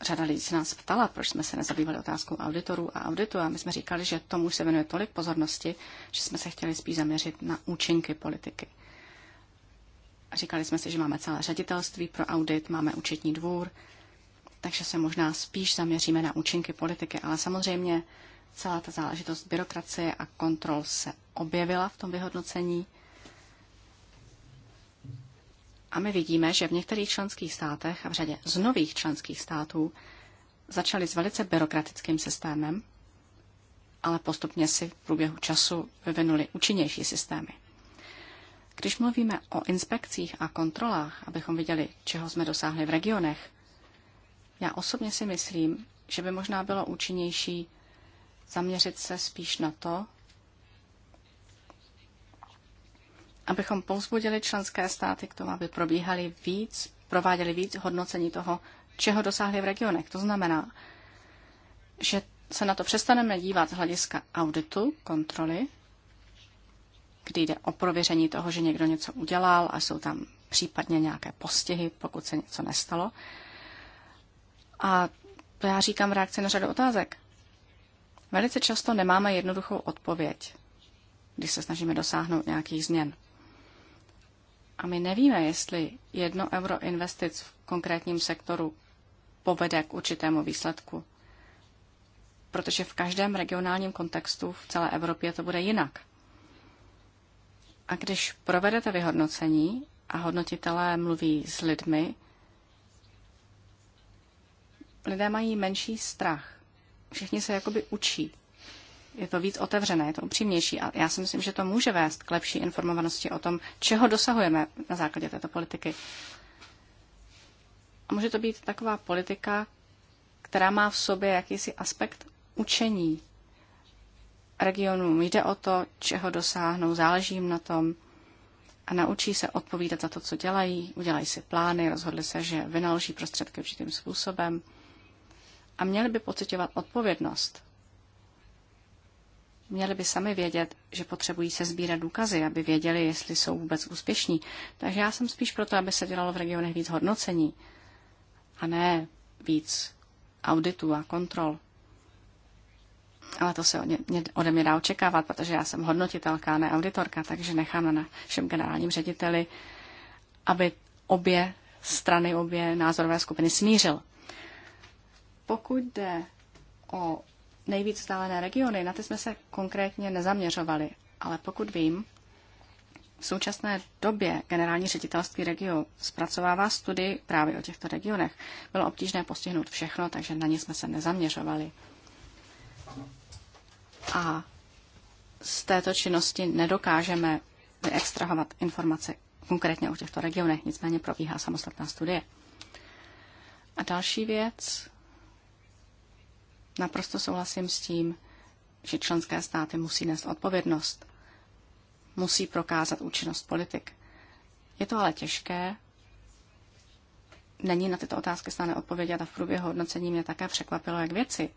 Řada lidí se nás ptala, proč jsme se nezabývali otázkou auditorů a auditu a my jsme říkali, že tomu se věnuje tolik pozornosti, že jsme se chtěli spíš zaměřit na účinky politiky. Říkali jsme si, že máme celé ředitelství pro audit, máme účetní dvůr, takže se možná spíš zaměříme na účinky politiky, ale samozřejmě celá ta záležitost byrokracie a kontrol se objevila v tom vyhodnocení. A my vidíme, že v některých členských státech a v řadě z nových členských států začali s velice byrokratickým systémem, ale postupně si v průběhu času vyvinuli účinnější systémy. Když mluvíme o inspekcích a kontrolách, abychom viděli, čeho jsme dosáhli v regionech, já osobně si myslím, že by možná bylo účinnější zaměřit se spíš na to, abychom povzbudili členské státy k tomu, aby probíhali víc, prováděli víc hodnocení toho, čeho dosáhli v regionech. To znamená, že se na to přestaneme dívat z hlediska auditu, kontroly, kdy jde o prověření toho, že někdo něco udělal a jsou tam případně nějaké postihy, pokud se něco nestalo. A to já říkám v reakci na řadu otázek. Velice často nemáme jednoduchou odpověď, když se snažíme dosáhnout nějakých změn. A my nevíme, jestli jedno euro investic v konkrétním sektoru povede k určitému výsledku. Protože v každém regionálním kontextu v celé Evropě to bude jinak. A když provedete vyhodnocení a hodnotitelé mluví s lidmi, lidé mají menší strach. Všichni se jakoby učí. Je to víc otevřené, je to upřímnější. A já si myslím, že to může vést k lepší informovanosti o tom, čeho dosahujeme na základě této politiky. A může to být taková politika, která má v sobě jakýsi aspekt učení regionům jde o to, čeho dosáhnou, záleží jim na tom a naučí se odpovídat za to, co dělají, udělají si plány, rozhodli se, že vynaloží prostředky určitým způsobem a měli by pocitovat odpovědnost. Měli by sami vědět, že potřebují se sbírat důkazy, aby věděli, jestli jsou vůbec úspěšní. Takže já jsem spíš proto, aby se dělalo v regionech víc hodnocení a ne víc auditů a kontrol ale to se ode mě dá očekávat, protože já jsem hodnotitelka, ne auditorka, takže nechám na našem generálním řediteli, aby obě strany, obě názorové skupiny smířil. Pokud jde o nejvíc vzdálené regiony, na ty jsme se konkrétně nezaměřovali, ale pokud vím, v současné době generální ředitelství regionu zpracovává studii právě o těchto regionech. Bylo obtížné postihnout všechno, takže na ně jsme se nezaměřovali. A z této činnosti nedokážeme vyextrahovat informace konkrétně o těchto regionech, nicméně probíhá samostatná studie. A další věc, naprosto souhlasím s tím, že členské státy musí nést odpovědnost, musí prokázat účinnost politik. Je to ale těžké, není na tyto otázky snadné odpovědět a v průběhu hodnocení mě také překvapilo, jak věci,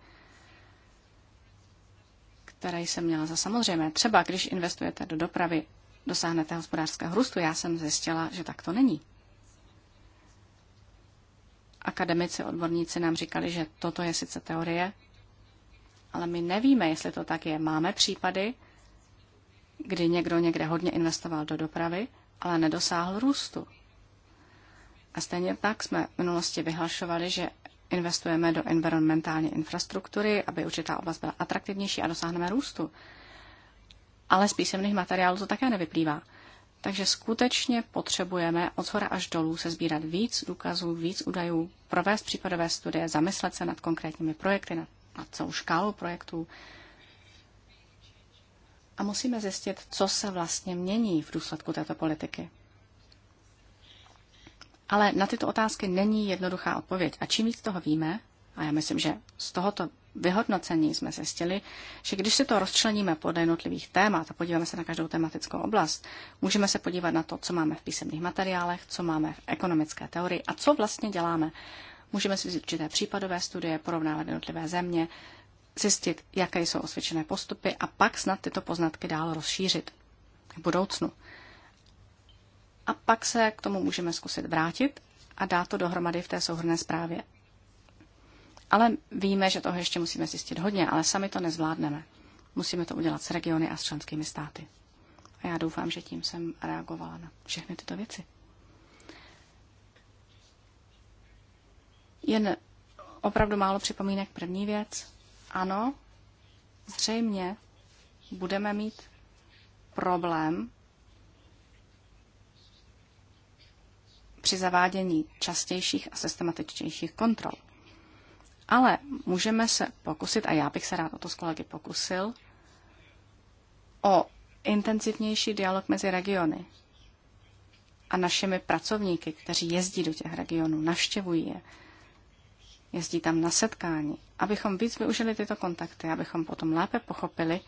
které jsem měla za samozřejmé. Třeba když investujete do dopravy, dosáhnete hospodářského růstu. Já jsem zjistila, že tak to není. Akademici, odborníci nám říkali, že toto je sice teorie, ale my nevíme, jestli to tak je. Máme případy, kdy někdo někde hodně investoval do dopravy, ale nedosáhl růstu. A stejně tak jsme v minulosti vyhlašovali, že investujeme do environmentální infrastruktury, aby určitá oblast byla atraktivnější a dosáhneme růstu. Ale z písemných materiálů to také nevyplývá. Takže skutečně potřebujeme od zhora až dolů se sbírat víc důkazů, víc údajů, provést případové studie, zamyslet se nad konkrétními projekty, nad, nad celou škálou projektů. A musíme zjistit, co se vlastně mění v důsledku této politiky. Ale na tyto otázky není jednoduchá odpověď. A čím víc toho víme, a já myslím, že z tohoto vyhodnocení jsme zjistili, že když se to rozčleníme podle jednotlivých témat a podíváme se na každou tematickou oblast, můžeme se podívat na to, co máme v písemných materiálech, co máme v ekonomické teorii a co vlastně děláme. Můžeme si vzít určité případové studie, porovnávat jednotlivé země, zjistit, jaké jsou osvědčené postupy a pak snad tyto poznatky dál rozšířit v budoucnu a pak se k tomu můžeme zkusit vrátit a dát to dohromady v té souhrné zprávě. Ale víme, že toho ještě musíme zjistit hodně, ale sami to nezvládneme. Musíme to udělat s regiony a s členskými státy. A já doufám, že tím jsem reagovala na všechny tyto věci. Jen opravdu málo připomínek první věc. Ano, zřejmě budeme mít problém při zavádění častějších a systematičtějších kontrol. Ale můžeme se pokusit, a já bych se rád o to s kolegy pokusil, o intenzivnější dialog mezi regiony a našimi pracovníky, kteří jezdí do těch regionů, navštěvují je, jezdí tam na setkání, abychom víc využili tyto kontakty, abychom potom lépe pochopili,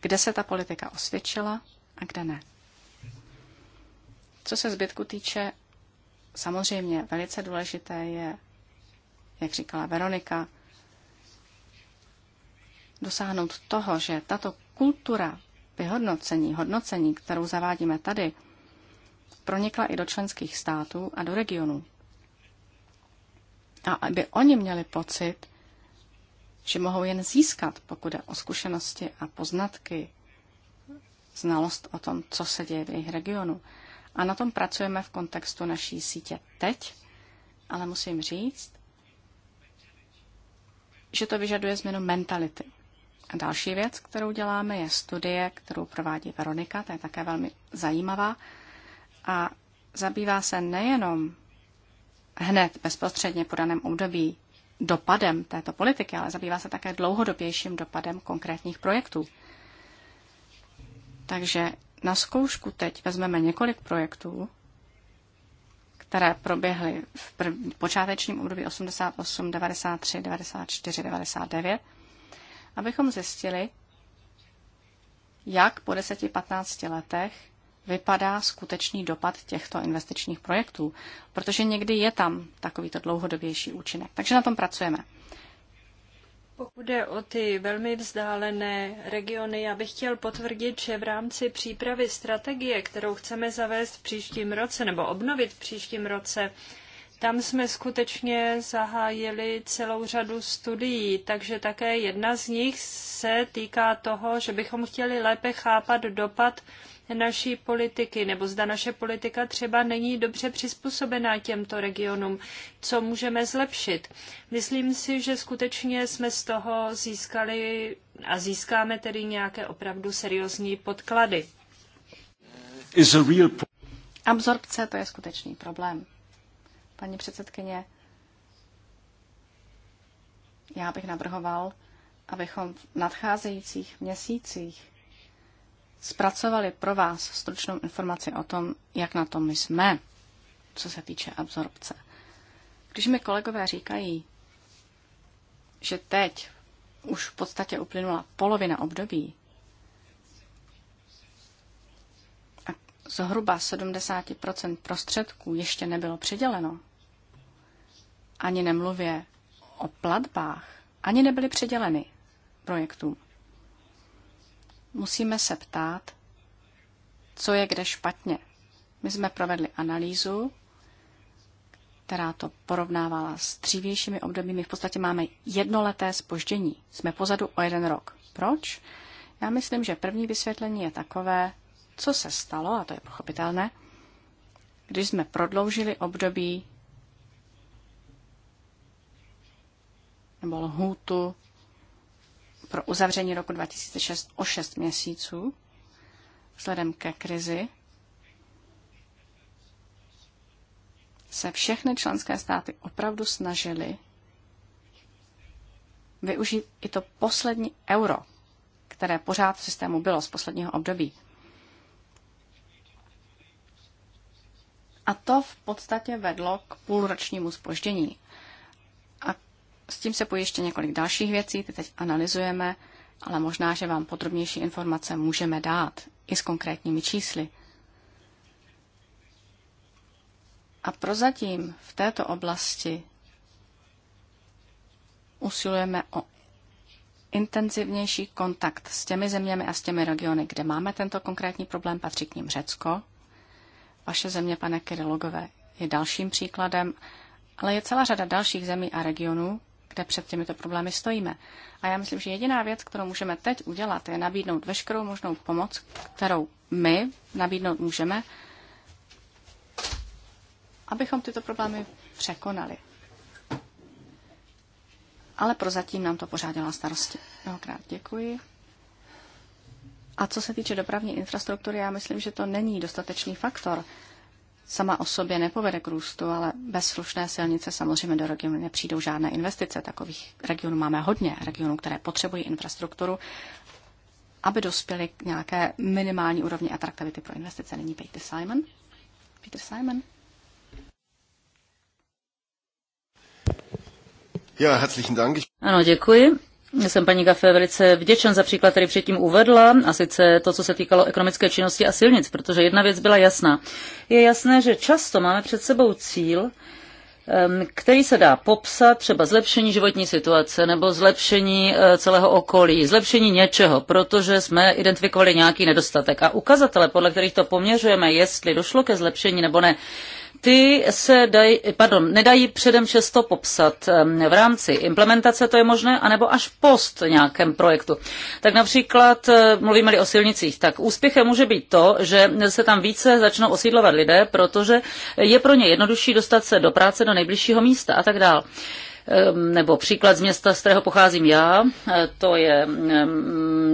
kde se ta politika osvědčila a kde ne. Co se zbytku týče, samozřejmě velice důležité je, jak říkala Veronika, dosáhnout toho, že tato kultura vyhodnocení, hodnocení, kterou zavádíme tady, pronikla i do členských států a do regionů. A aby oni měli pocit, že mohou jen získat, pokud je o zkušenosti a poznatky, znalost o tom, co se děje v jejich regionu. A na tom pracujeme v kontextu naší sítě teď, ale musím říct, že to vyžaduje změnu mentality. A další věc, kterou děláme, je studie, kterou provádí Veronika, ta je také velmi zajímavá a zabývá se nejenom hned bezprostředně po daném období dopadem této politiky, ale zabývá se také dlouhodobějším dopadem konkrétních projektů. Takže na zkoušku teď vezmeme několik projektů, které proběhly v prv, počátečním období 88, 93, 94, 99, abychom zjistili, jak po 10-15 letech vypadá skutečný dopad těchto investičních projektů, protože někdy je tam takovýto dlouhodobější účinek. Takže na tom pracujeme. Pokud jde o ty velmi vzdálené regiony, já bych chtěl potvrdit, že v rámci přípravy strategie, kterou chceme zavést v příštím roce nebo obnovit v příštím roce, tam jsme skutečně zahájili celou řadu studií, takže také jedna z nich se týká toho, že bychom chtěli lépe chápat dopad naší politiky, nebo zda naše politika třeba není dobře přizpůsobená těmto regionům, co můžeme zlepšit. Myslím si, že skutečně jsme z toho získali a získáme tedy nějaké opravdu seriózní podklady. Absorpce to je skutečný problém. Paní předsedkyně, já bych navrhoval, abychom v nadcházejících měsících zpracovali pro vás stručnou informaci o tom, jak na tom my jsme, co se týče absorpce. Když mi kolegové říkají, že teď už v podstatě uplynula polovina období a zhruba 70% prostředků ještě nebylo předěleno, ani nemluvě o platbách, ani nebyly předěleny projektům musíme se ptát, co je kde špatně. My jsme provedli analýzu, která to porovnávala s dřívějšími obdobími. V podstatě máme jednoleté spoždění. Jsme pozadu o jeden rok. Proč? Já myslím, že první vysvětlení je takové, co se stalo, a to je pochopitelné, když jsme prodloužili období nebo lhůtu pro uzavření roku 2006 o 6 měsíců vzhledem ke krizi se všechny členské státy opravdu snažily využít i to poslední euro, které pořád v systému bylo z posledního období. A to v podstatě vedlo k půlročnímu spoždění. S tím se pojí ještě několik dalších věcí, ty teď analyzujeme, ale možná, že vám podrobnější informace můžeme dát, i s konkrétními čísly. A prozatím v této oblasti usilujeme o intenzivnější kontakt s těmi zeměmi a s těmi regiony, kde máme tento konkrétní problém, patří k ním Řecko. Vaše země, pane Kirilogové, je dalším příkladem, ale je celá řada dalších zemí a regionů, kde před těmito problémy stojíme. A já myslím, že jediná věc, kterou můžeme teď udělat, je nabídnout veškerou možnou pomoc, kterou my nabídnout můžeme, abychom tyto problémy překonali. Ale prozatím nám to pořád dělá starosti. Mnohokrát děkuji. A co se týče dopravní infrastruktury, já myslím, že to není dostatečný faktor sama o sobě nepovede k růstu, ale bez slušné silnice samozřejmě do regionu nepřijdou žádné investice. Takových regionů máme hodně, regionů, které potřebují infrastrukturu, aby dospěly k nějaké minimální úrovni atraktivity pro investice. Není Peter Simon? Peter Simon? Ja, herzlichen Dank. Ano, děkuji jsem paní Gafe velice vděčen za příklad, který předtím uvedla, a sice to, co se týkalo ekonomické činnosti a silnic, protože jedna věc byla jasná. Je jasné, že často máme před sebou cíl, který se dá popsat, třeba zlepšení životní situace nebo zlepšení e, celého okolí, zlepšení něčeho, protože jsme identifikovali nějaký nedostatek. A ukazatele, podle kterých to poměřujeme, jestli došlo ke zlepšení nebo ne, ty se daj, pardon, nedají předem často popsat v rámci implementace, to je možné, anebo až post nějakém projektu. Tak například eh, mluvíme-li o silnicích, tak úspěchem může být to, že se tam více začnou osídlovat lidé, protože je pro ně jednodušší dostat se do práce do nejbližšího místa a tak dále nebo příklad z města, z kterého pocházím já, eh, to je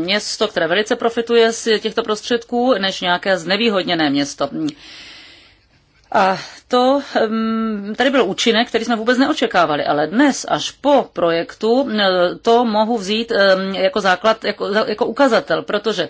město, které velice profituje z těchto prostředků, než nějaké znevýhodněné město. A to, tady byl účinek, který jsme vůbec neočekávali, ale dnes až po projektu to mohu vzít jako základ, jako, jako ukazatel, protože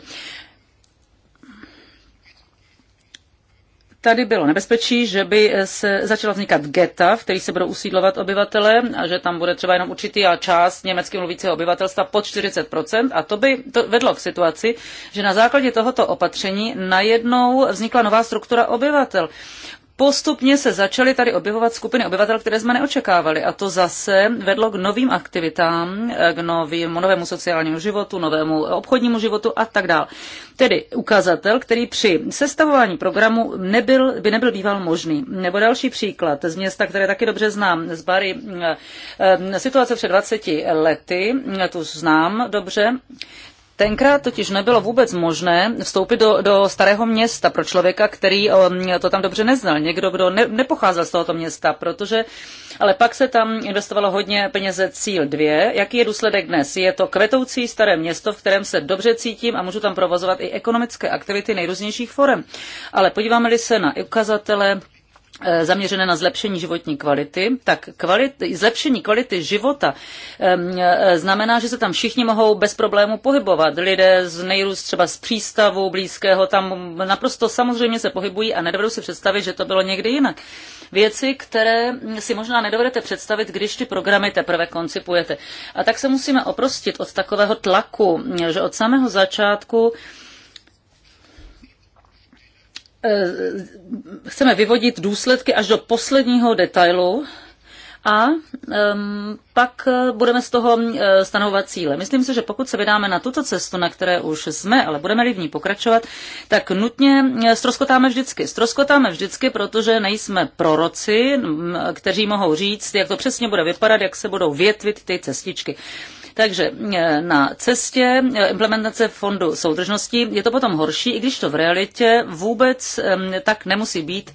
Tady bylo nebezpečí, že by se začala vznikat geta, v kterých se budou usídlovat obyvatele a že tam bude třeba jenom určitý a část německy mluvícího obyvatelstva pod 40%. A to by to vedlo k situaci, že na základě tohoto opatření najednou vznikla nová struktura obyvatel postupně se začaly tady objevovat skupiny obyvatel, které jsme neočekávali. A to zase vedlo k novým aktivitám, k novým, novému sociálnímu životu, novému obchodnímu životu a tak dále. Tedy ukazatel, který při sestavování programu nebyl, by nebyl býval možný. Nebo další příklad z města, které taky dobře znám, z Bary. E, e, situace před 20 lety, e, tu znám dobře, Tenkrát totiž nebylo vůbec možné vstoupit do, do starého města pro člověka, který um, to tam dobře neznal, někdo, kdo ne, nepocházel z tohoto města, protože, ale pak se tam investovalo hodně peněze cíl 2. Jaký je důsledek dnes? Je to kvetoucí staré město, v kterém se dobře cítím a můžu tam provozovat i ekonomické aktivity nejrůznějších forem. Ale podíváme-li se na ukazatele Eh, zaměřené na zlepšení životní kvality, tak kvality, zlepšení kvality života ehm, eh, znamená, že se tam všichni mohou bez problému pohybovat. Lidé z nejrůz třeba z přístavu blízkého tam naprosto samozřejmě se pohybují a nedovedu si představit, že to bylo někdy jinak. Věci, které si možná nedovedete představit, když ty programy teprve koncipujete. A tak se musíme oprostit od takového tlaku, že od samého začátku Eh, chceme vyvodit důsledky až do posledního detailu a um, pak eh, budeme z toho eh, stanovovat cíle. Myslím si, že pokud se vydáme na tuto cestu, na které už jsme, ale budeme-li v ní pokračovat, tak nutně stroskotáme vždycky. Stroskotáme vždycky, protože nejsme proroci, kteří mohou říct, jak to přesně bude vypadat, jak se budou větvit ty cestičky. Uh, takže e, na cestě e, implementace fondu soudržnosti je to potom horší, i když to v realitě vůbec tak nemusí být.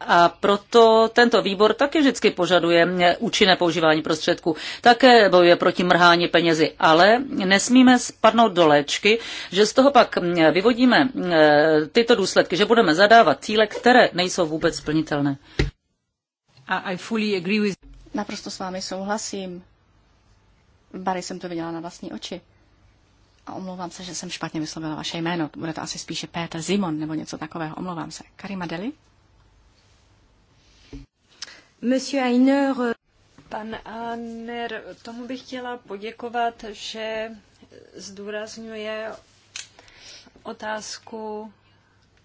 A proto tento výbor také vždycky požaduje e, účinné používání prostředků. Také bojuje proti mrhání penězi, ale nesmíme spadnout do léčky, že z toho pak vyvodíme tyto důsledky, že budeme zadávat cíle, které nejsou vůbec splnitelné. Naprosto s vámi souhlasím. Bary jsem to viděla na vlastní oči. A omlouvám se, že jsem špatně vyslovila vaše jméno. Bude to asi spíše Péter Zimon nebo něco takového. Omlouvám se. Karima Deli? Monsieur Ainer. Eh, Pan Ainer, tomu bych chtěla poděkovat, že zdůrazňuje otázku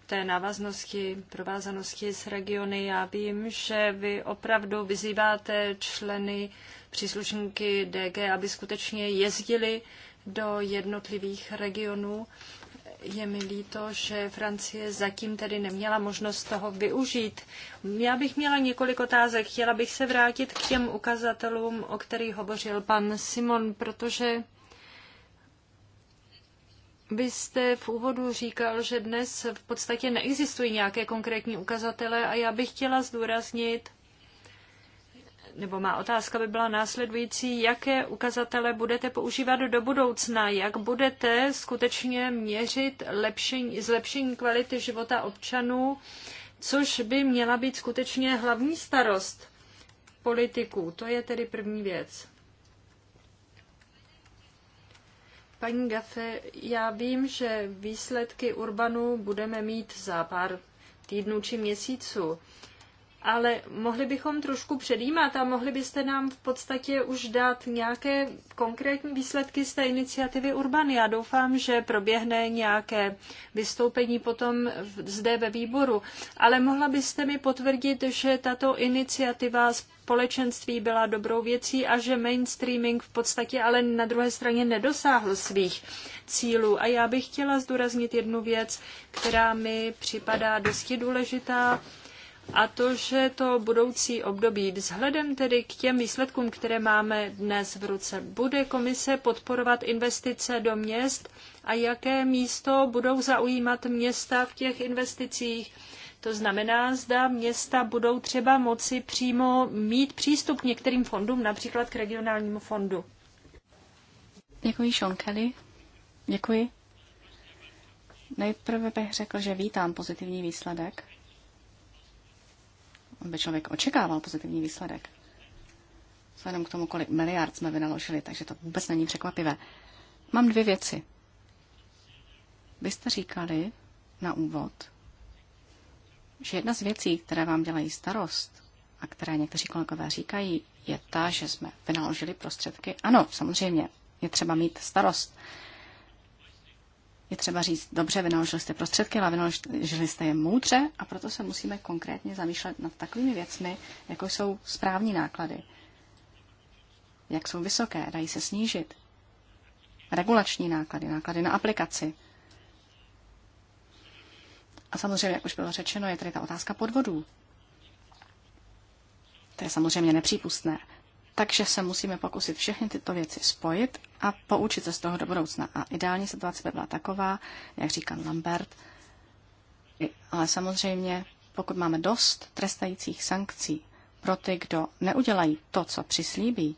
té návaznosti, provázanosti s regiony. Já vím, že vy opravdu vyzýváte členy příslušníky DG, aby skutečně jezdili do jednotlivých regionů. Je mi líto, že Francie zatím tedy neměla možnost toho využít. Já bych měla několik otázek. Chtěla bych se vrátit k těm ukazatelům, o kterých hovořil pan Simon, protože vy jste v úvodu říkal, že dnes v podstatě neexistují nějaké konkrétní ukazatele a já bych chtěla zdůraznit, nebo má otázka by byla následující, jaké ukazatele budete používat do budoucna, jak budete skutečně měřit lepšení, zlepšení kvality života občanů, což by měla být skutečně hlavní starost politiků. To je tedy první věc. Paní Gafe, já vím, že výsledky Urbanu budeme mít za pár týdnů či měsíců ale mohli bychom trošku předjímat a mohli byste nám v podstatě už dát nějaké konkrétní výsledky z té iniciativy Urban. Já doufám, že proběhne nějaké vystoupení potom zde ve výboru, ale mohla byste mi potvrdit, že tato iniciativa společenství byla dobrou věcí a že mainstreaming v podstatě ale na druhé straně nedosáhl svých cílů. A já bych chtěla zdůraznit jednu věc, která mi připadá dosti důležitá a to, že to budoucí období vzhledem tedy k těm výsledkům, které máme dnes v ruce, bude komise podporovat investice do měst a jaké místo budou zaujímat města v těch investicích. To znamená, zda města budou třeba moci přímo mít přístup k některým fondům, například k regionálnímu fondu. Děkuji, Sean Kelly. Děkuji. Nejprve bych řekl, že vítám pozitivní výsledek by člověk očekával pozitivní výsledek. Vzhledem k tomu, kolik miliard jsme vynaložili, takže to vůbec není překvapivé. Mám dvě věci. Vy jste říkali na úvod, že jedna z věcí, které vám dělají starost a které někteří kolegové říkají, je ta, že jsme vynaložili prostředky. Ano, samozřejmě, je třeba mít starost. Je třeba říct, dobře, vynaložili jste prostředky, ale vynaložili jste je moudře a proto se musíme konkrétně zamýšlet nad takovými věcmi, jako jsou správní náklady. Jak jsou vysoké, dají se snížit. Regulační náklady, náklady na aplikaci. A samozřejmě, jak už bylo řečeno, je tady ta otázka podvodů. To je samozřejmě nepřípustné. Takže se musíme pokusit všechny tyto věci spojit a poučit se z toho do budoucna. A ideální situace by byla taková, jak říkal Lambert, ale samozřejmě, pokud máme dost trestajících sankcí pro ty, kdo neudělají to, co přislíbí,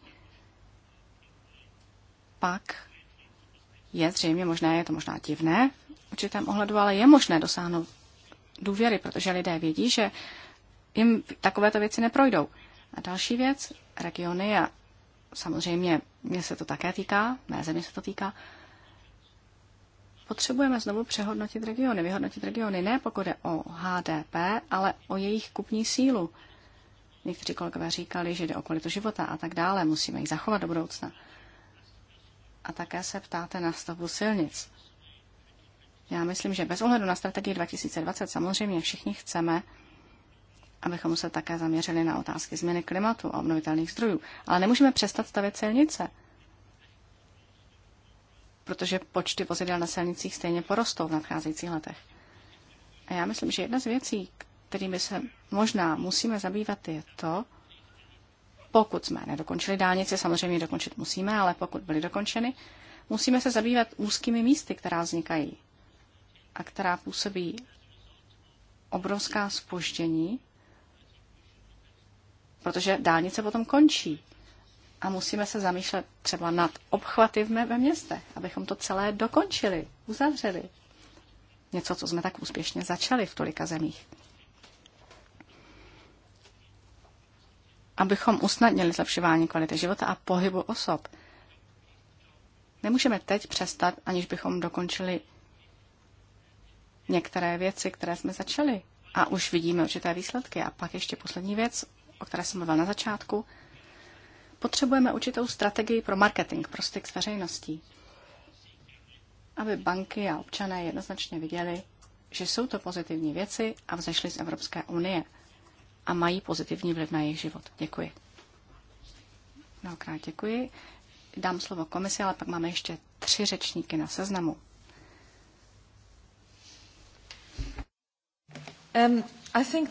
pak je zřejmě možné, je to možná divné v určitém ohledu, ale je možné dosáhnout důvěry, protože lidé vědí, že jim takovéto věci neprojdou. A další věc, regiony a samozřejmě mě se to také týká, mé země se to týká, potřebujeme znovu přehodnotit regiony, vyhodnotit regiony ne pokud je o HDP, ale o jejich kupní sílu. Někteří kolegové říkali, že jde o kvalitu života a tak dále, musíme jich zachovat do budoucna. A také se ptáte na stavbu silnic. Já myslím, že bez ohledu na strategii 2020 samozřejmě všichni chceme, abychom se také zaměřili na otázky změny klimatu a obnovitelných zdrojů. Ale nemůžeme přestat stavět silnice, protože počty vozidel na silnicích stejně porostou v nadcházejících letech. A já myslím, že jedna z věcí, kterými se možná musíme zabývat, je to, pokud jsme nedokončili dálnice, samozřejmě dokončit musíme, ale pokud byly dokončeny, musíme se zabývat úzkými místy, která vznikají a která působí obrovská spoždění protože dálnice potom končí. A musíme se zamýšlet třeba nad obchvaty ve městě, abychom to celé dokončili, uzavřeli. Něco, co jsme tak úspěšně začali v tolika zemích. Abychom usnadnili zlepšování kvality života a pohybu osob. Nemůžeme teď přestat, aniž bychom dokončili některé věci, které jsme začali. A už vidíme určité výsledky. A pak ještě poslední věc, o které jsem mluvil na začátku, potřebujeme určitou strategii pro marketing, pro styk s veřejností, aby banky a občané jednoznačně viděli, že jsou to pozitivní věci a vzešly z Evropské unie a mají pozitivní vliv na jejich život. Děkuji. Mnohokrát děkuji. Dám slovo komisi, ale pak máme ještě tři řečníky na seznamu. Um, Um,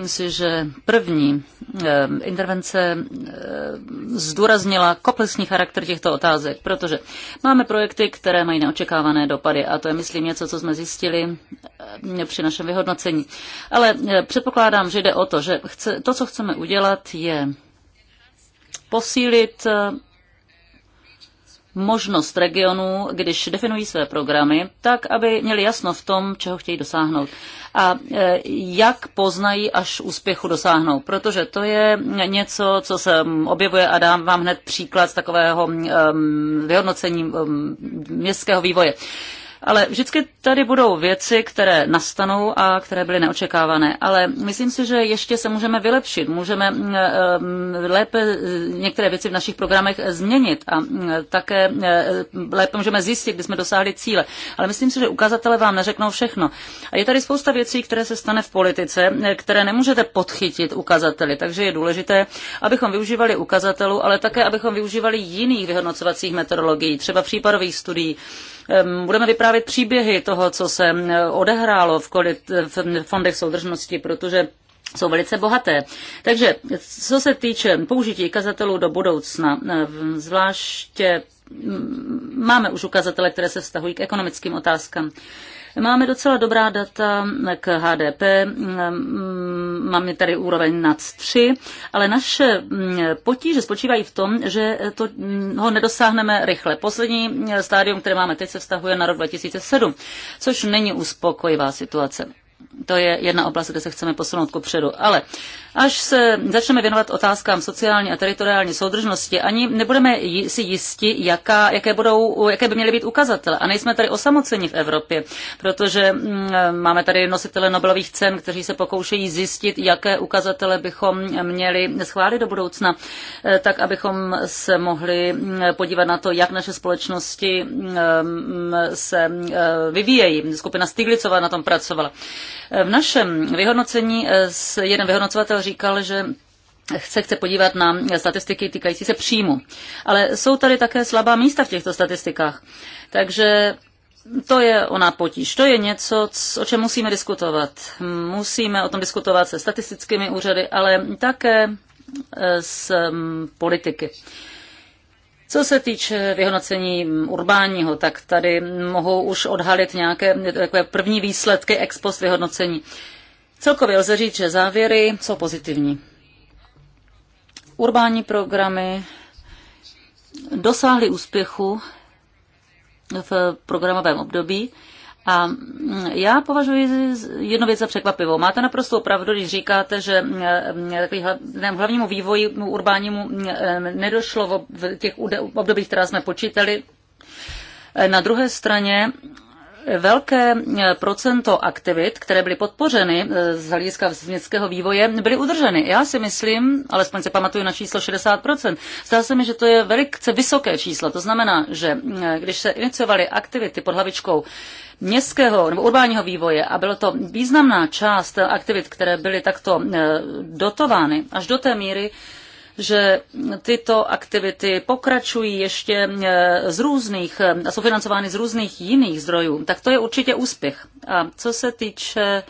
myslím si, že první um, intervence um, zdůraznila komplexní charakter těchto otázek, protože máme projekty, které mají neočekávané dopady a to je, myslím, něco, co jsme zjistili při našem vyhodnocení. Ale uh, předpokládám, že jde o to, že chce, to, co chceme udělat, je posílit uh, možnost regionů, když definují své programy, tak, aby měli jasno v tom, čeho chtějí dosáhnout. A e, jak poznají, až úspěchu dosáhnou. Protože to je něco, co se objevuje a dám vám hned příklad z takového um, vyhodnocení um, městského vývoje. Uh, ale vždycky tady budou věci, které nastanou a které byly neočekávané. Ale myslím si, že ještě se můžeme vylepšit, můžeme mm, eh, mm, lépe eh, některé věci v našich programech změnit a mm, také eh, lépe můžeme zjistit, kdy jsme dosáhli cíle. Ale myslím si, že ukazatele vám neřeknou všechno. A je tady spousta věcí, které se stane v politice, které nemůžete podchytit ukazateli. Takže je důležité, abychom využívali ukazatelů, ale také, abychom využívali jiných vyhodnocovacích metodologií, třeba případových studií, Ehm, budeme vyprávět příběhy toho, co se ehm, odehrálo v, kolit, v fondech soudržnosti, protože jsou velice bohaté. Takže co se týče použití ukazatelů do budoucna, ehm, zvláště máme už ukazatele, které se vztahují k ekonomickým otázkám. Máme docela dobrá data k HDP, mm, máme tady úroveň nad 3, ale naše mm, potíže spočívají v tom, že to, mm, ho nedosáhneme rychle. Poslední stádium, které máme teď, se vztahuje na rok 2007, což není uspokojivá situace. To je jedna oblast, kde se chceme posunout ku předu. Ale Až se začneme věnovat otázkám sociální a teritoriální soudržnosti, ani nebudeme si jisti, jaká, jaké, budou, jaké by měly být ukazatele. A nejsme tady osamoceni v Evropě, protože mm, máme tady nositele Nobelových cen, kteří se pokoušejí zjistit, jaké ukazatele bychom měli schválit do budoucna, eh, tak abychom se mohli mm, podívat na to, jak naše společnosti mm, se eh, vyvíjejí. Skupina Stiglicová na tom pracovala. V našem vyhodnocení eh, jeden vyhodnocovatel říkal, že se chce podívat na statistiky týkající se příjmu. Ale jsou tady také slabá místa v těchto statistikách. Takže to je ona potíž. To je něco, o čem musíme diskutovat. Musíme o tom diskutovat se statistickými úřady, ale také e, s politiky. Co se týče vyhodnocení urbánního, tak tady mohou už odhalit nějaké takové první výsledky ex post vyhodnocení. Celkově lze říct, že závěry jsou pozitivní. Urbání programy dosáhly úspěchu v programovém období. A já považuji jednu věc za překvapivou. Máte naprosto pravdu, když říkáte, že mm, mm, hlavnímu vývoji mm, urbánímu nedošlo v těch obdobích, která jsme počítali. Na druhé straně velké eh, procento aktivit, které byly podpořeny eh, z hlediska městského vývoje, byly udrženy. Já si myslím, alespoň se pamatuju na číslo 60%, zdá se mi, že to je velice vysoké číslo. To znamená, že eh, když se iniciovaly aktivity pod hlavičkou městského nebo urbáního vývoje a bylo to významná část aktivit, které byly takto dotovány až do té míry, že tyto aktivity pokračují ještě eh, z různých, eh, jsou financovány z různých jiných zdrojů, tak to je určitě úspěch. A co se týče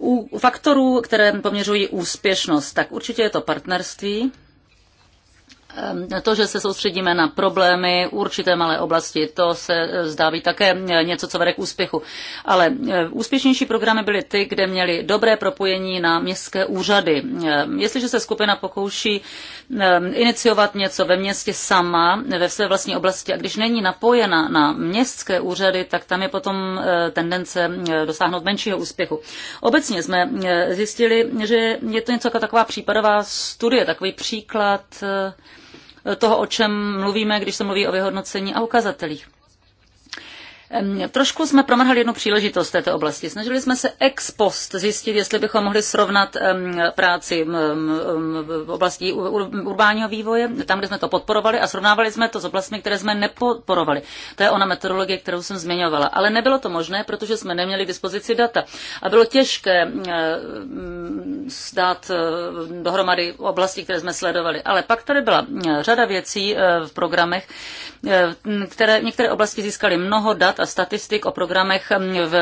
u faktorů, které poměřují úspěšnost, tak určitě je to partnerství, Ehm, to, že se soustředíme na problémy určité malé oblasti, to se eh, zdá být také eh, něco, co vede k úspěchu. Ale eh, úspěšnější programy byly ty, kde měly dobré propojení na městské úřady. Ehm, jestliže se skupina pokouší ehm, iniciovat něco ve městě sama, ve své vlastní oblasti, a když není napojena na městské úřady, tak tam je potom tendence dosáhnout menšího úspěchu. Obecně jsme zjistili, že je to něco jako taková případová studie, takový příklad, toho, o čem mluvíme, když se mluví o vyhodnocení a ukazatelích. Trošku jsme promrhali jednu příležitost této oblasti. Snažili jsme se ex post zjistit, jestli bychom mohli srovnat práci v oblasti urbáního vývoje, tam, kde jsme to podporovali a srovnávali jsme to s oblastmi, které jsme nepodporovali. To je ona metodologie, kterou jsem zmiňovala. Ale nebylo to možné, protože jsme neměli k dispozici data. A bylo těžké dát dohromady oblasti, které jsme sledovali. Ale pak tady byla řada věcí v programech, které některé oblasti získaly mnoho dat, a statistik o programech v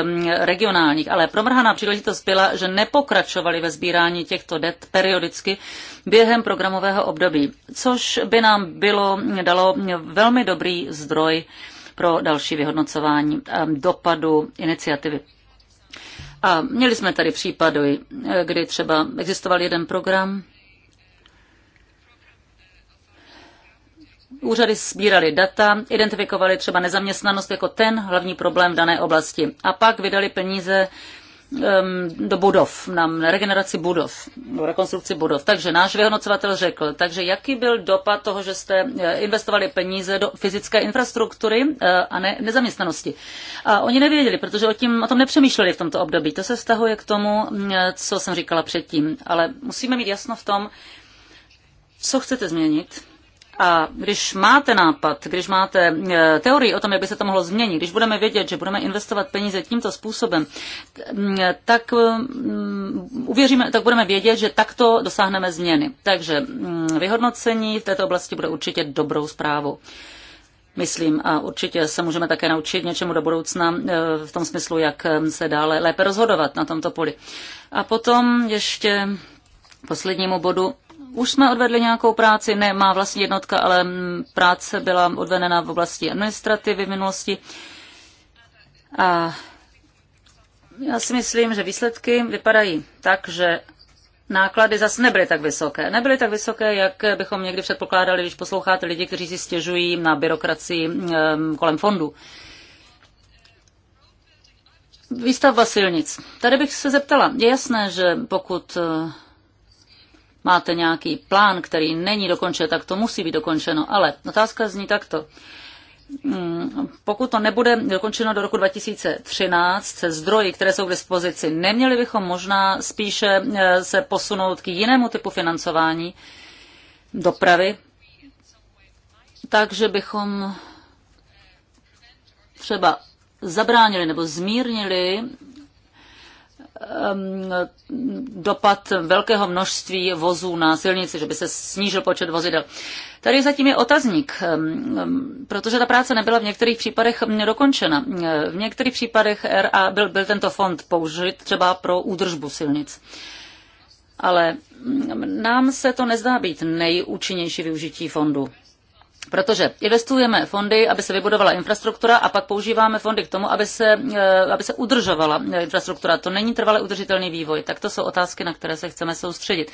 regionálních, ale promrhaná příležitost byla, že nepokračovali ve sbírání těchto dat periodicky během programového období, což by nám bylo, dalo velmi dobrý zdroj pro další vyhodnocování dopadu iniciativy. A měli jsme tady případy, kdy třeba existoval jeden program, úřady sbíraly data, identifikovaly třeba nezaměstnanost jako ten hlavní problém v dané oblasti a pak vydali peníze do budov, na regeneraci budov, do rekonstrukci budov. Takže náš vyhodnocovatel řekl, takže jaký byl dopad toho, že jste eh, investovali peníze do fyzické infrastruktury eh, a ne nezaměstnanosti. A oni nevěděli, protože o, tím, o tom nepřemýšleli v tomto období. To se vztahuje k tomu, mm, eh, co jsem říkala předtím. Ale musíme mít jasno v tom, co chcete změnit, a když máte nápad, když máte e, teorii o tom, jak by se to mohlo změnit, když budeme vědět, že budeme investovat peníze tímto způsobem, tak uvěříme, tak budeme vědět, že takto dosáhneme změny. Takže vyhodnocení v této oblasti bude určitě dobrou zprávou myslím, a určitě se můžeme také naučit něčemu do budoucna e, v tom smyslu, jak se dále lépe rozhodovat na tomto poli. A potom ještě poslednímu bodu už jsme odvedli nějakou práci, ne má vlastní jednotka, ale mm, práce byla odvedena v oblasti administrativy v minulosti. A já si myslím, že výsledky vypadají tak, že náklady zase nebyly tak vysoké. Nebyly tak vysoké, jak bychom někdy předpokládali, když posloucháte lidi, kteří si stěžují na byrokracii mm, kolem fondu. Výstavba silnic. Tady bych se zeptala. Je jasné, že pokud eh, máte nějaký plán, který není dokončen, tak to musí být dokončeno. Ale otázka zní takto. Hmm, pokud to nebude dokončeno do roku 2013 se zdroji, které jsou k dispozici, neměli bychom možná spíše eh, se posunout k jinému typu financování dopravy, takže bychom třeba zabránili nebo zmírnili Um, dopad velkého množství vozů na silnici, že by se snížil počet vozidel. Tady zatím je otazník, um, um, protože ta práce nebyla v některých případech dokončena. Uh, v některých případech RA byl, byl tento fond použit třeba pro údržbu silnic. Ale nám se to nezdá být nejúčinnější využití fondu. Protože investujeme fondy, aby se vybudovala infrastruktura a pak používáme fondy k tomu, aby se, eh, aby se udržovala eh, infrastruktura. To není trvalý udržitelný vývoj. Tak to jsou otázky, na které se chceme soustředit.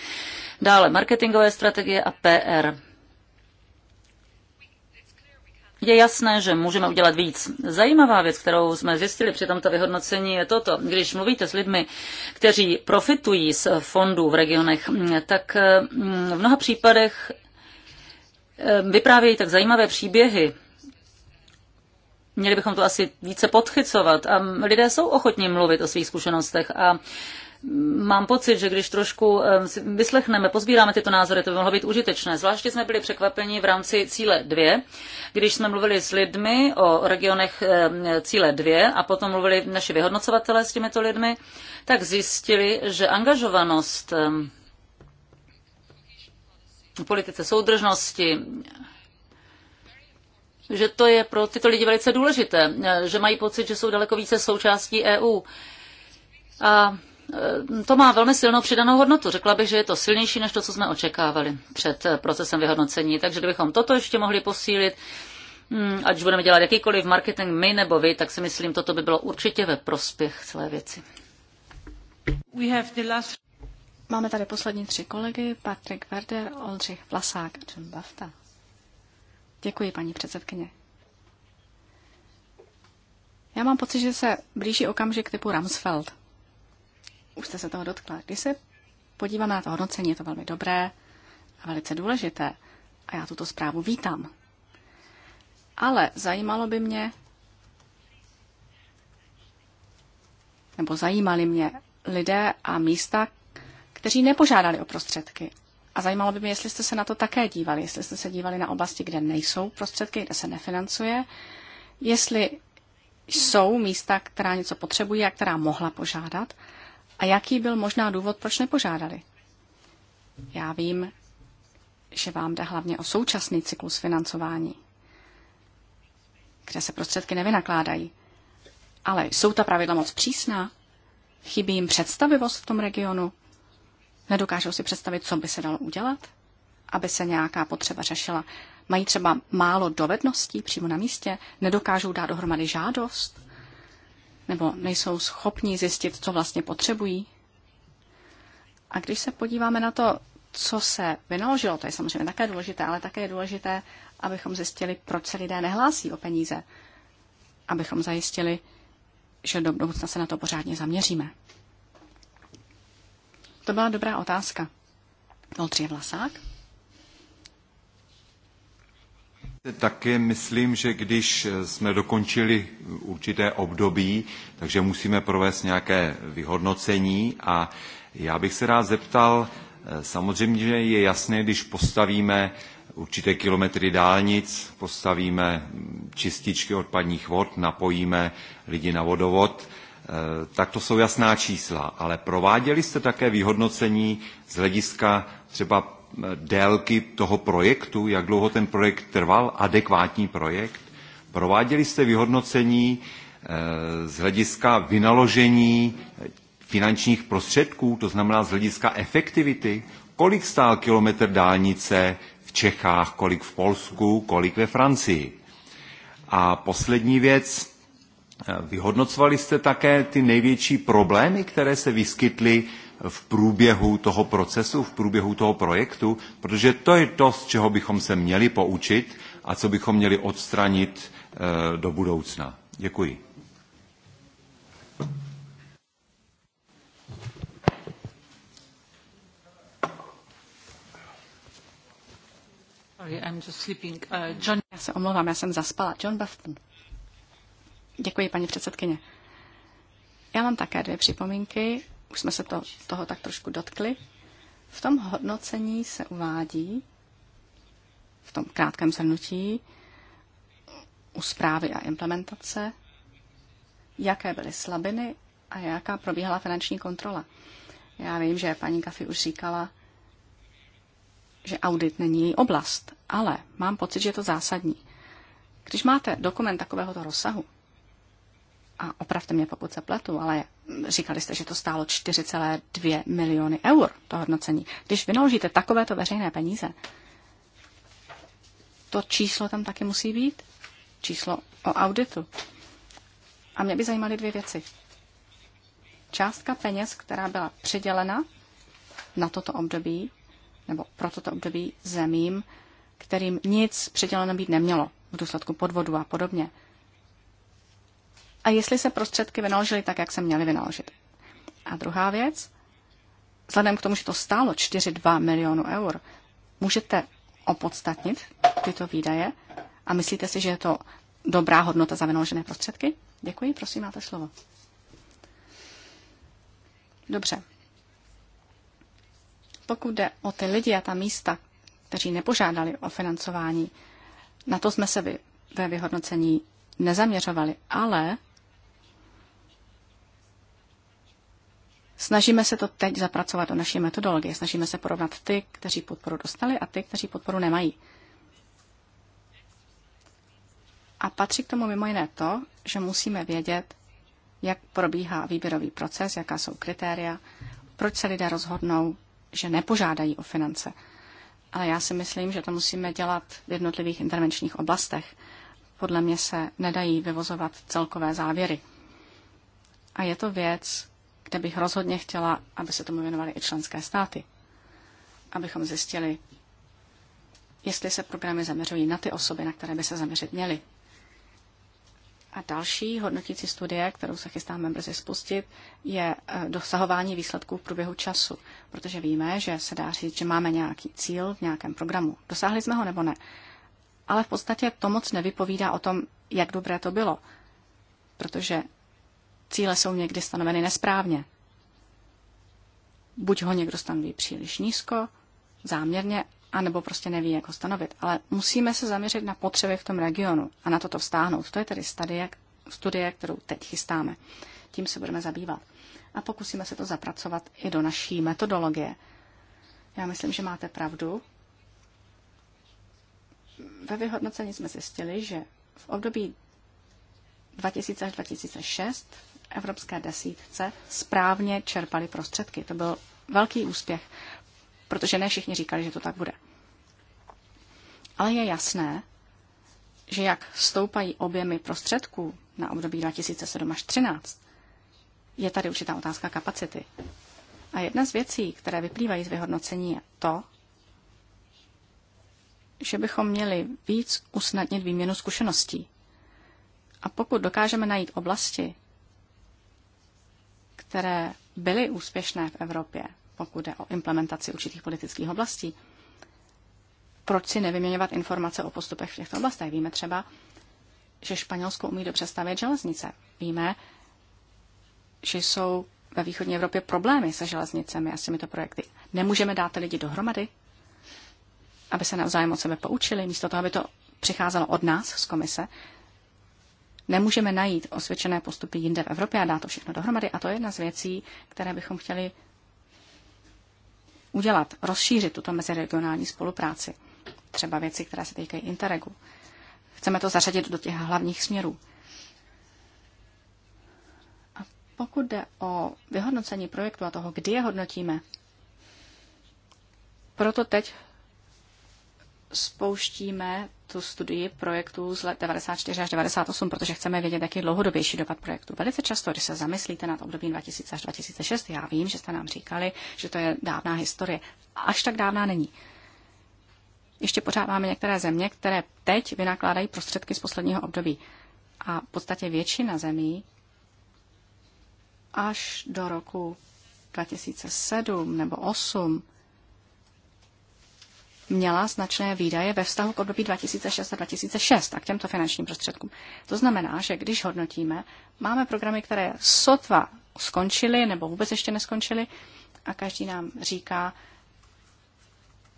Dále marketingové strategie a PR. Je jasné, že můžeme udělat víc. Zajímavá věc, kterou jsme zjistili při tomto vyhodnocení, je toto. Když mluvíte s lidmi, kteří profitují z fondů v regionech, tak eh, v mnoha případech Ehm, vyprávějí tak zajímavé příběhy, měli bychom to asi více podchycovat a lidé jsou ochotní mluvit o svých zkušenostech a Mám pocit, že když trošku ehm, vyslechneme, pozbíráme tyto názory, to by mohlo být užitečné. Zvláště jsme byli překvapeni v rámci cíle 2, když jsme mluvili s lidmi o regionech ehm, cíle 2 a potom mluvili naši vyhodnocovatelé s těmito lidmi, tak zjistili, že angažovanost politice soudržnosti, že to je pro tyto lidi velice důležité, že mají pocit, že jsou daleko více součástí EU. A e, to má velmi silnou přidanou hodnotu. Řekla bych, že je to silnější než to, co jsme očekávali před e, procesem vyhodnocení. Takže kdybychom toto ještě mohli posílit, mm, ať už budeme dělat jakýkoliv marketing my nebo vy, tak si myslím, toto by bylo určitě ve prospěch celé věci. Last... Máme tady poslední tři kolegy, Patrik Werder, Oldřich Vlasák a John Bafta. Děkuji, paní předsedkyně. Já mám pocit, že se blíží okamžik typu Ramsfeld. Už jste se toho dotkla. Když se podíváme na to hodnocení, je to velmi dobré a velice důležité. A já tuto zprávu vítám. Ale zajímalo by mě, nebo zajímali mě lidé a místa, kteří nepožádali o prostředky. A zajímalo by mě, jestli jste se na to také dívali, jestli jste se dívali na oblasti, kde nejsou prostředky, kde se nefinancuje, jestli jsou místa, která něco potřebují a která mohla požádat a jaký byl možná důvod, proč nepožádali. Já vím, že vám jde hlavně o současný cyklus financování, kde se prostředky nevynakládají. Ale jsou ta pravidla moc přísná? Chybí jim představivost v tom regionu? Nedokážou si představit, co by se dalo udělat, aby se nějaká potřeba řešila. Mají třeba málo dovedností přímo na místě, nedokážou dát dohromady žádost, nebo nejsou schopní zjistit, co vlastně potřebují. A když se podíváme na to, co se vynaložilo, to je samozřejmě také důležité, ale také je důležité, abychom zjistili, proč se lidé nehlásí o peníze. Abychom zajistili, že do budoucna se na to pořádně zaměříme. To byla dobrá otázka. Oldřich Vlasák? Také myslím, že když jsme dokončili určité období, takže musíme provést nějaké vyhodnocení a já bych se rád zeptal, samozřejmě že je jasné, když postavíme určité kilometry dálnic, postavíme čističky odpadních vod, napojíme lidi na vodovod, Eh, tak to jsou jasná čísla, ale prováděli jste také vyhodnocení z hlediska třeba eh, délky toho projektu, jak dlouho ten projekt trval, adekvátní projekt. Prováděli jste vyhodnocení eh, z hlediska vynaložení finančních prostředků, to znamená z hlediska efektivity, kolik stál kilometr dálnice v Čechách, kolik v Polsku, kolik ve Francii. A poslední věc, Eh, vyhodnocovali jste také ty největší problémy, které se vyskytly v průběhu toho procesu, v průběhu toho projektu, protože to je to, z čeho bychom se měli poučit a co bychom měli odstranit eh, do budoucna. Děkuji. Sorry, I'm just sleeping. Uh, John... Já se omlouvám, já jsem zaspala. John Buffton. Děkuji, paní předsedkyně. Já mám také dvě připomínky. Už jsme se to, toho tak trošku dotkli. V tom hodnocení se uvádí, v tom krátkém shrnutí, u zprávy a implementace, jaké byly slabiny a jaká probíhala finanční kontrola. Já vím, že paní Kafi už říkala, že audit není její oblast, ale mám pocit, že je to zásadní. Když máte dokument takovéhoto rozsahu, a opravte mě, pokud se pletu, ale říkali jste, že to stálo 4,2 miliony eur, to hodnocení. Když vynaložíte takovéto veřejné peníze, to číslo tam taky musí být, číslo o auditu. A mě by zajímaly dvě věci. Částka peněz, která byla přidělena na toto období, nebo pro toto období zemím, kterým nic přiděleno být nemělo v důsledku podvodu a podobně a jestli se prostředky vynaložily tak, jak se měly vynaložit. A druhá věc, vzhledem k tomu, že to stálo 4,2 milionu eur, můžete opodstatnit tyto výdaje a myslíte si, že je to dobrá hodnota za vynaložené prostředky? Děkuji, prosím, máte slovo. Dobře. Pokud jde o ty lidi a ta místa, kteří nepožádali o financování, na to jsme se ve vyhodnocení nezaměřovali, ale Snažíme se to teď zapracovat do naší metodologie. Snažíme se porovnat ty, kteří podporu dostali a ty, kteří podporu nemají. A patří k tomu mimo jiné to, že musíme vědět, jak probíhá výběrový proces, jaká jsou kritéria, proč se lidé rozhodnou, že nepožádají o finance. Ale já si myslím, že to musíme dělat v jednotlivých intervenčních oblastech. Podle mě se nedají vyvozovat celkové závěry. A je to věc, kde bych rozhodně chtěla, aby se tomu věnovaly i členské státy. Abychom zjistili, jestli se programy zaměřují na ty osoby, na které by se zaměřit měly. A další hodnotící studie, kterou se chystáme brzy spustit, je eh, dosahování výsledků v průběhu času, protože víme, že se dá říct, že máme nějaký cíl v nějakém programu. Dosáhli jsme ho nebo ne? Ale v podstatě to moc nevypovídá o tom, jak dobré to bylo, protože Cíle jsou někdy stanoveny nesprávně. Buď ho někdo stanoví příliš nízko, záměrně, anebo prostě neví, jak ho stanovit. Ale musíme se zaměřit na potřeby v tom regionu a na toto vztáhnout. To je tedy studie, studie kterou teď chystáme. Tím se budeme zabývat. A pokusíme se to zapracovat i do naší metodologie. Já myslím, že máte pravdu. Ve vyhodnocení jsme zjistili, že v období 2000 až 2006 evropské desítce správně čerpali prostředky. To byl velký úspěch, protože ne všichni říkali, že to tak bude. Ale je jasné, že jak stoupají objemy prostředků na období 2007 až 2013, je tady určitá otázka kapacity. A jedna z věcí, které vyplývají z vyhodnocení, je to, že bychom měli víc usnadnit výměnu zkušeností. A pokud dokážeme najít oblasti, které byly úspěšné v Evropě, pokud jde o implementaci určitých politických oblastí, proč si nevyměňovat informace o postupech v těchto oblastech? Víme třeba, že Španělsko umí dobře stavět železnice. Víme, že jsou ve východní Evropě problémy se železnicemi a s těmito projekty. Nemůžeme dát lidi dohromady, aby se navzájem od sebe poučili, místo toho, aby to přicházelo od nás z komise, nemůžeme najít osvědčené postupy jinde v Evropě a dá to všechno dohromady. A to je jedna z věcí, které bychom chtěli udělat, rozšířit tuto meziregionální spolupráci. Třeba věci, které se týkají Interregu. Chceme to zařadit do těch hlavních směrů. A pokud jde o vyhodnocení projektu a toho, kdy je hodnotíme, proto teď spouštíme tu studii projektů z let 94 až 98, protože chceme vědět, jaký je dlouhodobější dopad projektu. Velice často, když se zamyslíte nad období 2000 až 2006, já vím, že jste nám říkali, že to je dávná historie. Až tak dávná není. Ještě pořád máme některé země, které teď vynakládají prostředky z posledního období. A v podstatě většina zemí až do roku 2007 nebo 2008 měla značné výdaje ve vztahu k období 2006 a 2006 a k těmto finančním prostředkům. To znamená, že když hodnotíme, máme programy, které sotva skončily nebo vůbec ještě neskončily a každý nám říká,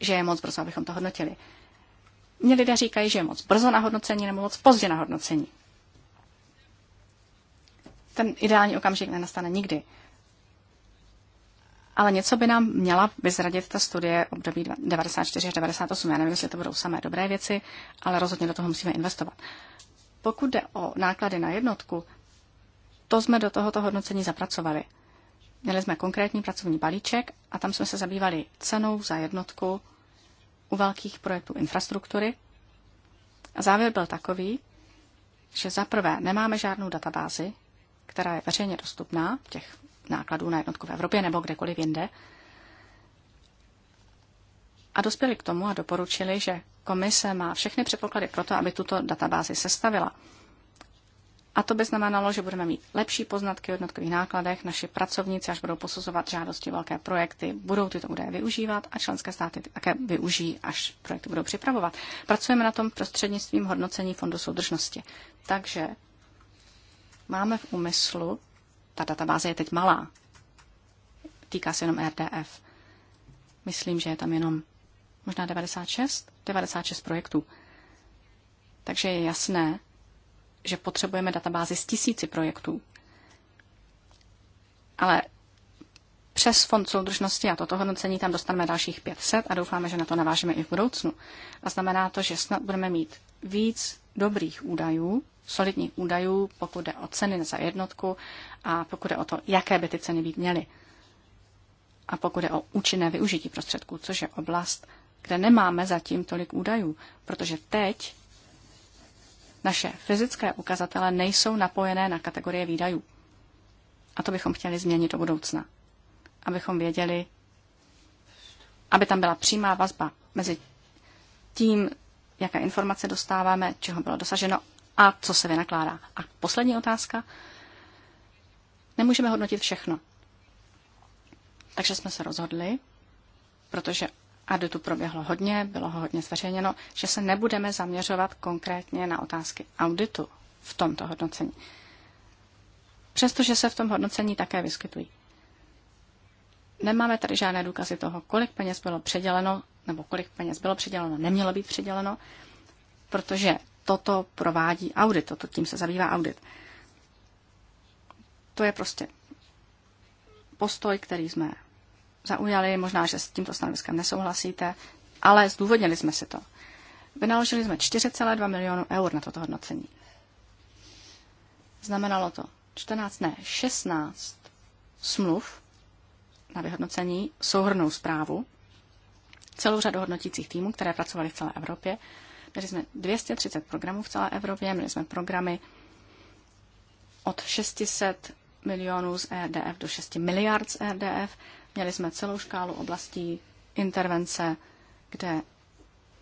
že je moc brzo, abychom to hodnotili. Mně lidé říkají, že je moc brzo na hodnocení nebo moc pozdě na hodnocení. Ten ideální okamžik nenastane nikdy. Ale něco by nám měla vyzradit ta studie období 94 až 98. Já nevím, jestli to budou samé dobré věci, ale rozhodně do toho musíme investovat. Pokud jde o náklady na jednotku, to jsme do tohoto hodnocení zapracovali. Měli jsme konkrétní pracovní balíček a tam jsme se zabývali cenou za jednotku u velkých projektů infrastruktury. A závěr byl takový, že za prvé nemáme žádnou databázi, která je veřejně dostupná, těch nákladů na jednotku v Evropě nebo kdekoliv jinde. A dospěli k tomu a doporučili, že komise má všechny předpoklady pro to, aby tuto databázi sestavila. A to by znamenalo, že budeme mít lepší poznatky o jednotkových nákladech, naši pracovníci, až budou posuzovat žádosti velké projekty, budou tyto údaje využívat a členské státy také využijí, až projekty budou připravovat. Pracujeme na tom prostřednictvím hodnocení Fondu soudržnosti. Takže máme v úmyslu ta databáze je teď malá. Týká se jenom RDF. Myslím, že je tam jenom možná 96, 96 projektů. Takže je jasné, že potřebujeme databázi z tisíci projektů. Ale přes fond soudržnosti a toto hodnocení tam dostaneme dalších 500 a doufáme, že na to navážeme i v budoucnu. A znamená to, že snad budeme mít víc dobrých údajů, solidních údajů, pokud jde o ceny za jednotku a pokud jde o to, jaké by ty ceny být měly. A pokud jde o účinné využití prostředků, což je oblast, kde nemáme zatím tolik údajů, protože teď naše fyzické ukazatele nejsou napojené na kategorie výdajů. A to bychom chtěli změnit do budoucna abychom věděli, aby tam byla přímá vazba mezi tím, jaké informace dostáváme, čeho bylo dosaženo a co se vynakládá. A poslední otázka. Nemůžeme hodnotit všechno. Takže jsme se rozhodli, protože auditu proběhlo hodně, bylo ho hodně zveřejněno, že se nebudeme zaměřovat konkrétně na otázky auditu v tomto hodnocení. Přestože se v tom hodnocení také vyskytují. Nemáme tady žádné důkazy toho, kolik peněz bylo předěleno, nebo kolik peněz bylo předěleno, nemělo být předěleno, protože toto provádí audit, toto tím se zabývá audit. To je prostě postoj, který jsme zaujali, možná, že s tímto stanoviskem nesouhlasíte, ale zdůvodnili jsme si to. Vynaložili jsme 4,2 milionu eur na toto hodnocení. Znamenalo to 14, ne, 16 smluv na vyhodnocení souhrnou zprávu, celou řadu hodnotících týmů, které pracovaly v celé Evropě. Měli jsme 230 programů v celé Evropě, měli jsme programy od 600 milionů z RDF e do 6 miliard z RDF. E měli jsme celou škálu oblastí intervence, kde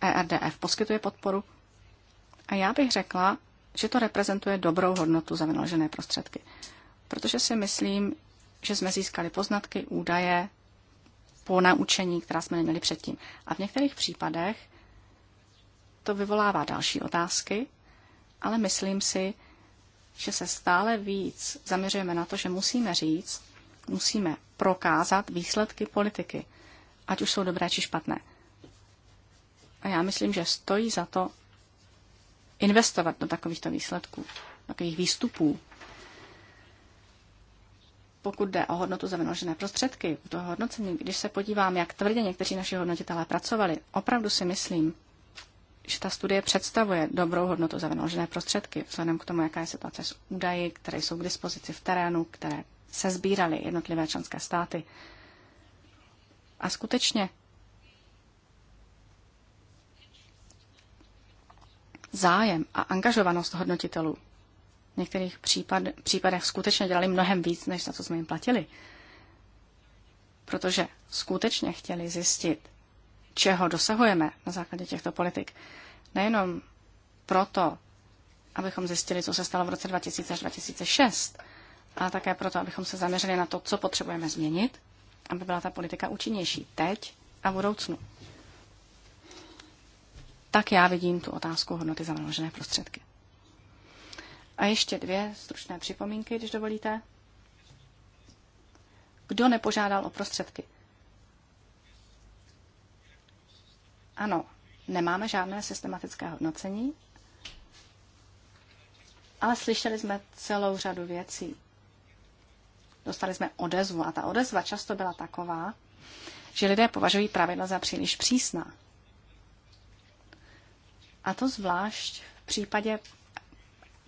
ERDF poskytuje podporu. A já bych řekla, že to reprezentuje dobrou hodnotu za vynaložené prostředky. Protože si myslím, že jsme získali poznatky, údaje po naučení, která jsme neměli předtím. A v některých případech to vyvolává další otázky, ale myslím si, že se stále víc zaměřujeme na to, že musíme říct, musíme prokázat výsledky politiky, ať už jsou dobré či špatné. A já myslím, že stojí za to investovat do takovýchto výsledků, takových výstupů, pokud jde o hodnotu za vynaložené prostředky, toho hodnocení, když se podívám, jak tvrdě někteří naši hodnotitelé pracovali, opravdu si myslím, že ta studie představuje dobrou hodnotu za vynaložené prostředky, vzhledem k tomu, jaká je situace s údaji, které jsou k dispozici v terénu, které se sbíraly jednotlivé členské státy. A skutečně zájem a angažovanost hodnotitelů v některých případ, případech skutečně dělali mnohem víc, než za co jsme jim platili. Protože skutečně chtěli zjistit, čeho dosahujeme na základě těchto politik. Nejenom proto, abychom zjistili, co se stalo v roce 2000 až 2006, ale také proto, abychom se zaměřili na to, co potřebujeme změnit, aby byla ta politika účinnější teď a v budoucnu. Tak já vidím tu otázku hodnoty za vynaložené prostředky. A ještě dvě stručné připomínky, když dovolíte. Kdo nepožádal o prostředky? Ano, nemáme žádné systematické hodnocení, ale slyšeli jsme celou řadu věcí. Dostali jsme odezvu a ta odezva často byla taková, že lidé považují pravidla za příliš přísná. A to zvlášť v případě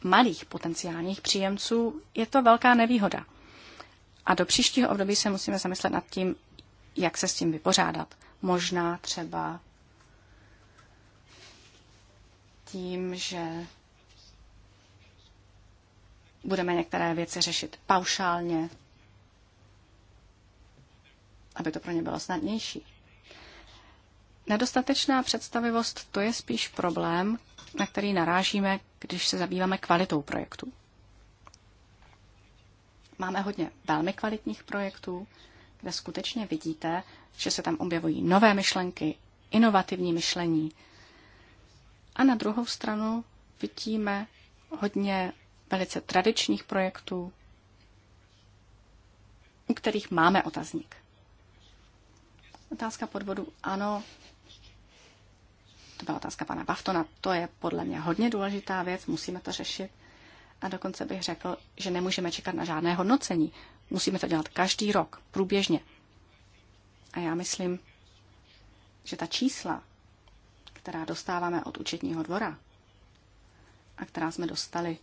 malých potenciálních příjemců, je to velká nevýhoda. A do příštího období se musíme zamyslet nad tím, jak se s tím vypořádat. Možná třeba tím, že budeme některé věci řešit paušálně, aby to pro ně bylo snadnější. Nedostatečná představivost to je spíš problém, na který narážíme, když se zabýváme kvalitou projektu. Máme hodně velmi kvalitních projektů, kde skutečně vidíte, že se tam objevují nové myšlenky, inovativní myšlení. A na druhou stranu vidíme hodně velice tradičních projektů, u kterých máme otazník. Otázka podvodu. Ano, to byla otázka pana Baftona. To je podle mě hodně důležitá věc, musíme to řešit. A dokonce bych řekl, že nemůžeme čekat na žádné hodnocení. Musíme to dělat každý rok, průběžně. A já myslím, že ta čísla, která dostáváme od účetního dvora a která jsme dostali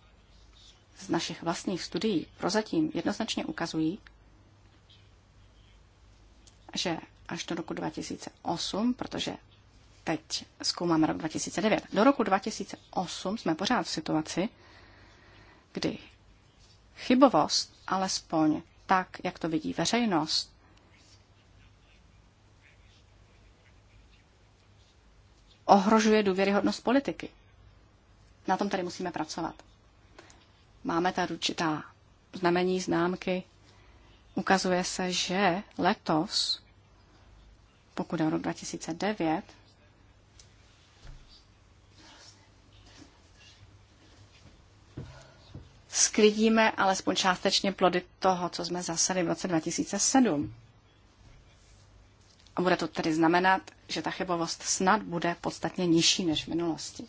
z našich vlastních studií, prozatím jednoznačně ukazují, že až do roku 2008, protože teď zkoumáme rok 2009. Do roku 2008 jsme pořád v situaci, kdy chybovost, alespoň tak, jak to vidí veřejnost, ohrožuje důvěryhodnost politiky. Na tom tady musíme pracovat. Máme tady určitá znamení, známky. Ukazuje se, že letos, pokud je rok 2009, sklidíme alespoň částečně plody toho, co jsme zasadili v roce 2007. A bude to tedy znamenat, že ta chybovost snad bude podstatně nižší než v minulosti.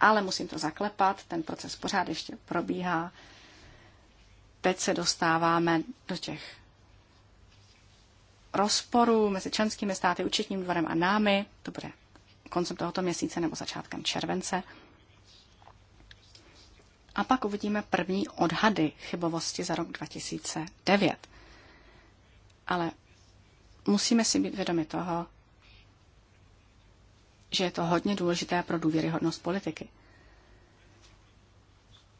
Ale musím to zaklepat, ten proces pořád ještě probíhá. Teď se dostáváme do těch rozporů mezi členskými státy, účetním dvorem a námi. To bude koncem tohoto měsíce nebo začátkem července a pak uvidíme první odhady chybovosti za rok 2009. Ale musíme si být vědomi toho, že je to hodně důležité pro důvěryhodnost politiky.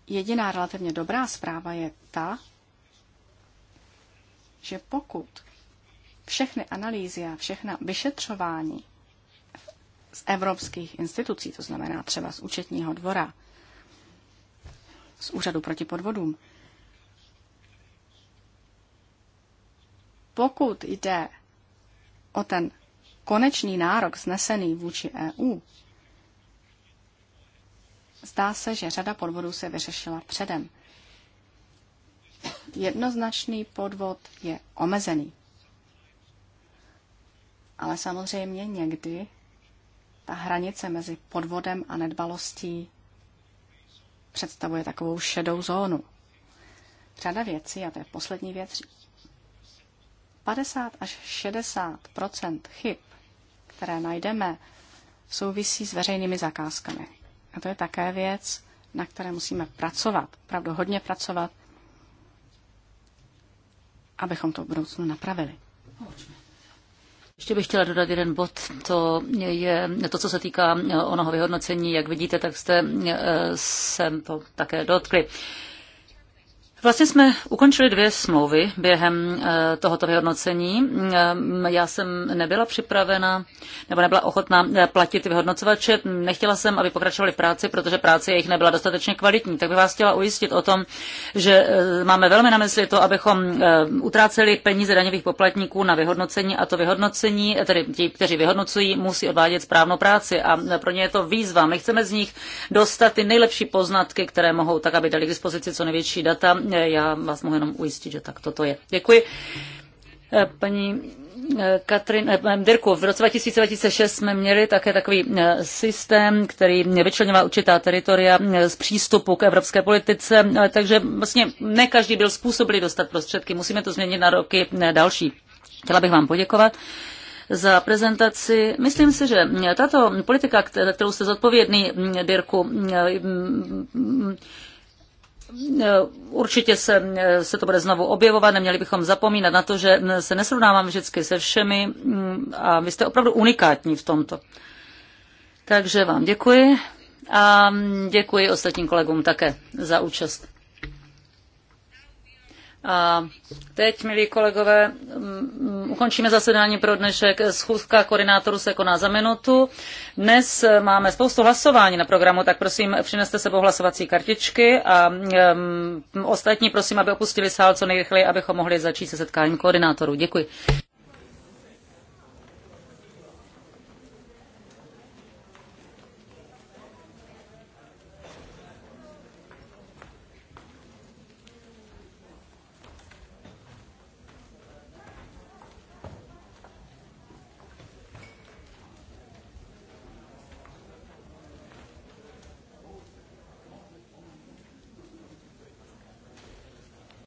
Jediná relativně dobrá zpráva je ta, že pokud všechny analýzy a všechna vyšetřování z evropských institucí, to znamená třeba z účetního dvora, z Úřadu proti podvodům. Pokud jde o ten konečný nárok znesený vůči EU, zdá se, že řada podvodů se vyřešila předem. Jednoznačný podvod je omezený. Ale samozřejmě někdy ta hranice mezi podvodem a nedbalostí představuje takovou šedou zónu. Řada věcí, a to je poslední věc, 50 až 60 chyb, které najdeme, souvisí s veřejnými zakázkami. A to je také věc, na které musíme pracovat, opravdu hodně pracovat, abychom to v budoucnu napravili. Počme. Ještě bych chtěla dodat jeden bod, to je to, co se týká onoho vyhodnocení. Jak vidíte, tak jste eh, sem to také dotkli. Vlastně jsme ukončili dvě smlouvy během eh, tohoto vyhodnocení. Mm, eh, já jsem nebyla připravena nebo nebyla ochotná eh, platit vyhodnocovače. Nechtěla jsem, aby pokračovali v práci, protože práce jejich nebyla dostatečně kvalitní. Tak bych vás chtěla ujistit o tom, že máme velmi na mysli to, abychom utráceli peníze daňových poplatníků na vyhodnocení a to vyhodnocení, tedy ti, kteří vyhodnocují, musí odvádět správnou práci a pro ně je to výzva. My chceme z nich dostat ty nejlepší poznatky, které mohou tak, aby dali k dispozici co největší data já vás mohu jenom ujistit, že tak toto je. Děkuji. Eh, paní eh, Katrin, eh, Dirku, v roce 2006 jsme měli také takový systém, který vyčlenoval určitá teritoria z přístupu k evropské politice, takže vlastně ne každý byl způsobilý dostat prostředky. Musíme to změnit na roky další. Chtěla bych vám poděkovat za prezentaci. Myslím si, že tato politika, kterou jste zodpovědný, Dirku, mm, Určitě se, se to bude znovu objevovat, neměli bychom zapomínat na to, že se nesrovnáváme vždycky se všemi mm, a vy jste opravdu unikátní v tomto. Takže vám děkuji a děkuji ostatním kolegům také za účast. A teď, milí kolegové, mm, ukončíme zasedání pro dnešek. Schůzka koordinátorů se koná za minutu. Dnes máme spoustu hlasování na programu, tak prosím, přineste sebou hlasovací kartičky a um, ostatní prosím, aby opustili sál co nejrychleji, abychom mohli začít se setkáním koordinátorů. Děkuji.